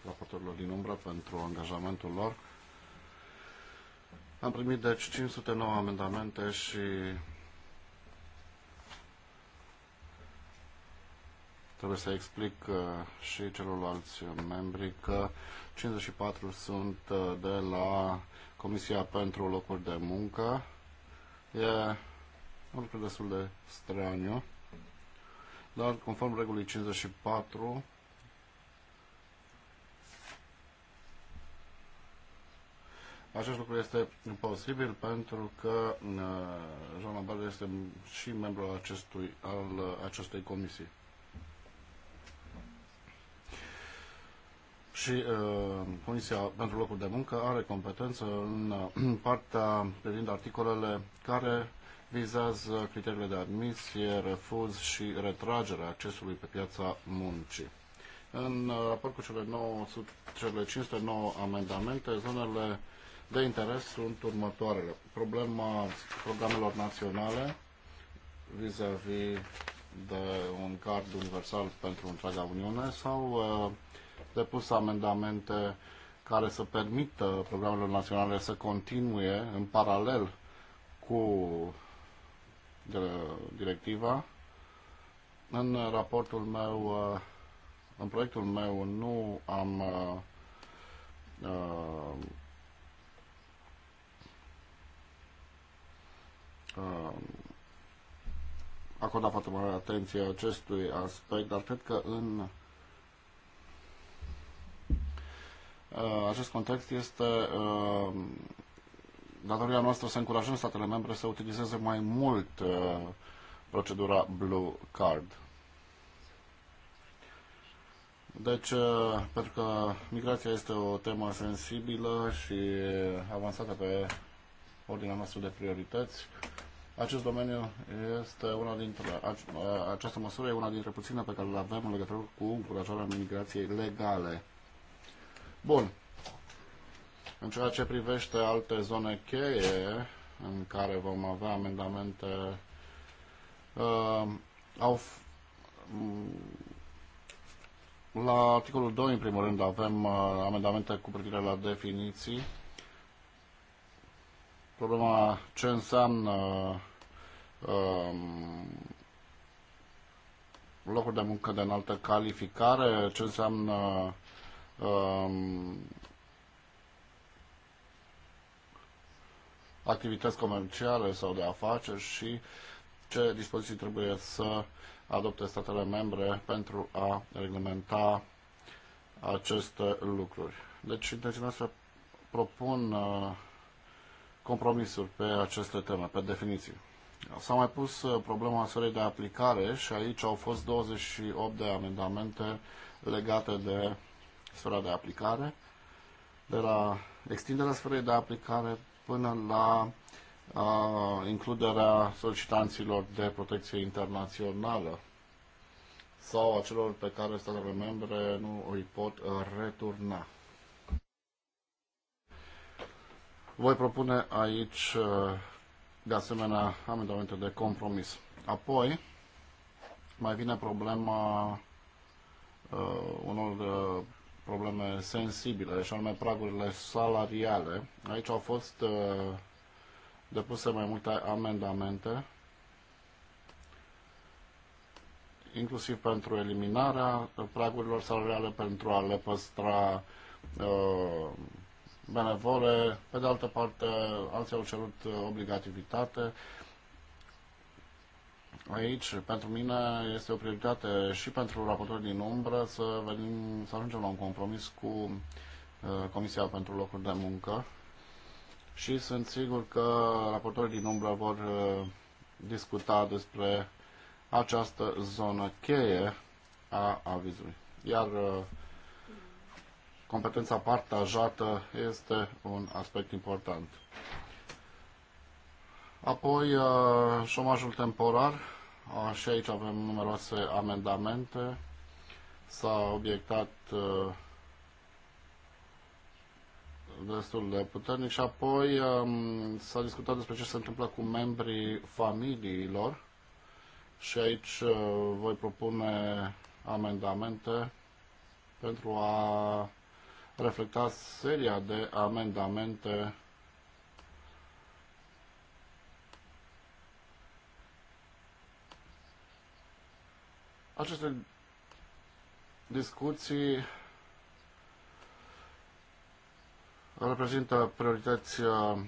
raportorilor din umbră pentru angajamentul lor. Am primit deci 509 amendamente și trebuie să explic uh, și celorlalți membri că 54 sunt uh, de la Comisia pentru Locuri de Muncă. E un lucru destul de straniu, dar conform regulii 54 Acest lucru este posibil pentru că uh, Joana Bale este și membru al, acestui, al uh, acestei comisii. și uh, Comisia pentru locuri de muncă are competență în uh, partea privind articolele care vizează criteriile de admisie, refuz și retragere accesului pe piața muncii. În uh, raport cu cele, 900, cele 509 amendamente, zonele de interes sunt următoarele. Problema programelor naționale vis-a-vis -vis de un card universal pentru întreaga Uniune sau uh, depus amendamente care să permită programelor naționale să continue în paralel cu directiva. În raportul meu, uh, în proiectul meu nu am uh, uh Uh, acordat foarte mare atenție acestui aspect, dar cred că în uh, acest context este uh, datoria noastră să încurajăm statele membre să utilizeze mai mult procedura Blue Card. Deci, pentru că migrația este o temă sensibilă și avansată pe ordinea noastră de priorități. Acest domeniu este una dintre, această măsură e una dintre puține pe care le avem în legătură cu încurajarea migrației legale. Bun. În ceea ce privește alte zone cheie în care vom avea amendamente, uh, au la articolul 2, în primul rând, avem uh, amendamente cu privire la definiții problema ce înseamnă um, locuri de muncă de înaltă calificare, ce înseamnă um, activități comerciale sau de afaceri și ce dispoziții trebuie să adopte statele membre pentru a reglementa aceste lucruri. Deci intenționez să propun uh, compromisuri pe aceste teme, pe definiții. S-a mai pus uh, problema sferei de aplicare și aici au fost 28 de amendamente legate de sfera de aplicare, de la extinderea sferei de aplicare până la a, includerea solicitanților de protecție internațională sau a celor pe care statele membre nu îi pot uh, returna. Voi propune aici, uh, de asemenea, amendamente de compromis. Apoi, mai vine problema uh, unor uh, probleme sensibile, și anume pragurile salariale. Aici au fost uh, depuse mai multe amendamente, inclusiv pentru eliminarea pragurilor salariale, pentru a le păstra uh, benevole, pe de altă parte alții au cerut uh, obligativitate. Aici, pentru mine, este o prioritate și pentru raportorii din umbră să, venim, să ajungem la un compromis cu uh, Comisia pentru Locuri de Muncă și sunt sigur că raportorii din umbră vor uh, discuta despre această zonă cheie a avizului. Iar uh, competența partajată este un aspect important. Apoi, uh, șomajul temporar. Uh, și aici avem numeroase amendamente. S-a obiectat uh, destul de puternic și apoi um, s-a discutat despre ce se întâmplă cu membrii familiilor și aici voi propune amendamente pentru a reflecta seria de amendamente aceste discuții reprezintă priorități uh,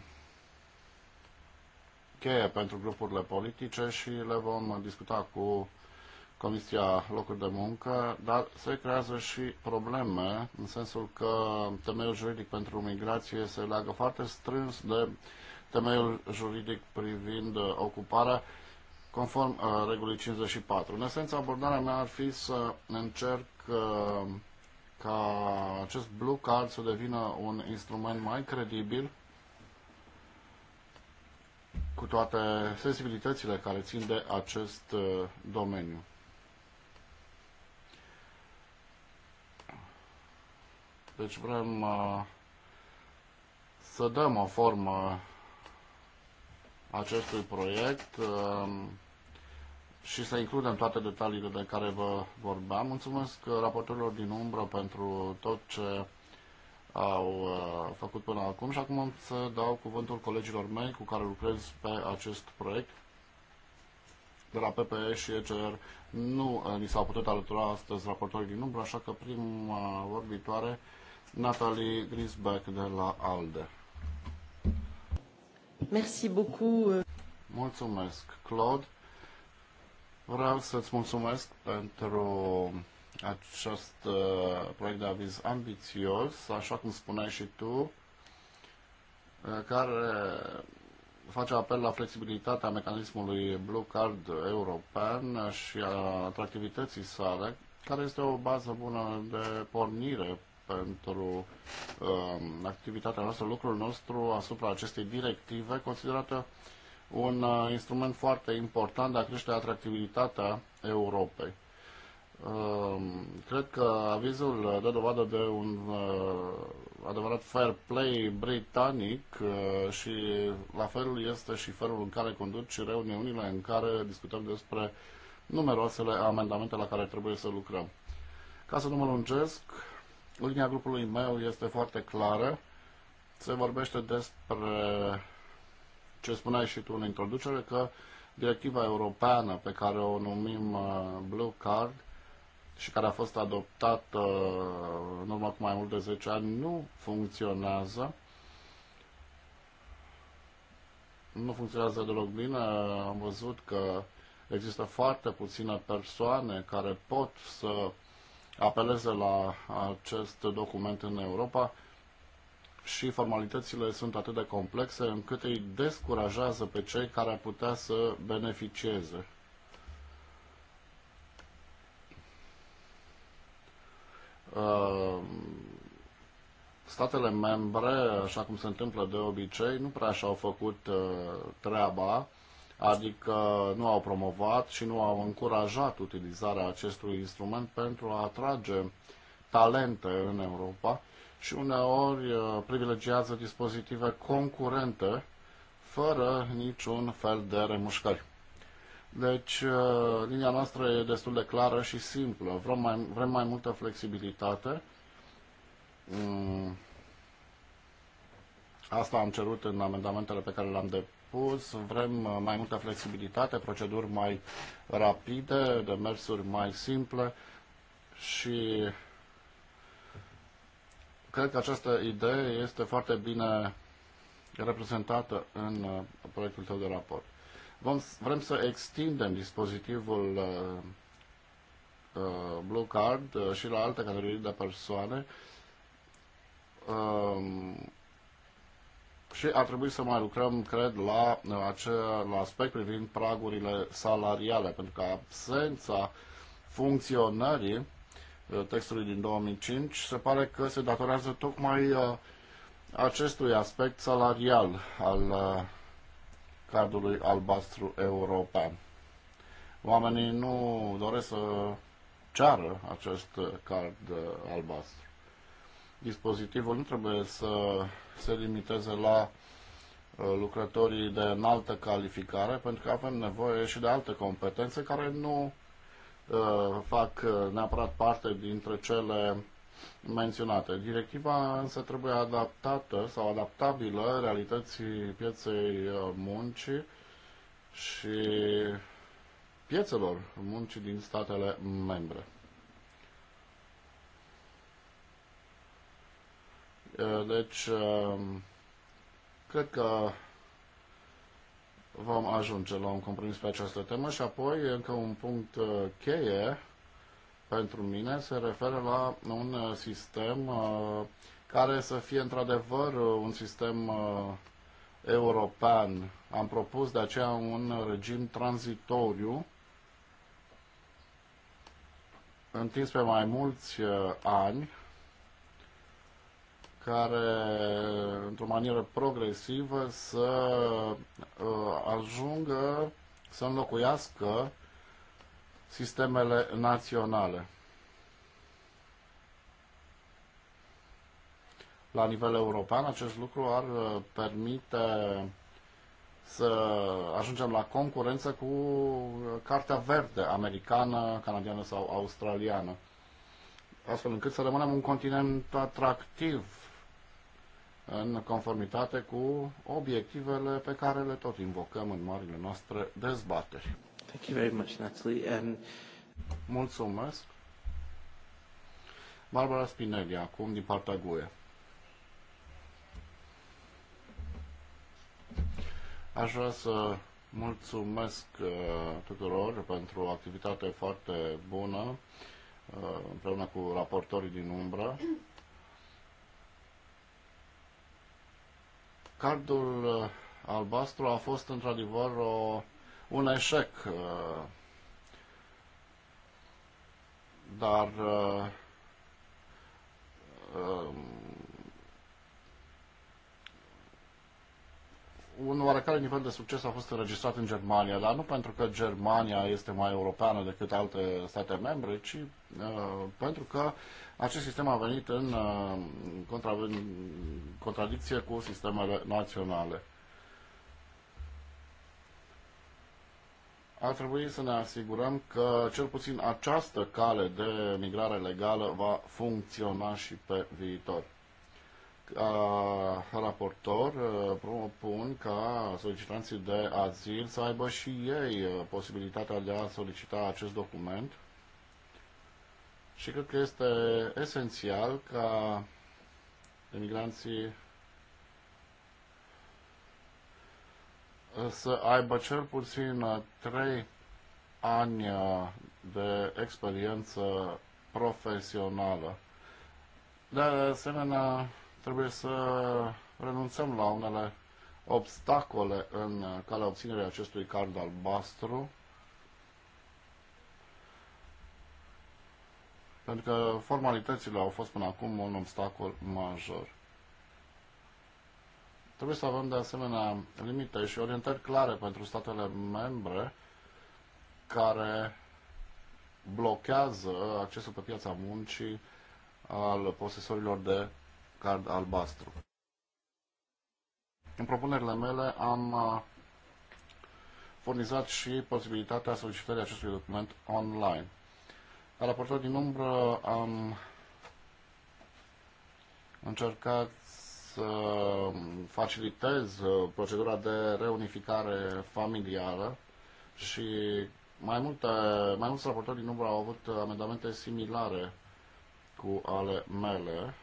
cheie pentru grupurile politice și le vom discuta cu Comisia Locuri de Muncă, dar se creează și probleme, în sensul că temeiul juridic pentru migrație se leagă foarte strâns de temeiul juridic privind ocuparea, conform uh, regulii 54. În esență, abordarea mea ar fi să încerc uh, ca acest blue card să devină un instrument mai credibil cu toate sensibilitățile care țin de acest uh, domeniu. Deci vrem uh, să dăm o formă acestui proiect uh, și să includem toate detaliile de care vă vorbeam. Mulțumesc uh, raportorilor din umbră pentru tot ce au uh, făcut până acum și acum am să dau cuvântul colegilor mei cu care lucrez pe acest proiect. De la PPE și ECR nu uh, ni s-au putut alătura astăzi raportorii din umbră, așa că prima uh, vorbitoare uh, Nathalie Grisbeck de la ALDE. Merci beaucoup. Euh. Mulțumesc, Claude. Vreau să-ți mulțumesc pentru acest uh, proiect de aviz ambițios, așa cum spuneai și tu, uh, care face apel la flexibilitatea mecanismului Blue Card european și a atractivității sale, care este o bază bună de pornire pentru um, activitatea noastră, lucrul nostru asupra acestei directive, considerată un uh, instrument foarte important de a crește atractivitatea Europei. Uh, cred că avizul dă dovadă de un uh, adevărat fair play britanic uh, și la fel este și felul în care conduci reuniunile în care discutăm despre numeroasele amendamente la care trebuie să lucrăm. Ca să nu mă lungesc, Linia grupului meu este foarte clară. Se vorbește despre ce spuneai și tu în introducere, că directiva europeană pe care o numim uh, Blue Card și care a fost adoptată uh, în urmă cu mai mult de 10 ani nu funcționează. Nu funcționează deloc bine. Am văzut că există foarte puține persoane care pot să apeleze la acest document în Europa și formalitățile sunt atât de complexe încât îi descurajează pe cei care ar putea să beneficieze. Uh, statele membre, așa cum se întâmplă de obicei, nu prea și-au făcut uh, treaba adică nu au promovat și nu au încurajat utilizarea acestui instrument pentru a atrage talente în Europa și uneori uh, privilegiază dispozitive concurente fără niciun fel de remușcări. Deci, uh, linia noastră e destul de clară și simplă. Vrem mai, vrem mai multă flexibilitate. Mm. Asta am cerut în amendamentele pe care le-am spus, vrem uh, mai multă flexibilitate, proceduri mai rapide, demersuri mai simple și cred că această idee este foarte bine reprezentată în uh, proiectul tău de raport. Vom, vrem să extindem dispozitivul uh, uh Blue Card și la alte categorii de persoane. Uh, și ar trebui să mai lucrăm, cred, la uh, acel aspect privind pragurile salariale, pentru că absența funcționării uh, textului din 2005 se pare că se datorează tocmai uh, acestui aspect salarial al cardului albastru european. Oamenii nu doresc să ceară acest card albastru dispozitivul nu trebuie să se limiteze la uh, lucrătorii de înaltă calificare, pentru că avem nevoie și de alte competențe care nu uh, fac uh, neapărat parte dintre cele menționate. Directiva însă trebuie adaptată sau adaptabilă realității pieței muncii și piețelor muncii din statele membre. Uh, deci, um, cred că vom ajunge la un compromis pe această temă și apoi încă un punct uh, cheie pentru mine se referă la un uh, sistem care să fie într-adevăr un sistem european. Am propus de aceea un regim tranzitoriu întins pe mai mulți ani care, într-o manieră progresivă, să uh, ajungă să înlocuiască sistemele naționale. La nivel european, acest lucru ar uh, permite să ajungem la concurență cu uh, Cartea Verde, americană, canadiană sau australiană, astfel încât să rămânem un continent atractiv în conformitate cu obiectivele pe care le tot invocăm în marile noastre dezbateri. Thank you very much, Natalie. And... Um, mulțumesc. Barbara Spinelli, acum din partea GUE. Aș vrea să mulțumesc uh, tuturor pentru o activitate foarte bună uh, împreună cu raportorii din umbră. cardul uh, albastru a fost într-adevăr un eșec. Uh, dar uh, un oarecare nivel de succes a fost înregistrat în Germania, dar nu pentru că Germania este mai europeană decât alte state membre, ci uh, pentru că acest sistem a venit în uh, contra, în contradicție cu sistemele naționale. Ar trebui să ne asigurăm că cel puțin această cale de migrare legală va funcționa și pe viitor ca raportor uh, propun ca solicitanții de azil să aibă și ei uh, posibilitatea de a solicita acest document și cred că este esențial ca emigranții uh, să aibă cel puțin trei ani de experiență profesională. De asemenea, trebuie să renunțăm la unele obstacole în calea obținerii acestui card albastru, pentru că formalitățile au fost până acum un obstacol major. Trebuie să avem de asemenea limite și orientări clare pentru statele membre care blochează accesul pe piața muncii al posesorilor de card albastru. În propunerile mele am uh, furnizat și posibilitatea solicitării acestui document online. La raportor din umbră am încercat să facilitez uh, procedura de reunificare familială și mai, multe, mai mulți raportori din umbră au avut amendamente similare cu ale mele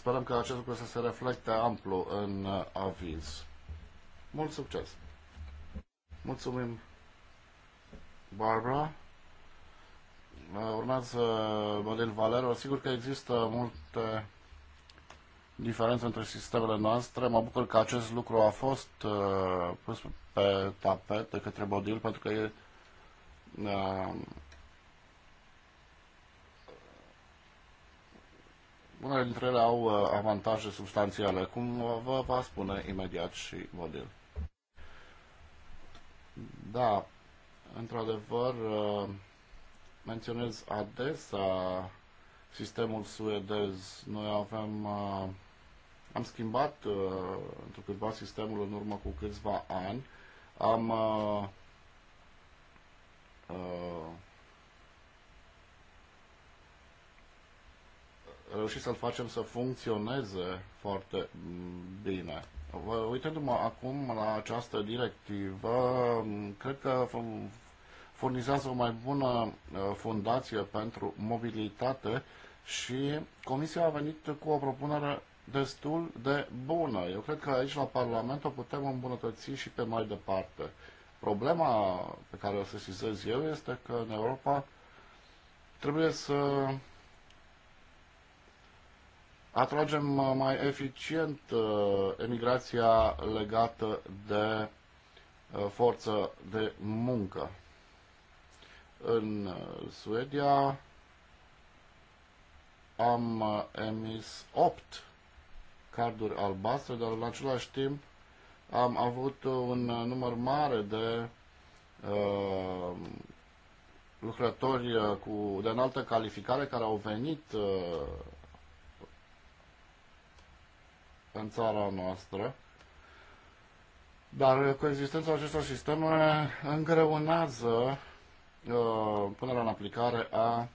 Sperăm că acest lucru să se reflecte amplu în uh, aviz. Mult succes! Mulțumim, Barbara! Uh, urmează uh, model Valero. Sigur că există multe diferențe între sistemele noastre. Mă bucur că acest lucru a fost pus pe tapet de către Bodil, pentru că e Unele dintre ele au uh, avantaje substanțiale, cum uh, vă va spune imediat și model. Da, într-adevăr, uh, menționez adesea sistemul suedez. Noi avem, am schimbat într câtva sistemul în urmă cu câțiva ani. Am uh, reușit să-l facem să funcționeze foarte bine. Uitându-mă acum la această directivă, cred că furnizează o mai bună uh, fundație pentru mobilitate și Comisia a venit cu o propunere destul de bună. Eu cred că aici la Parlament o putem îmbunătăți și pe mai departe. Problema pe care o sesizez eu este că în Europa trebuie să atragem uh, mai eficient uh, emigrația legată de uh, forță de muncă. În Suedia am emis 8 carduri albastre, dar în același timp am avut un număr mare de uh, lucrători cu, de înaltă calificare care au venit uh, în țara noastră. Dar coexistența acestor sisteme îngreunează uh, punerea în aplicare a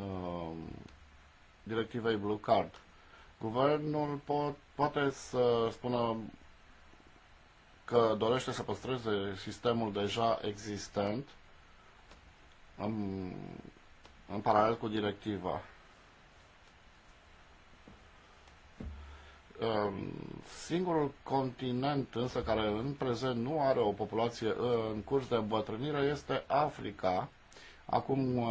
uh, directivei Blue Card. Guvernul po poate să spună că dorește să păstreze sistemul deja existent în, în paralel cu directiva. Ehm, singurul continent însă care în prezent nu are o populație în curs de îmbătrânire este Africa. Acum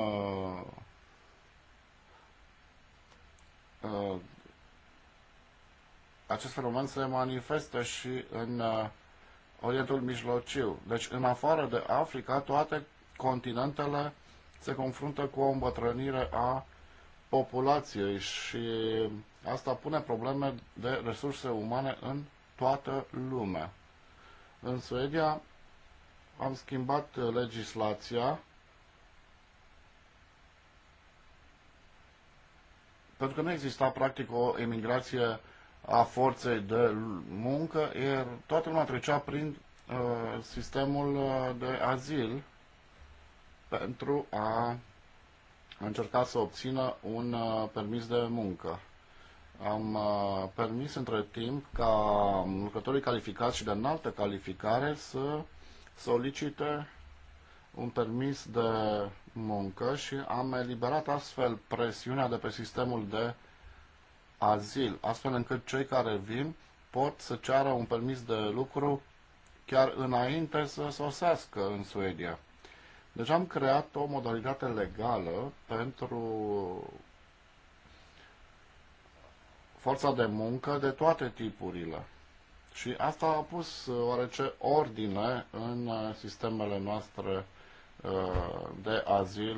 acest fenomen se manifestă și în Orientul Mijlociu. Deci în afară de Africa, toate continentele se confruntă cu o îmbătrânire a populației și Asta pune probleme de resurse umane în toată lumea. În Suedia am schimbat legislația pentru că nu exista practic o emigrație a forței de muncă, iar toată lumea trecea prin uh, sistemul uh, de azil pentru a încerca să obțină un uh, permis de muncă am uh, permis între timp ca lucrătorii calificați și de înaltă calificare să solicite un permis de muncă și am eliberat astfel presiunea de pe sistemul de azil, astfel încât cei care vin pot să ceară un permis de lucru chiar înainte să sosească în Suedia. Deci am creat o modalitate legală pentru forța de muncă de toate tipurile. Și asta a pus uh, oarece ordine în uh, sistemele noastre uh, de azil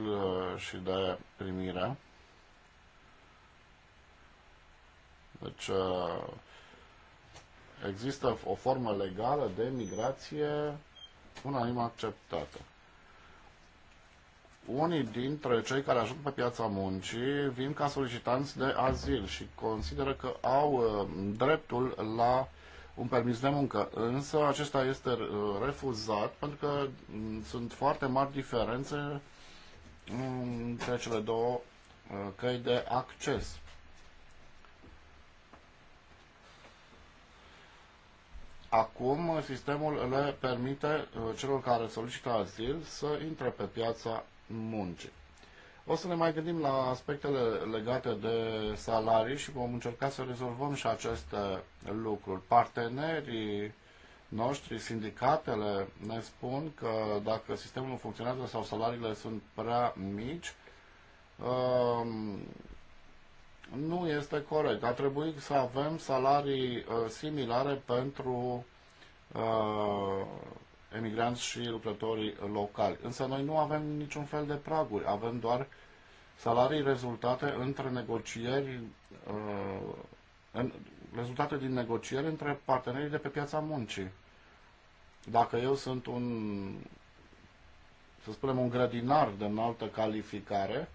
și de primire. Deci există o formă legală de migrație unanim acceptată unii dintre cei care ajung pe piața muncii vin ca solicitanți de azil și consideră că au uh, dreptul la un permis de muncă, însă acesta este uh, refuzat pentru că mm, sunt foarte mari diferențe mm, între cele două uh, căi de acces. Acum sistemul le permite celor care solicită azil să intre pe piața muncii. O să ne mai gândim la aspectele legate de salarii și vom încerca să rezolvăm și aceste lucruri. Partenerii noștri, sindicatele, ne spun că dacă sistemul nu funcționează sau salariile sunt prea mici, um, nu este corect. Ar trebui să avem salarii uh, similare pentru uh, emigranți și lucrătorii locali. Însă noi nu avem niciun fel de praguri, avem doar salarii rezultate între negocieri, uh, în, rezultate din negocieri între partenerii de pe piața muncii. Dacă eu sunt un, să spunem, un grădinar de înaltă calificare,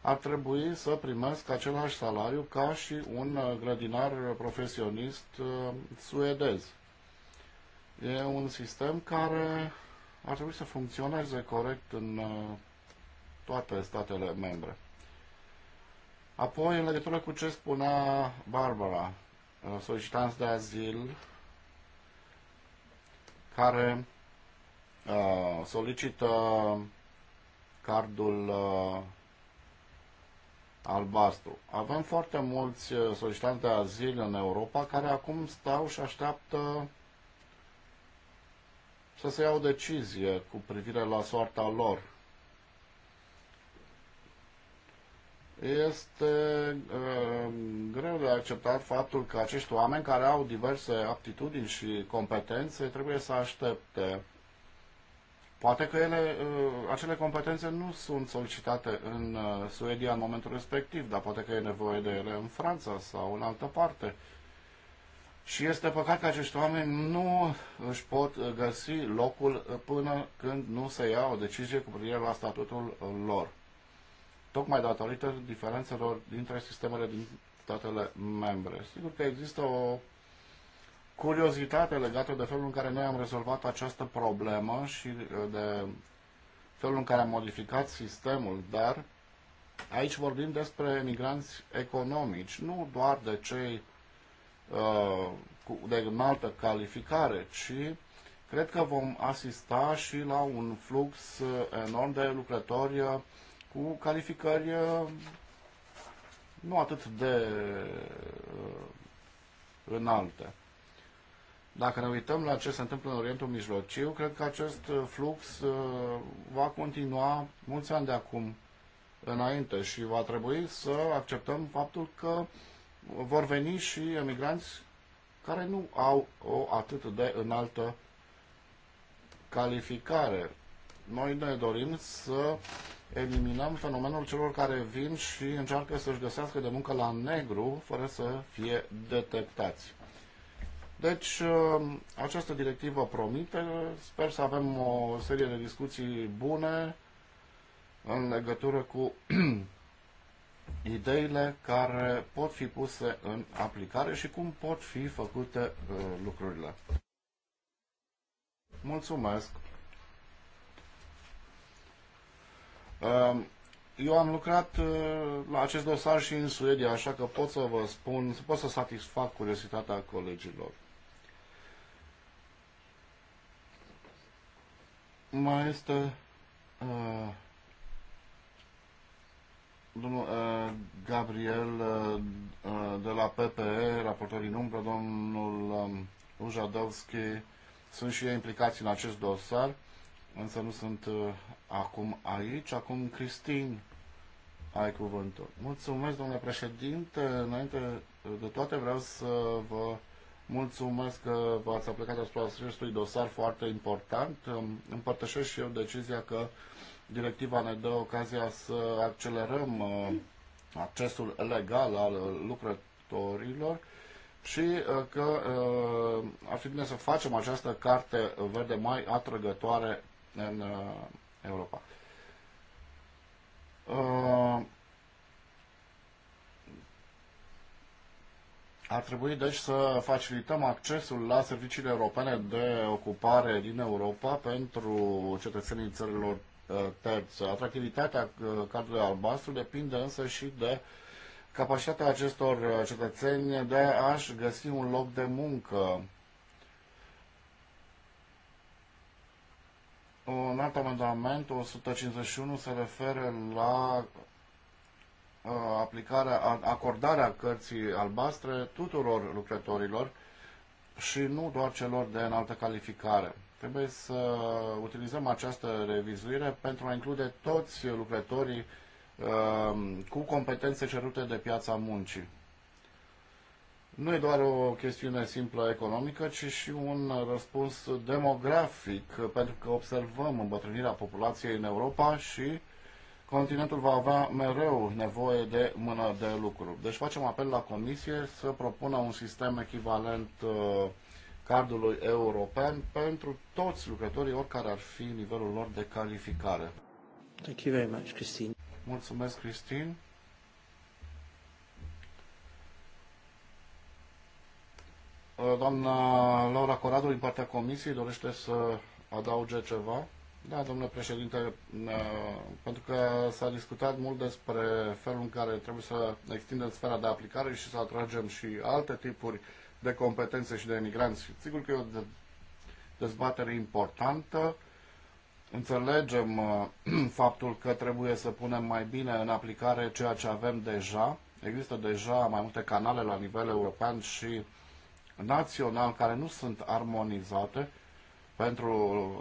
ar trebui să primesc același salariu ca și un grădinar profesionist uh, suedez. E un sistem care ar trebui să funcționeze corect în uh, toate statele membre. Apoi, în legătură cu ce spunea Barbara, uh, solicitanți de azil care uh, solicită cardul uh, albastru. Avem foarte mulți uh, solicitanți de azil în Europa care acum stau și așteaptă să se ia o decizie cu privire la soarta lor. Este uh, greu de acceptat faptul că acești oameni care au diverse aptitudini și competențe trebuie să aștepte. Poate că ele, uh, acele competențe nu sunt solicitate în uh, Suedia în momentul respectiv, dar poate că e nevoie de ele în Franța sau în altă parte. Uh, și este păcat că acești oameni nu își pot găsi locul până când nu se ia o decizie cu privire la statutul lor. Tocmai datorită diferențelor dintre sistemele din statele membre. Sigur că există o curiozitate legată de felul în care noi am rezolvat această problemă și de felul în care am modificat sistemul, dar aici vorbim despre emigranți economici, nu doar de cei Uh, de înaltă calificare, ci cred că vom asista și la un flux uh, enorm de lucrători uh, cu calificări nu atât de înalte. Dacă ne uităm la ce se întâmplă în Orientul Mijlociu, cred că acest flux va continua mulți ani de acum înainte și va trebui să acceptăm faptul că vor veni și emigranți care nu au o atât de înaltă calificare. Noi ne dorim să eliminăm fenomenul celor care vin și încearcă să-și găsească de muncă la negru fără să fie detectați. Deci, um, această directivă promite, sper să avem o serie de discuții bune în legătură cu ideile care pot fi puse în aplicare și cum pot fi făcute uh, lucrurile. Mulțumesc! Uh, eu am lucrat uh, la acest dosar și în Suedia, așa că pot să vă spun, pot să satisfac curiozitatea colegilor. Mai este uh, domnul uh, Gabriel uh, uh, de la PPE, raportorii în umbră, domnul Ujadovski, um, sunt și ei implicați în acest dosar, însă nu sunt acum aici. Acum, Cristin, ai cuvântul. Mulțumesc, domnule președinte. Înainte de toate vreau să vă mulțumesc că v-ați aplicat asupra acestui dosar foarte important. Împărtășesc și eu decizia că Directiva ne dă ocazia să accelerăm uh, accesul legal al lucrătorilor și uh, că uh, ar fi bine să facem această carte verde mai atrăgătoare în Europa. Ar trebui deci să facilităm accesul la serviciile europene de ocupare din Europa pentru cetățenii țărilor Uh, terțe. Atractivitatea uh, cadrului albastru depinde însă și de capacitatea acestor uh, cetățeni de a-și găsi un loc de muncă. Un alt amendament, 151, se referă la aplicarea, acordarea cărții albastre tuturor lucrătorilor și nu doar celor de înaltă calificare. Trebuie să utilizăm această revizuire pentru a include toți lucrătorii um, cu competențe cerute de piața muncii. Nu e doar o chestiune simplă economică, ci și un răspuns demografic, pentru că observăm îmbătrânirea populației în Europa și continentul va avea mereu nevoie de mână de lucru. Deci facem apel la Comisie să propună un sistem echivalent uh, cardului european pentru toți lucrătorii, oricare ar fi nivelul lor de calificare. Thank you very much, Christine. Mulțumesc, Christine. Uh, doamna Laura Coradu, din partea Comisiei, dorește să adauge ceva? Da, domnule președinte, uh, pentru că s-a discutat mult despre felul în care trebuie să extindem sfera de aplicare și să atragem și alte tipuri de competențe și de emigranți. Sigur că e o dezbatere importantă. Înțelegem uh, faptul că trebuie să punem mai bine în aplicare ceea ce avem deja. Există deja mai multe canale la nivel european și național care nu sunt armonizate pentru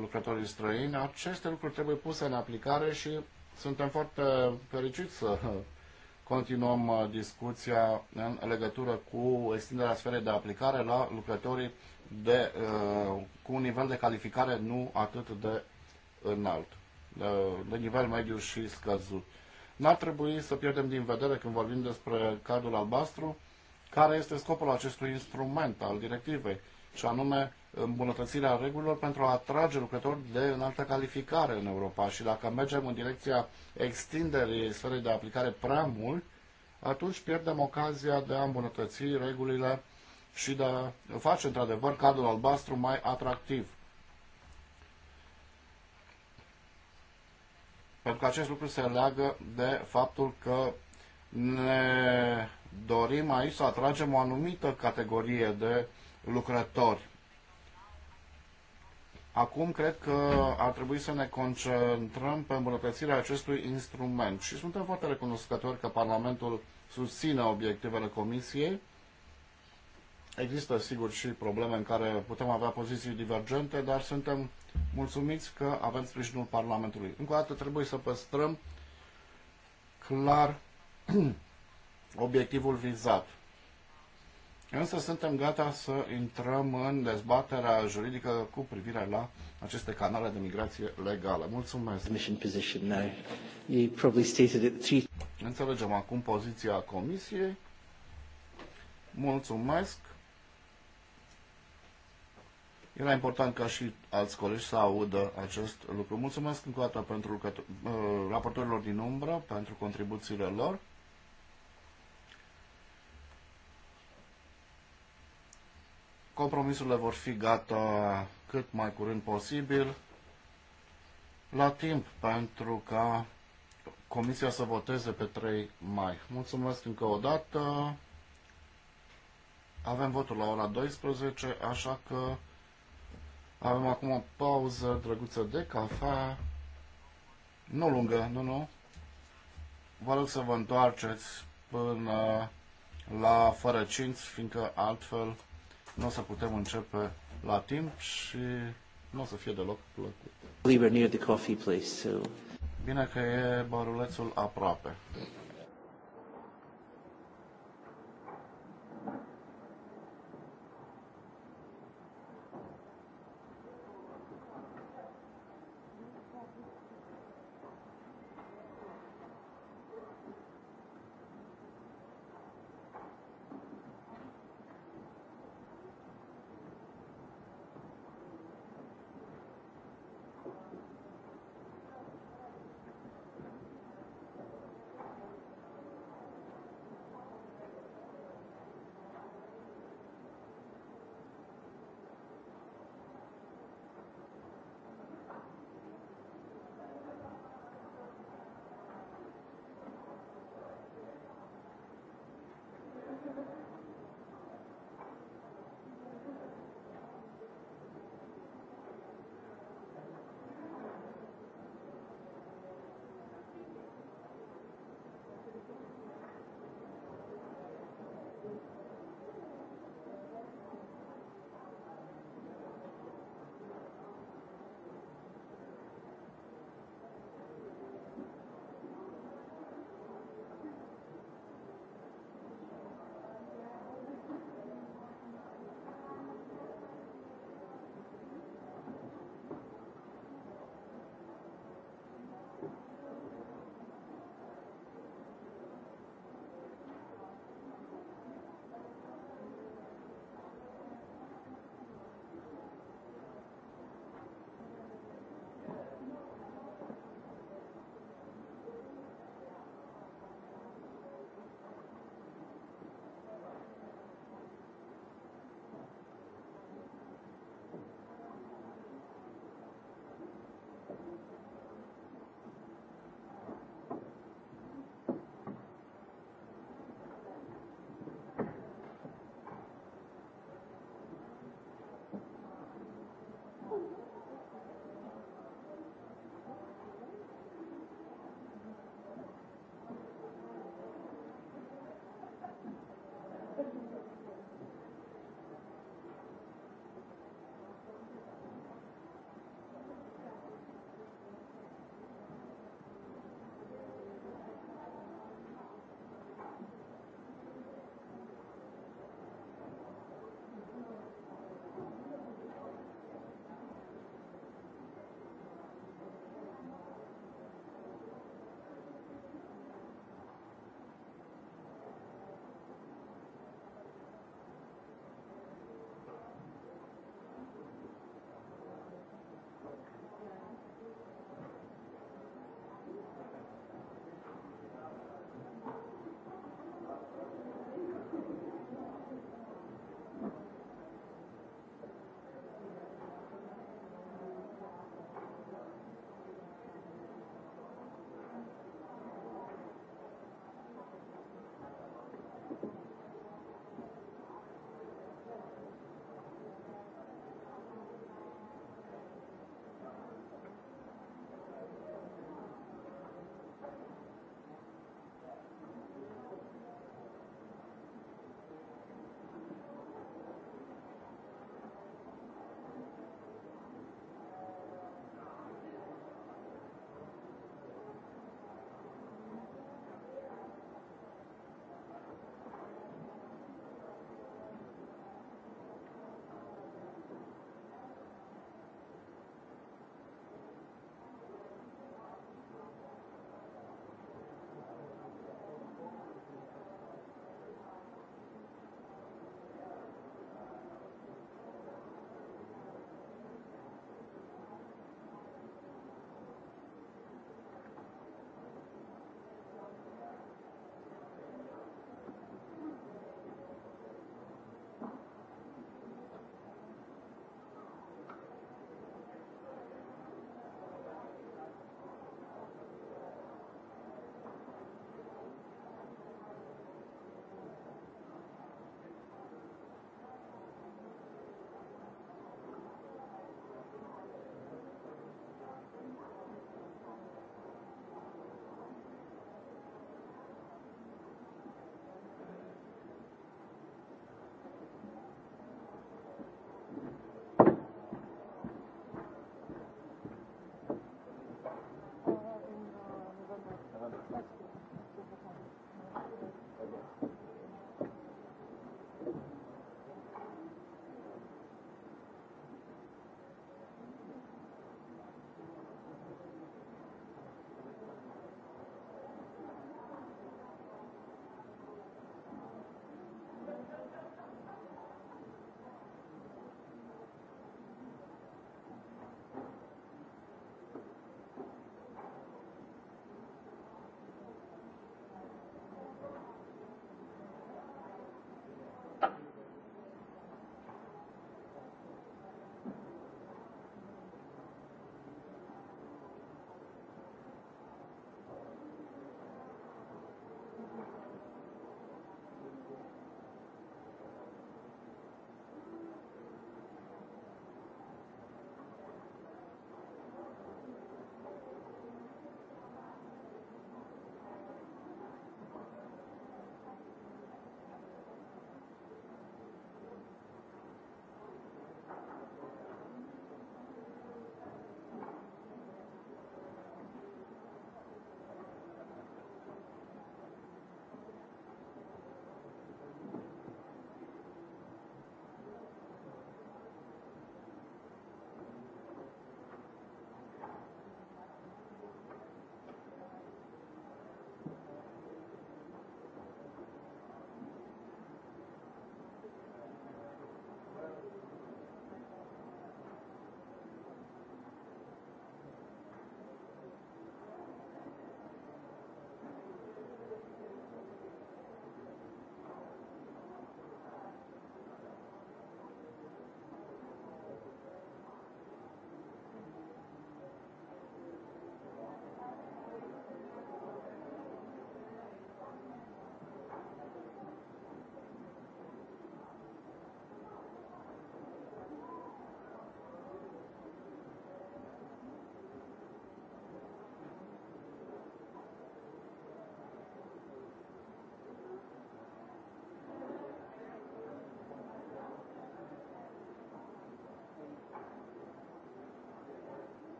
lucrătorii străini. Aceste lucruri trebuie puse în aplicare și suntem foarte fericiți să continuăm uh, discuția în legătură cu extinderea sferei de aplicare la lucrătorii de, uh, cu un nivel de calificare nu atât de înalt, uh, de, nivel mediu și scăzut. N-ar trebui să pierdem din vedere când vorbim despre cardul albastru, care este scopul acestui instrument al directivei și anume îmbunătățirea regulilor pentru a atrage lucrători de înaltă calificare în Europa. Și dacă mergem în direcția extinderii sferei de aplicare prea mult, atunci pierdem ocazia de a îmbunătăți regulile și de a face, într-adevăr, cadrul albastru mai atractiv. Pentru că acest lucru se leagă de faptul că ne dorim aici să atragem o anumită categorie de lucrători. Acum cred că ar trebui să ne concentrăm pe îmbunătățirea acestui instrument și suntem foarte recunoscători că Parlamentul susține obiectivele Comisiei. Există, sigur, și probleme în care putem avea poziții divergente, dar suntem mulțumiți că avem sprijinul Parlamentului. Încă o dată trebuie să păstrăm clar obiectivul vizat. Însă suntem gata să intrăm în dezbaterea juridică cu privire la aceste canale de migrație legală. Mulțumesc. Înțelegem acum poziția Comisiei. Mulțumesc. Era important ca și alți colegi să audă acest lucru. Mulțumesc încă o dată pentru că, uh, raportorilor din umbră pentru contribuțiile lor. Compromisurile vor fi gata cât mai curând posibil, la timp, pentru ca Comisia să voteze pe 3 mai. Mulțumesc încă o dată. Avem votul la ora 12, așa că avem acum o pauză drăguță de cafea. Nu lungă, nu, nu. Vă rog să vă întoarceți până la fără cinți, fiindcă altfel nu o să putem începe la timp și nu o să fie deloc plăcut. We were near the coffee place, so... Bine că e barulețul aproape.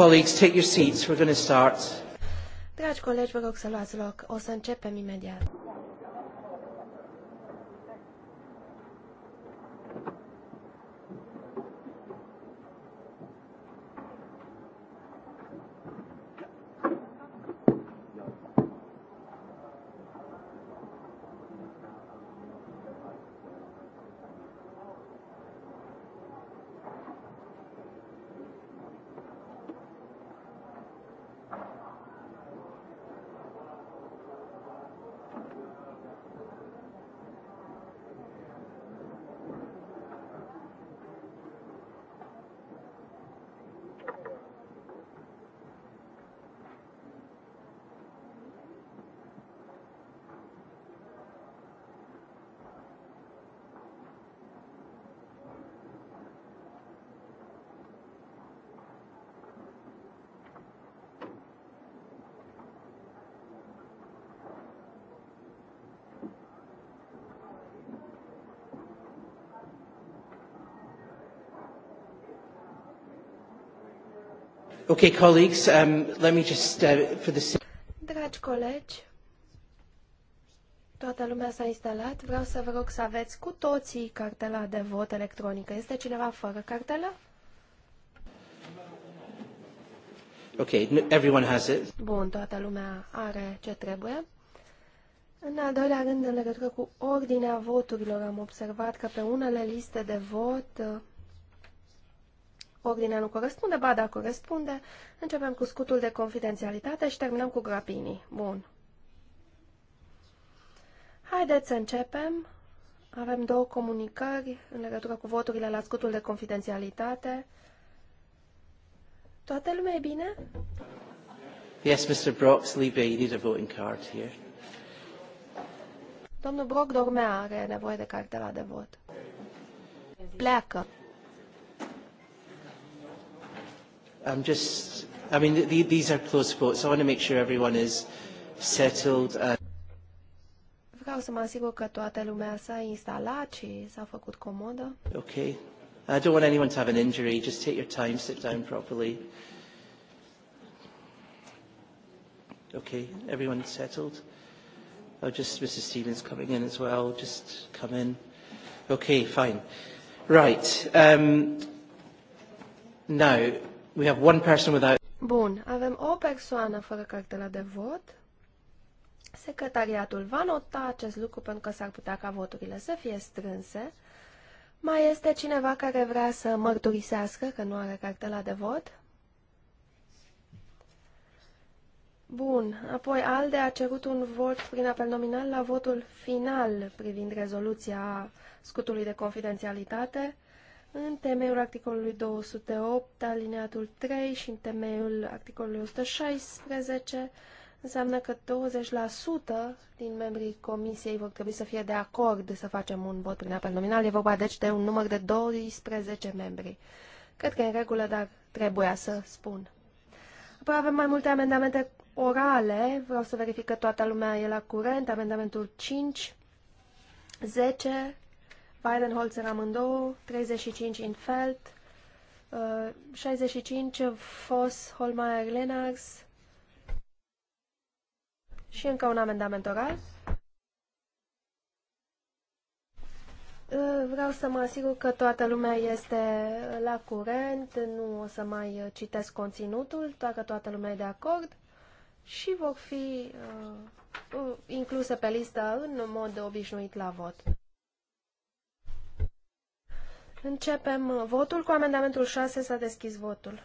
colleagues, take your seats. We're going to start. Dragi colegi, vă rog să luați loc. O să începem imediat. Okay, colleagues, um, let me just, uh, for the... Dragi colegi, toată lumea s-a instalat. Vreau să vă rog să aveți cu toții cartela de vot electronică. Este cineva fără cartela? Okay, everyone has it. Bun, toată lumea are ce trebuie. În al doilea rând, în legătură cu ordinea voturilor, am observat că pe unele liste de vot Ordinea nu corespunde, ba da, corespunde. Începem cu scutul de confidențialitate și terminăm cu grapinii. Bun. Haideți să începem. Avem două comunicări în legătură cu voturile la scutul de confidențialitate. Toată lumea e bine? Yes, Mr. Brock's Libya, you need a voting card here. Domnul Brock dormea, are nevoie de cartela de vot. Pleacă. I'm just, I mean, the, these are close votes. I want to make sure everyone is settled. And... Vreau să mă asigur că toată lumea s-a instalat și s-a făcut comodă. Ok. I don't want anyone to have an injury. Just take your time, sit down properly. Okay, everyone settled. Oh, just Mrs. Stevens coming in as well. Just come in. Okay, fine. Right. Um, now, We have one person without... Bun, avem o persoană fără cartela de vot. Secretariatul va nota acest lucru pentru că s-ar putea ca voturile să fie strânse. Mai este cineva care vrea să mărturisească că nu are cartela de vot? Bun. Apoi ALDE a cerut un vot prin apel nominal la votul final privind rezoluția scutului de confidențialitate în temeiul articolului 208, alineatul 3 și în temeiul articolului 116, înseamnă că 20% din membrii comisiei vor trebui să fie de acord să facem un vot prin apel nominal. E vorba deci de un număr de 12 membri. Cred că e în regulă, dar trebuia să spun. Apoi avem mai multe amendamente orale. Vreau să verific că toată lumea e la curent. Amendamentul 5, 10, în amândouă, 35 uh, 65 Foss, Holmeyer, Lennox și încă un amendament oral. Uh, vreau să mă asigur că toată lumea este la curent, nu o să mai citesc conținutul, dacă toată lumea e de acord și vor fi uh, uh incluse pe listă în mod obișnuit la vot. Începem votul cu amendamentul 6. S-a deschis votul.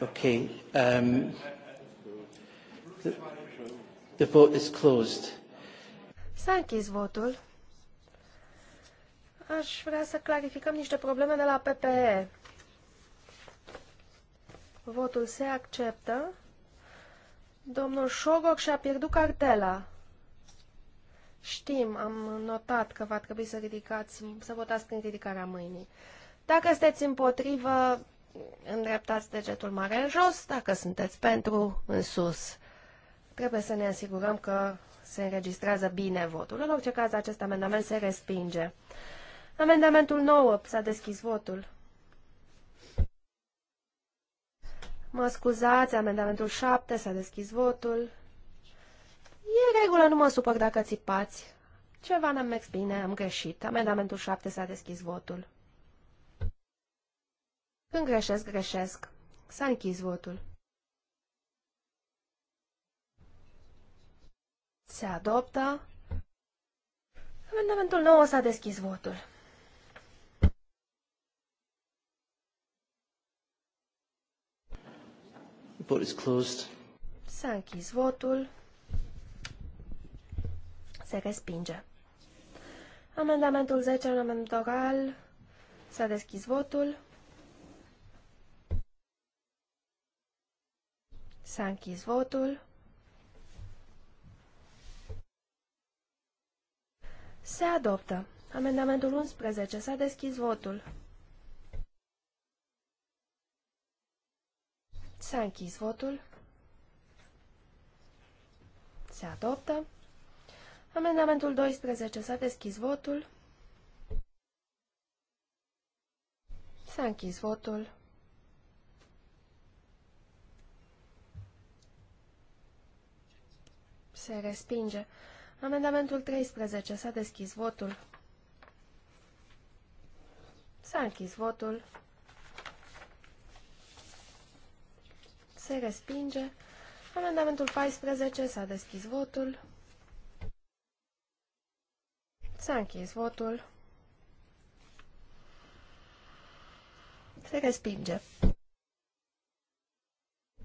Okay. Um, the, the vote is closed. S-a închis votul. Aș vrea să clarificăm niște probleme de la PPE. Votul se acceptă. Domnul Șogoc și-a pierdut cartela. Știm, am notat că va trebui să ridicați, să votați prin ridicarea mâinii. Dacă sunteți împotrivă, îndreptați degetul mare în jos, dacă sunteți pentru, în sus. Trebuie să ne asigurăm că se înregistrează bine votul. În orice caz, acest amendament se respinge. Amendamentul 9. S-a deschis votul. Mă scuzați, amendamentul 7, s-a deschis votul. E regulă, nu mă supăr dacă țipați. Ceva n-am mers bine, am greșit. Amendamentul 7 s-a deschis votul. Când greșesc, greșesc. S-a închis votul. Se adoptă. Amendamentul 9 s-a deschis votul. Vote is closed. S-a închis votul. Se respinge. Amendamentul 10, în amendament oral. S-a deschis votul. S-a închis votul. Se adoptă. Amendamentul 11. S-a deschis votul. S-a închis votul. Se adoptă. Amendamentul 12. S-a deschis votul. S-a închis votul. Se respinge. Amendamentul 13. S-a deschis votul. S-a închis votul. se respinge. Amendamentul 14 s-a deschis votul. S-a închis votul. Se respinge.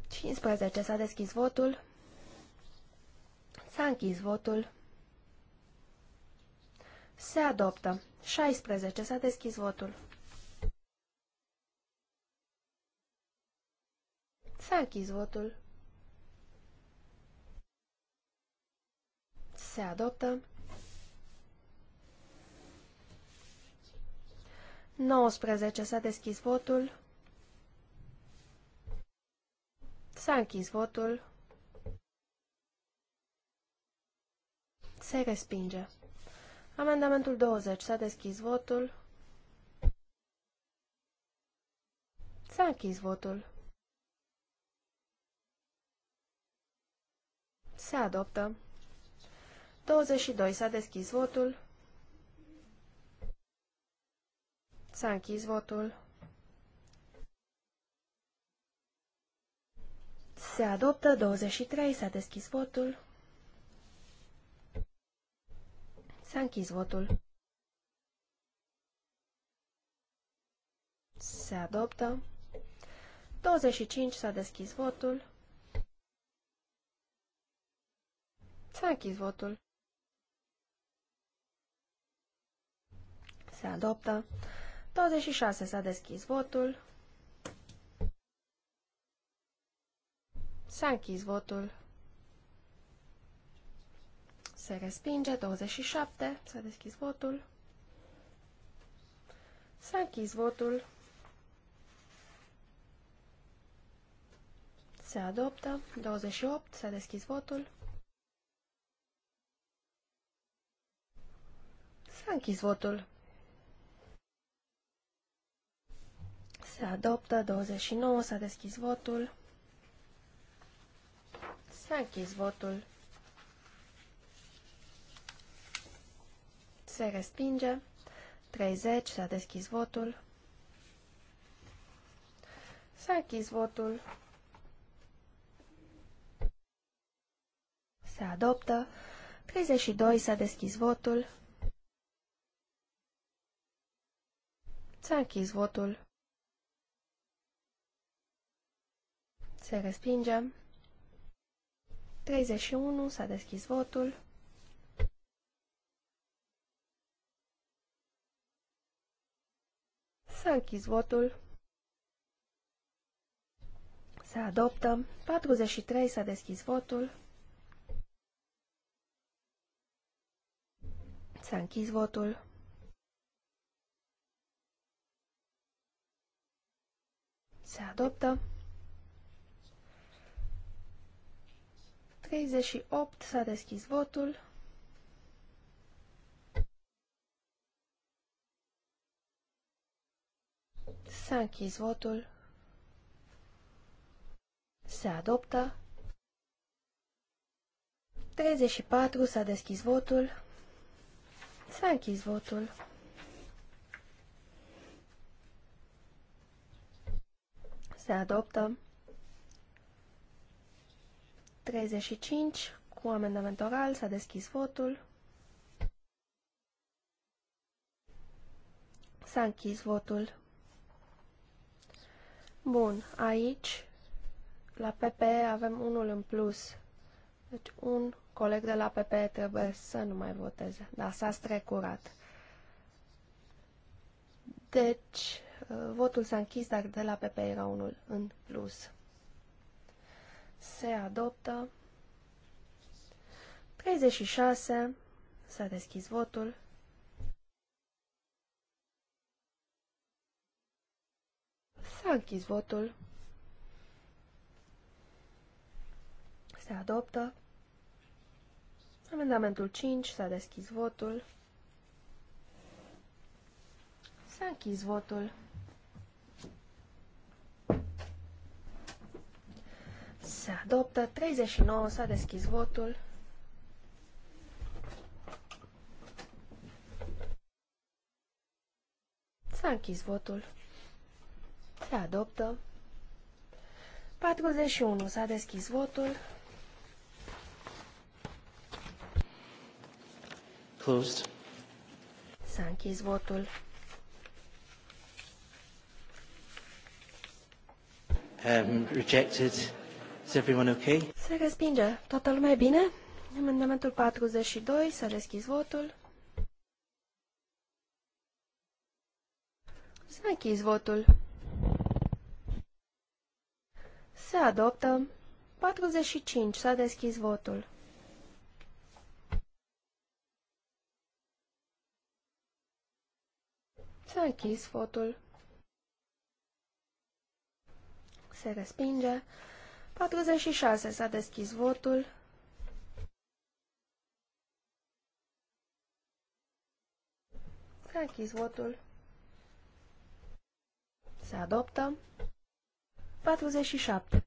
15 s-a deschis votul. S-a închis votul. Se adoptă. 16 s-a deschis votul. S-a închis votul. Se adoptă. 19. S-a deschis votul. S-a închis votul. Se respinge. Amendamentul 20. S-a deschis votul. S-a închis votul. Se adoptă. 22. S-a deschis votul. S-a închis votul. Se adoptă. 23. S-a deschis votul. S-a închis votul. Se adoptă. 25. S-a deschis votul. S-a închis votul. Se adoptă. 26 s-a deschis votul. S-a închis votul. Se respinge. 27 s-a deschis votul. S-a închis votul. Se adoptă. 28 s-a deschis votul. S-a închis votul. Se adoptă 29, s-a deschis votul. S-a închis votul. Se respinge. 30, s-a deschis votul. S-a închis votul. Se adoptă. 32, s-a deschis votul. ți a închis votul. Se respinge. 31. S-a deschis votul. S-a închis votul. Se adoptă. 43. S-a deschis votul. S-a închis votul. se adoptă. 38 s-a deschis votul. S-a închis votul. Se adoptă. 34 s-a deschis votul. S-a închis votul. se adoptă 35 cu amendament oral, s-a deschis votul, s-a închis votul. Bun, aici la PP avem unul în plus, deci un coleg de la PP trebuie să nu mai voteze, dar s-a strecurat. Deci, Votul s-a închis, dar de la PP era unul în plus. Se adoptă. 36. S-a deschis votul. S-a închis votul. Se adoptă. Amendamentul 5. S-a deschis votul. S-a închis votul. se adoptă. 39 s-a deschis votul. S-a închis votul. Se adoptă. 41 s-a deschis votul. Closed. S-a închis votul. Um, rejected. Is everyone okay? Se respinge. Toată lumea e bine? Amendamentul 42, s-a deschis votul. S-a închis votul. Se adoptă. 45, s-a deschis votul. S-a închis votul. Se respinge. 46. S-a deschis votul. S-a închis votul. Se adoptă. 47.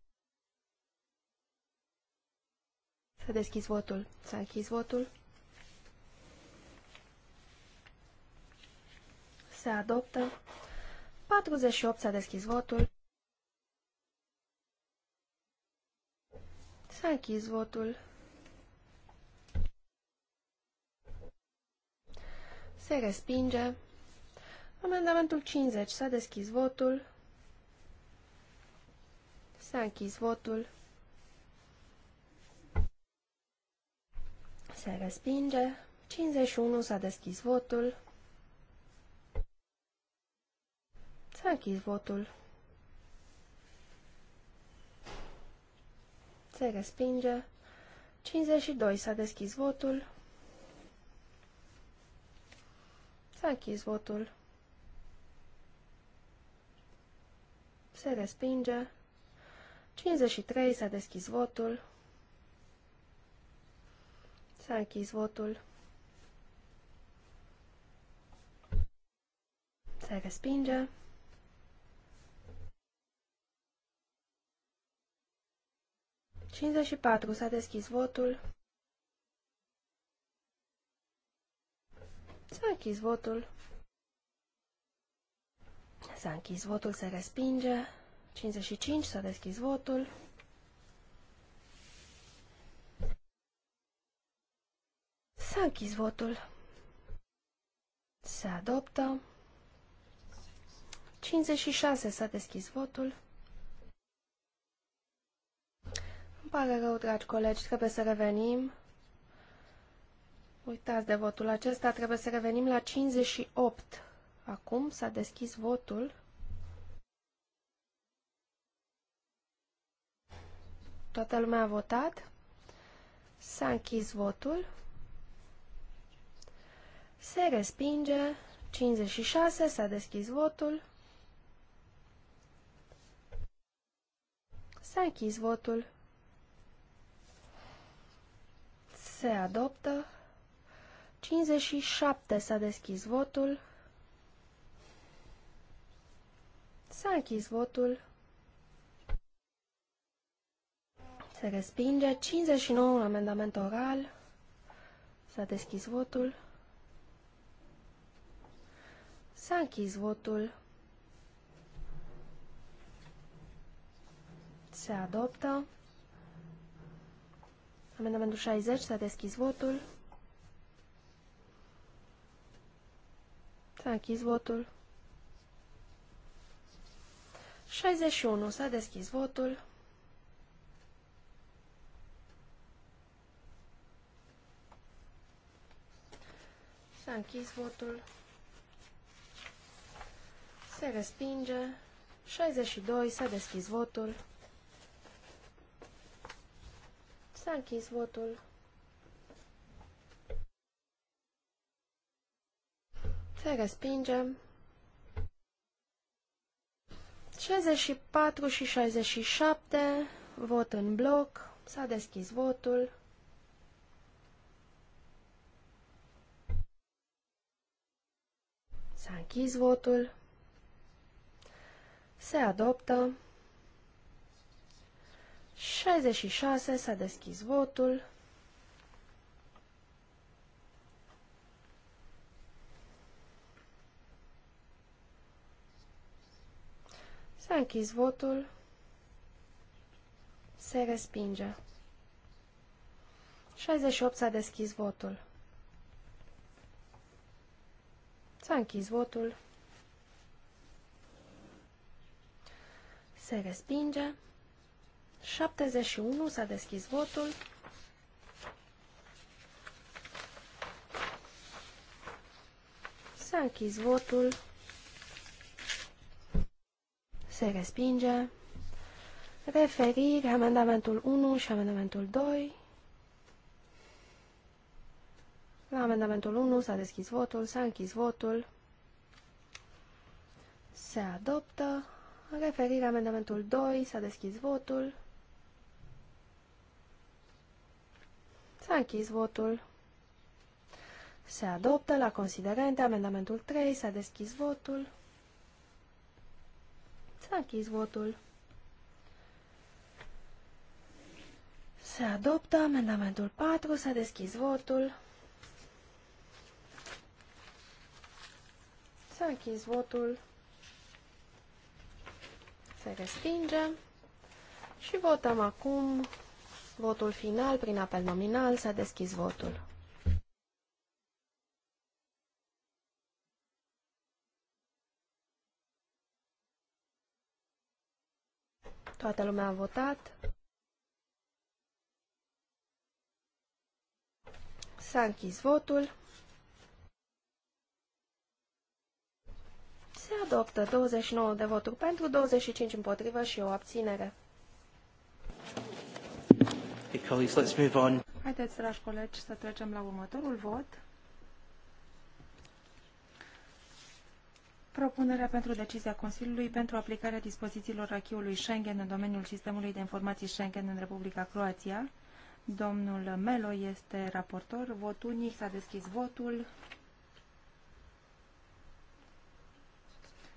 S-a deschis votul. S-a închis votul. Se adoptă. 48. S-a deschis votul. S-a închis votul. Se respinge. Amendamentul 50. S-a deschis votul. S-a închis votul. Se respinge. 51. S-a deschis votul. S-a închis votul. Se respinge. 52. S-a deschis votul. S-a închis votul. Se respinge. 53. S-a deschis votul. S-a închis votul. Se respinge. 54. S-a deschis votul. S-a închis votul. S-a închis votul, se respinge. 55. S-a deschis votul. S-a închis votul. Se adoptă. 56. S-a deschis votul. Îmi pare rău, dragi colegi, trebuie să revenim. Uitați de votul acesta, trebuie să revenim la 58. Acum s-a deschis votul. Toată lumea a votat. S-a închis votul. Se respinge. 56. S-a deschis votul. S-a închis votul. se adoptă. 57 s-a deschis votul. S-a închis votul. Se respinge. 59 amendament oral. S-a deschis votul. S-a închis votul. Se adoptă. Amendamentul 60, s-a deschis votul. S-a închis votul. 61, s-a deschis votul. S-a închis votul. Se respinge. 62, s-a deschis votul. S-a închis votul. Se respinge. 64 și 67, vot în bloc, s-a deschis votul. S-a închis votul. Se adoptă. 66 s-a deschis votul. S-a închis votul. Se respinge. 68 s-a deschis votul. S-a închis votul. Se respinge. 71 s-a deschis votul. S-a închis votul. Se respinge. Referiri, amendamentul 1 și amendamentul 2. La amendamentul 1 s-a deschis votul, s-a închis votul. Se adoptă. Referire amendamentul 2 s-a deschis votul. S-a închis votul. Se adoptă la considerente amendamentul 3. S-a deschis votul. S-a închis votul. Se adoptă amendamentul 4. S-a deschis votul. S-a închis votul. Se respinge. Și votăm acum Votul final prin apel nominal. S-a deschis votul. Toată lumea a votat. S-a închis votul. Se adoptă 29 de voturi pentru, 25 împotrivă și o abținere. Okay, colleagues, let's move on. Haideți, dragi colegi, să trecem la următorul vot. Propunerea pentru decizia Consiliului pentru aplicarea dispozițiilor rachiului Schengen în domeniul sistemului de informații Schengen în Republica Croația. Domnul Melo este raportor. Vot unic. S-a deschis votul.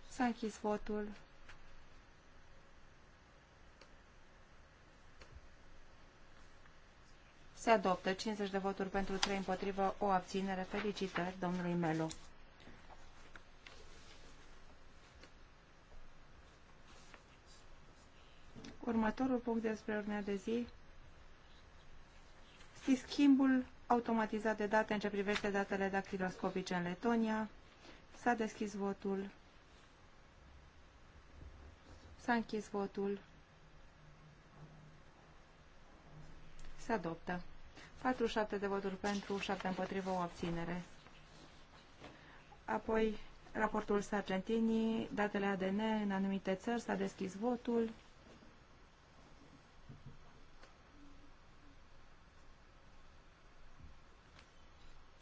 S-a închis votul. Se adoptă 50 de voturi pentru 3 împotrivă, o abținere. Felicitări domnului Melo. Următorul punct despre ordinea de zi este schimbul automatizat de date în ce privește datele dactiloscopice în Letonia. S-a deschis votul. S-a închis votul. Se adoptă. 47 de voturi pentru, 7 împotrivă, o abținere. Apoi, raportul Sargentinii, datele ADN în anumite țări, s-a deschis votul.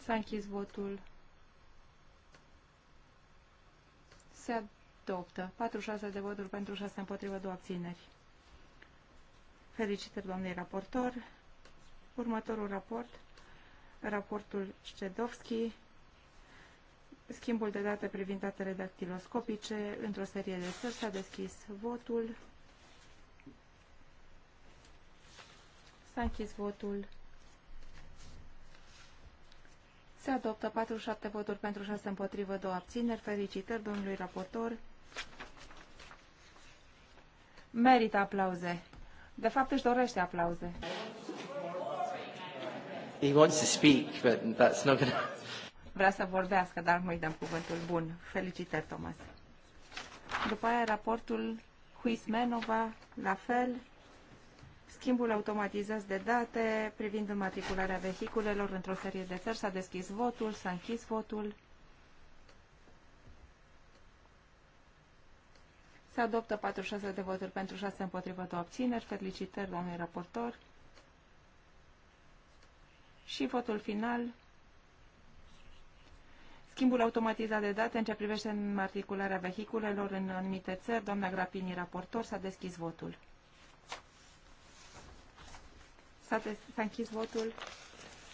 S-a închis votul. Se adoptă. 46 de voturi pentru, 6 împotrivă, două abțineri. Felicitări, doamnei raportor. Următorul raport, raportul Șcedovski, schimbul de date privind datele dactiloscopice într-o serie de țări s-a deschis votul. S-a închis votul. Se adoptă 47 voturi pentru 6 împotrivă, 2 abțineri. Felicitări domnului raportor. Merită aplauze. De fapt își dorește aplauze. He wants to speak, but that's not gonna... Vrea să vorbească, dar nu-i dăm cuvântul bun. Felicitări, Thomas. După aia, raportul Huismenova, la fel, schimbul automatizat de date privind înmatricularea vehiculelor într-o serie de țări. S-a deschis votul, s-a închis votul. Se adoptă 46 de voturi pentru 6 împotrivă 2 abțineri. Felicitări, doamnei raportor și votul final. Schimbul automatizat de date în ce privește înmatricularea vehiculelor în anumite țări. Doamna Grapini, raportor, s-a deschis votul. S-a, închis votul.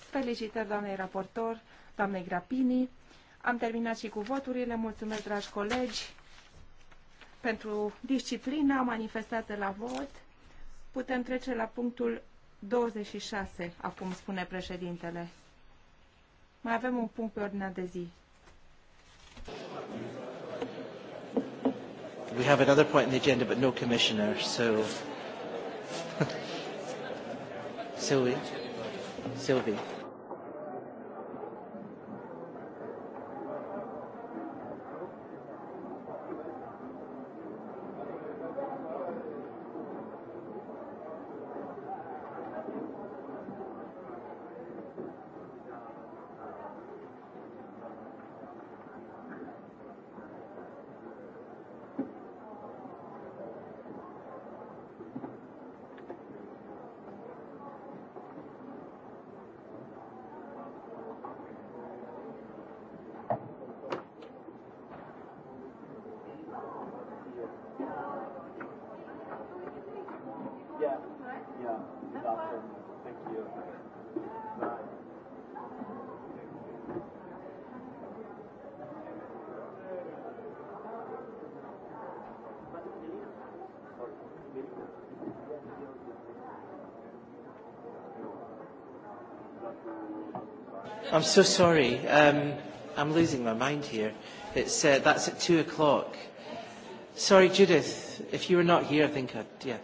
Felicitări doamnei raportor, doamnei Grapini. Am terminat și cu voturile. Mulțumesc, dragi colegi, pentru disciplina manifestată la vot. Putem trece la punctul 26, acum spune președintele. Mai avem un punct pe ordinea de zi. We have another point in the agenda, but no commissioner, so... Sylvie. Sylvie. I'm so sorry. Um, I'm losing my mind here. It's, uh, that's at two o'clock. Sorry, Judith, if you were not here, I think I'd, yeah.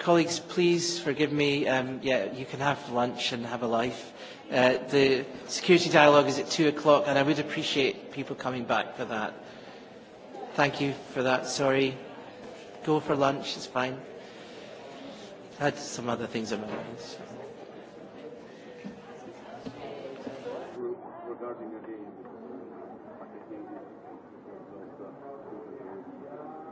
Colleagues, please forgive me. Um, yeah, you can have lunch and have a life. Uh, the security dialogue is at two o'clock, and I would appreciate people coming back for that. Thank you for that. Sorry. Go for lunch, it's fine. I had some other things on my mind. So.